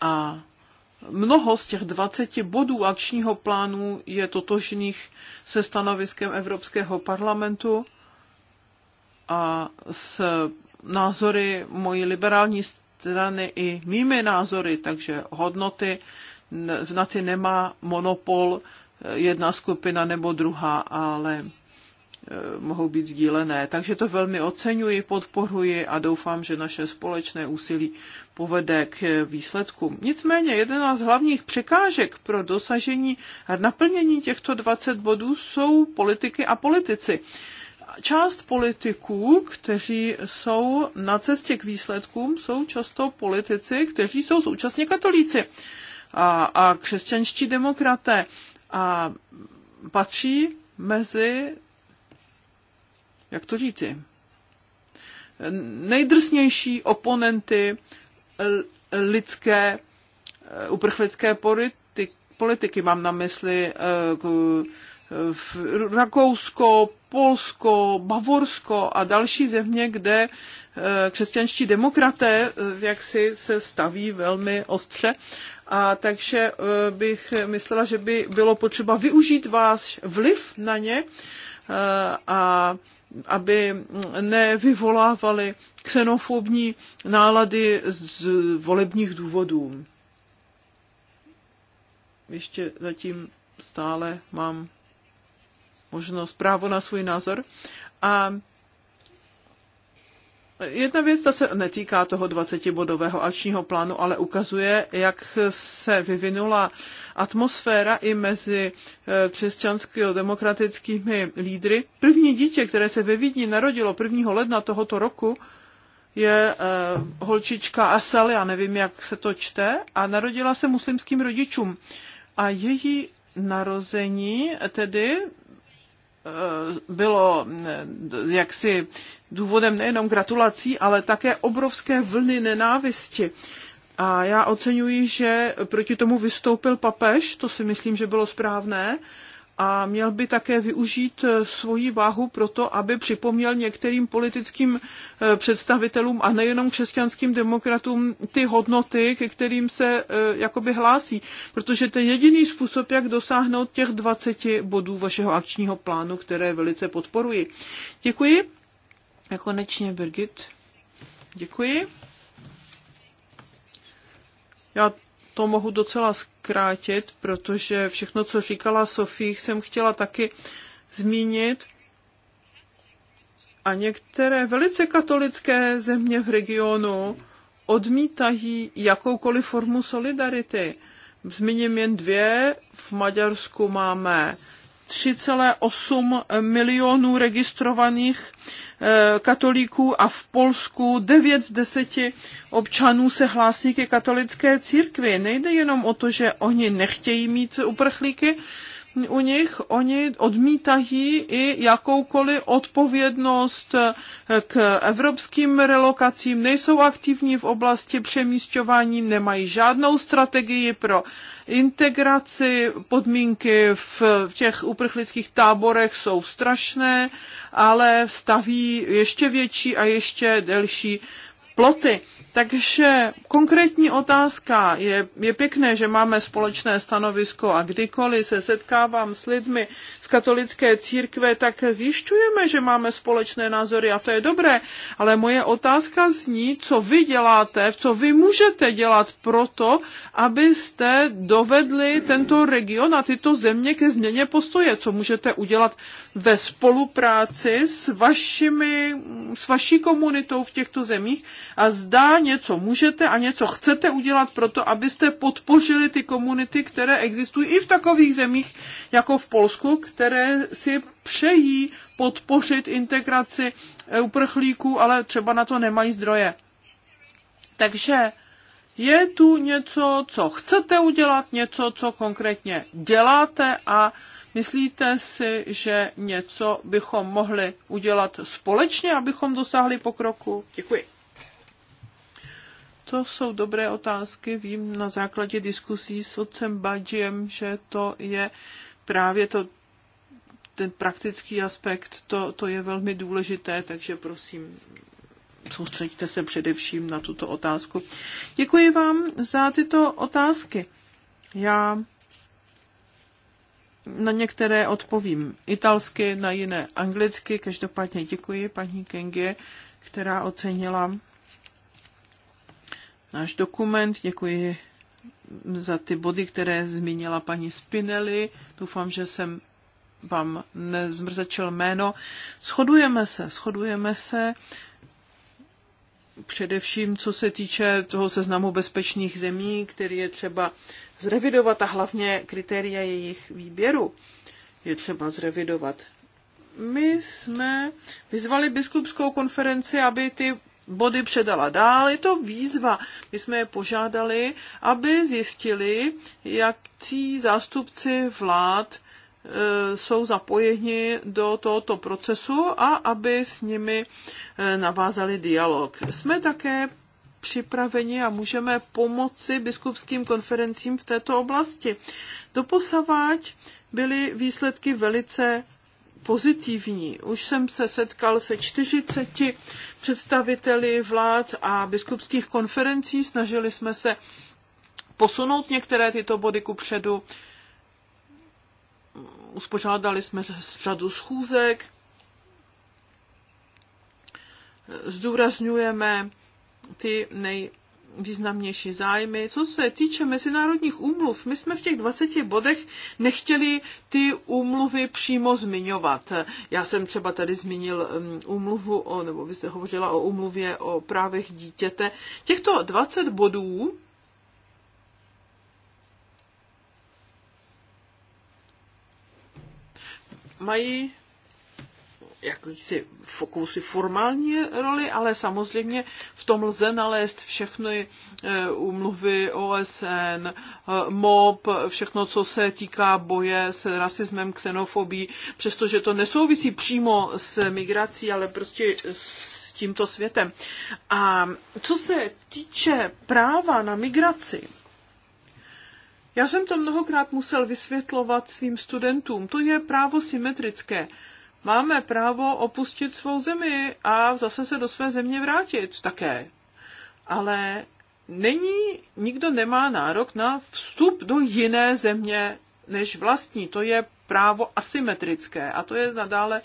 A mnoho z těch 20 bodů akčního plánu je totožných se stanoviskem Evropského parlamentu a s názory mojí liberální strany i mými názory, takže hodnoty na ty nemá monopol e, jedna skupina nebo druhá, ale e, mohou být sdílené. Takže to velmi oceňuji, podporuji a doufám, že naše společné úsilí povede k výsledku. Nicméně jedna z hlavních překážek pro dosažení a naplnění těchto 20 bodů jsou politiky a politici část politiků, kteří jsou na cestě k výsledkům, jsou často politici, kteří jsou současně katolíci a, a křesťanští demokraté a patří mezi, jak to říci, nejdrsnější oponenty lidské, e, uprchlické politiky. Mám na mysli e, v Rakousko, Polsko, Bavorsko a další země, kde eh, křesťanští demokraté eh, jaksi se staví velmi ostře. A takže eh, bych myslela, že by bylo potřeba využít váš vliv na ně a aby nevyvolávali ksenofobní nálady z volebních důvodů. Ještě zatím stále mám možnost, právo na svůj názor. A Jedna věc, ta se netýká toho 20-bodového akčního plánu, ale ukazuje, jak se vyvinula atmosféra i mezi e, křesťansko-demokratickými lídry. První dítě, které se ve Vídni narodilo 1. ledna tohoto roku, je e, holčička Asal, já nevím, jak se to čte, a narodila se muslimským rodičům. A její narození tedy Eh, bylo eh, jaksi důvodem nejenom gratulací, ale také obrovské vlny nenávisti. A já oceňuji, že proti tomu vystoupil papež, to si myslím, že bylo správné a měl by také využít e, svoji váhu pro to, aby připomněl některým politickým e, představitelům a nejenom křesťanským demokratům ty hodnoty, ke kterým se e, jakoby hlásí. Protože to je jediný způsob, jak dosáhnout těch 20 bodů vašeho akčního plánu, které velice podporuji. Děkuji. A konečně Birgit. Děkuji. Já to mohu docela zkrátit, protože všechno, co říkala Sofie, jsem chtěla taky zmínit. A některé velice katolické země v regionu odmítají jakoukoliv formu solidarity. Zmíním jen dvě. V Maďarsku máme 3,8 milionů registrovaných eh, katolíků a v Polsku 9 z 10 občanů se hlásí ke katolické církvi. Nejde jenom o to, že oni nechtějí mít uprchlíky, u nich oni odmítají i jakoukoliv odpovědnost eh, k evropským relokacím, nejsou aktivní v oblasti přemístování, nemají žádnou strategii pro integraci, podmínky v, těch uprchlických táborech jsou strašné, ale staví ještě větší a ještě delší ploty. Takže konkrétní otázka. Je, je pěkné, že máme společné stanovisko a kdykoliv se setkávám s lidmi z katolické církve, tak zjišťujeme, že máme společné názory a to je dobré. Ale moje otázka zní, co vy děláte, co vy můžete dělat proto, abyste dovedli tento region a tyto země ke změně postoje. Co můžete udělat ve spolupráci s, vašimi, s vaší komunitou v těchto zemích a zdání něco můžete a něco chcete udělat pro to, abyste podpořili ty komunity, které existují i v takových zemích, jako v Polsku, které si přejí podpořit integraci uprchlíků, ale třeba na to nemají zdroje. Takže je tu něco, co chcete udělat, něco, co konkrétně děláte a Myslíte si, že něco bychom mohli udělat společně, abychom dosáhli pokroku? Děkuji. To jsou dobré otázky. Vím na základě diskusí s otcem Badžiem, že to je právě to, ten praktický aspekt, to, to je velmi důležité, takže prosím, soustředíte se především na tuto otázku. Děkuji vám za tyto otázky. Já na některé odpovím italsky, na jiné anglicky. Každopádně děkuji paní Kenge, která ocenila náš dokument. Děkuji za ty body, které zmínila paní Spinelli. Doufám, že jsem vám nezmrzačil jméno. Shodujeme se, shodujeme se především co se týče toho seznamu bezpečných zemí, který je třeba zrevidovat a hlavně kritéria jejich výběru je třeba zrevidovat. My jsme vyzvali biskupskou konferenci, aby ty body předala dál. Je to výzva. My jsme je požádali, aby zjistili, jakcí zástupci vlád e, jsou zapojeni do tohoto procesu a aby s nimi e, navázali dialog. Jsme také připraveni a můžeme pomoci biskupským konferencím v této oblasti. Doposavať byly výsledky velice pozitivní. Už jsem se setkal se 40 představiteli vlád a biskupských konferencí. Snažili jsme se posunout některé tyto body ku předu. Uspořádali jsme řadu schůzek. Zdůrazňujeme ty nej významnější zájmy. Co se týče mezinárodních úmluv, my jsme v těch 20 bodech nechtěli ty úmluvy přímo zmiňovat. Já jsem třeba tady zmínil um, úmluvu, o, nebo vy jste hovořila o úmluvě o právech dítěte. Těchto 20 bodů mají jakýsi fokusy formální roli, ale samozřejmě v tom lze nalézt všechny e, úmluvy OSN, e, MOB, všechno, co se týká boje s rasismem, xenofobí, přestože to nesouvisí přímo s migrací, ale prostě s tímto světem. A co se týče práva na migraci, já jsem to mnohokrát musel vysvětlovat svým studentům. To je právo symetrické máme právo opustit svou zemi a zase se do své země vrátit také. Ale není, nikdo nemá nárok na vstup do jiné země než vlastní. To je právo asymetrické a to je nadále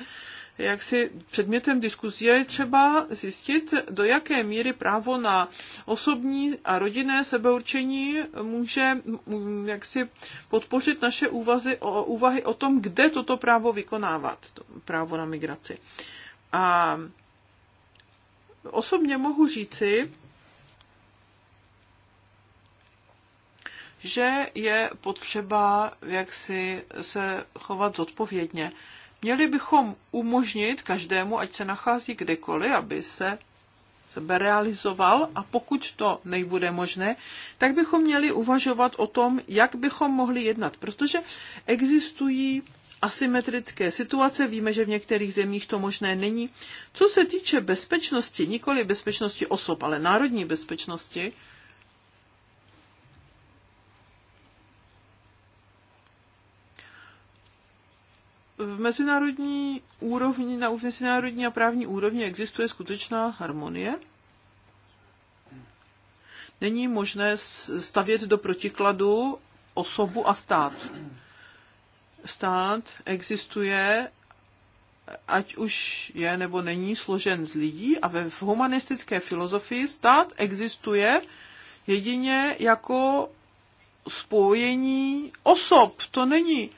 jak si předmětem diskuzí je třeba zjistit, do jaké míry právo na osobní a rodinné sebeurčení může jak si podpořit naše úvazy, o, úvahy o tom, kde toto právo vykonávat, to právo na migraci. A osobně mohu říci, že je potřeba jaksi se chovat zodpovědně. Měli bychom umožnit každému, ať se nachází kdekoliv, aby se sebe realizoval a pokud to nejbude možné, tak bychom měli uvažovat o tom, jak bychom mohli jednat, protože existují asymetrické situace. Víme, že v některých zemích to možné není. Co se týče bezpečnosti, nikoli bezpečnosti osob, ale národní bezpečnosti, v mezinárodní úrovni, na mezinárodní a právní úrovni existuje skutečná harmonie. Není možné stavět do protikladu osobu a stát. Stát existuje, ať už je nebo není složen z lidí a ve v humanistické filozofii stát existuje jedině jako spojení osob. To není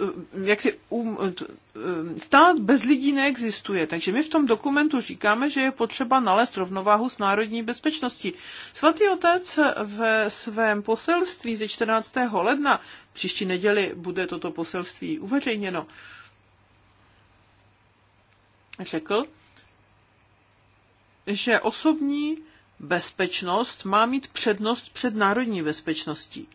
Eh, jak si um, eh, stát bez lidí neexistuje. Takže my v tom dokumentu říkáme, že je potřeba nalézt rovnováhu s národní bezpečností. Svatý otec ve svém poselství ze 14. ledna, příští neděli bude toto poselství uveřejněno, řekl, že osobní bezpečnost má mít přednost před národní bezpečností.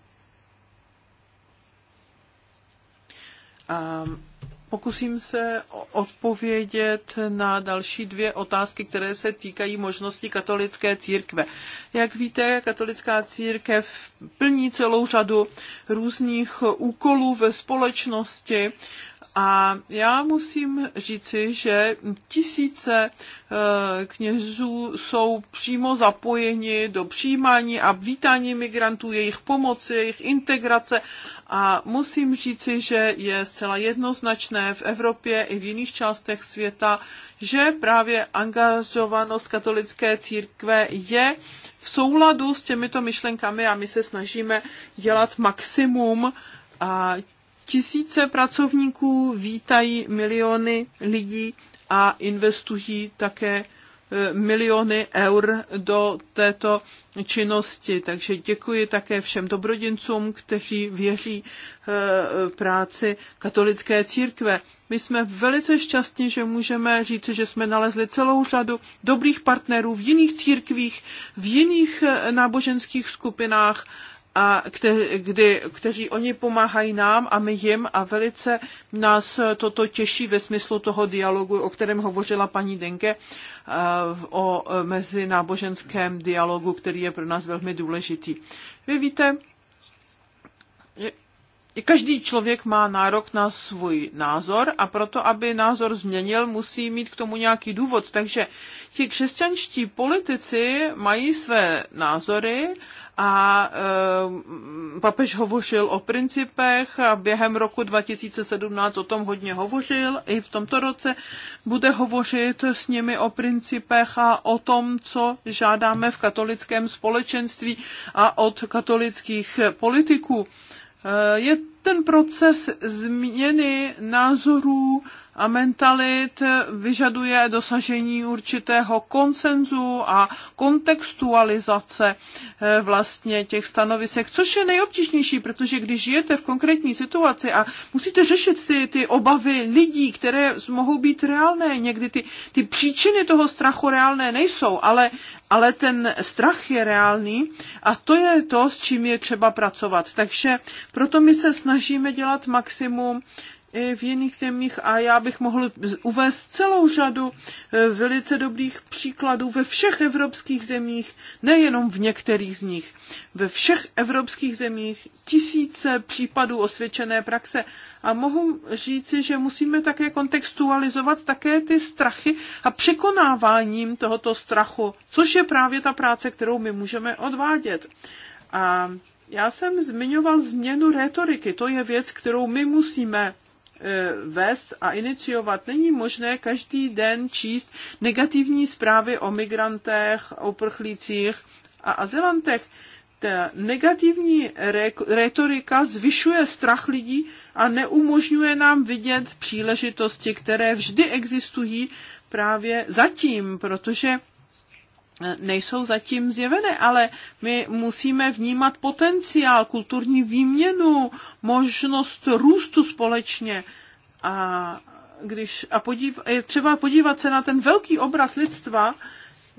pokusím se odpovědět na další dvě otázky, které se týkají možnosti katolické církve. Jak víte, katolická církev plní celou řadu různých úkolů ve společnosti a já musím říci, že tisíce eh, kněžů jsou přímo zapojeni do přijímání a vítání migrantů, jejich pomoci, jejich integrace a musím říci, že je zcela jednoznačné v Evropě i v jiných částech světa, že právě angažovanost katolické církve je v souladu s těmito myšlenkami a my se snažíme dělat maximum a Tisíce pracovníků vítají miliony lidí a investují také e, miliony eur do této činnosti. Takže děkuji také všem dobrodincům, kteří věří e, práci katolické církve. My jsme velice šťastní, že můžeme říct, že jsme nalezli celou řadu dobrých partnerů v jiných církvích, v jiných e, náboženských skupinách a kte, kdy, kteří oni pomáhají nám a my jim a velice nás toto těší ve smyslu toho dialogu, o kterém hovořila paní Denke, o e, mezináboženském dialogu, který je pro nás velmi důležitý. Vy víte, Každý člověk má nárok na svůj názor a proto, aby názor změnil, musí mít k tomu nějaký důvod. Takže ti křesťanští politici mají své názory a eh, papež hovořil o principech a během roku 2017 o tom hodně hovořil, i v tomto roce bude hovořit s nimi o principech a o tom, co žádáme v katolickém společenství a od katolických politiků. Eh, je ten proces změny názorů a mentalit vyžaduje dosažení určitého konsenzu a kontextualizace eh, vlastně těch stanovisek, což je nejobtížnější, protože když žijete v konkrétní situaci a musíte řešit ty, ty obavy lidí, které mohou být reálné, někdy ty, ty příčiny toho strachu reálné nejsou, ale, ale ten strach je reálný a to je to, s čím je třeba pracovat. Takže proto my se snažíme snažíme dělat maximum i v jiných zemích a já bych mohl uvést celou řadu eh, velice dobrých příkladů ve všech evropských zemích, nejenom v některých z nich. Ve všech evropských zemích tisíce případů osvědčené praxe a mohu říci, že musíme také kontextualizovat také ty strachy a překonáváním tohoto strachu, což je právě ta práce, kterou my můžeme odvádět. A já jsem zmiňoval změnu retoriky. To je věc, kterou my musíme e, vést a iniciovat. Není možné každý den číst negativní zprávy o migrantech, o prchlících a azylantech. Ta negativní retorika zvyšuje strach lidí a neumožňuje nám vidět příležitosti, které vždy existují právě zatím, protože Eh, nejsou zatím zjevené, ale my musíme vnímat potenciál, kulturní výměnu, možnost růstu společně. A, když, a podív, je třeba podívat se na ten velký obraz lidstva,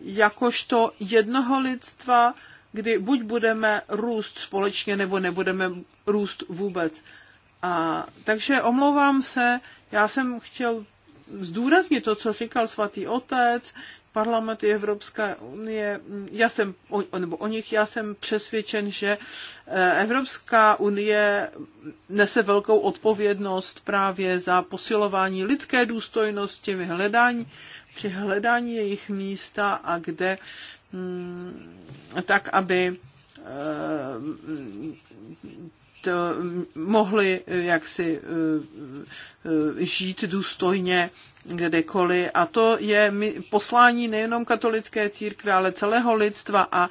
jakožto jednoho lidstva, kdy buď budeme růst společně, nebo nebudeme růst vůbec. A, takže omlouvám se, já jsem chtěl zdůraznit to, co říkal svatý otec, parlament i Evropská unie, já jsem, o, nebo o nich já jsem přesvědčen, že eh, Evropská unie nese velkou odpovědnost právě za posilování lidské důstojnosti, vyhledání, při hledání jejich místa a kde mm, tak, aby eh, to mohli eh, jaksi žít důstojně kdekoliv. A to je poslání nejenom katolické církve, ale celého lidstva a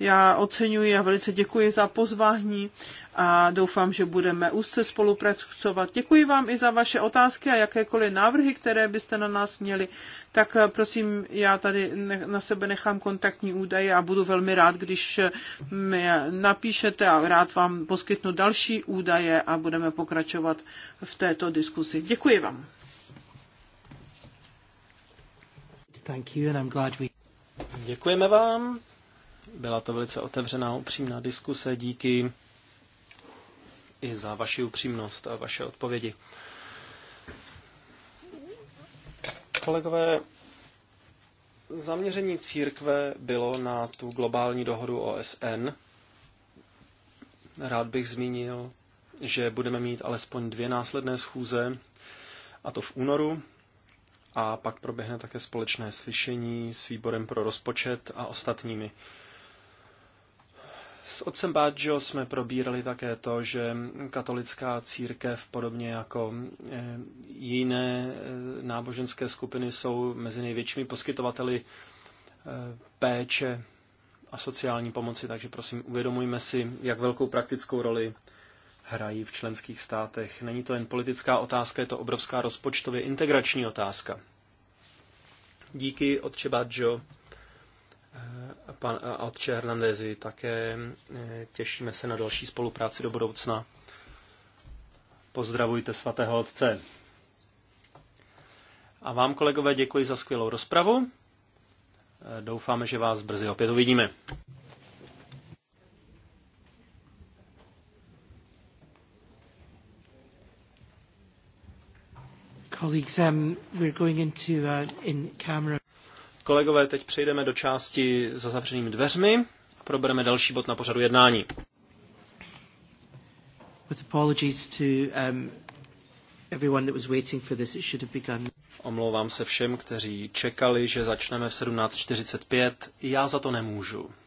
já oceňuji a velice děkuji za pozvání a doufám, že budeme úzce spolupracovat. Děkuji vám i za vaše otázky a jakékoliv návrhy, které byste na nás měli, tak eh, prosím, já tady na sebe nechám kontaktní údaje a budu velmi rád, když eh, mi napíšete a rád vám poskytnu další údaje a budeme pokračovat v této diskusi. Děkuji vám. Thank you and I'm glad we... Děkujeme vám. Byla to velice otevřená, upřímná diskuse. Díky i za vaši upřímnost a vaše odpovědi. Kolegové, zaměření církve bylo na tu globální dohodu OSN. Rád bych zmínil, že budeme mít alespoň dvě následné schůze, a to v únoru a pak proběhne také společné slyšení s výborem pro rozpočet a ostatními. S otcem Baggio jsme probírali také to, že katolická církev, podobně jako eh, jiné eh, náboženské skupiny, jsou mezi největšími poskytovateli eh, péče a sociální pomoci, takže prosím, uvědomujme si, jak velkou praktickou roli hrají v členských státech. Není to jen politická otázka, je to obrovská rozpočtově integrační otázka. Díky otče Baggio eh, a, pan, a otče Hernandezi také eh, těšíme se na další spolupráci do budoucna. Pozdravujte svatého otce. A vám, kolegové, děkuji za skvělou rozpravu. Eh, doufáme, že vás brzy opět uvidíme. Um, uh, Kolegové, teď přejdeme do části za zavřenými dveřmi a probereme další bod na pořadu jednání. With apologies to um, everyone that was waiting for this, it should have begun. Omlouvám se všem, kteří čekali, že začneme v 17.45. Já za to nemůžu.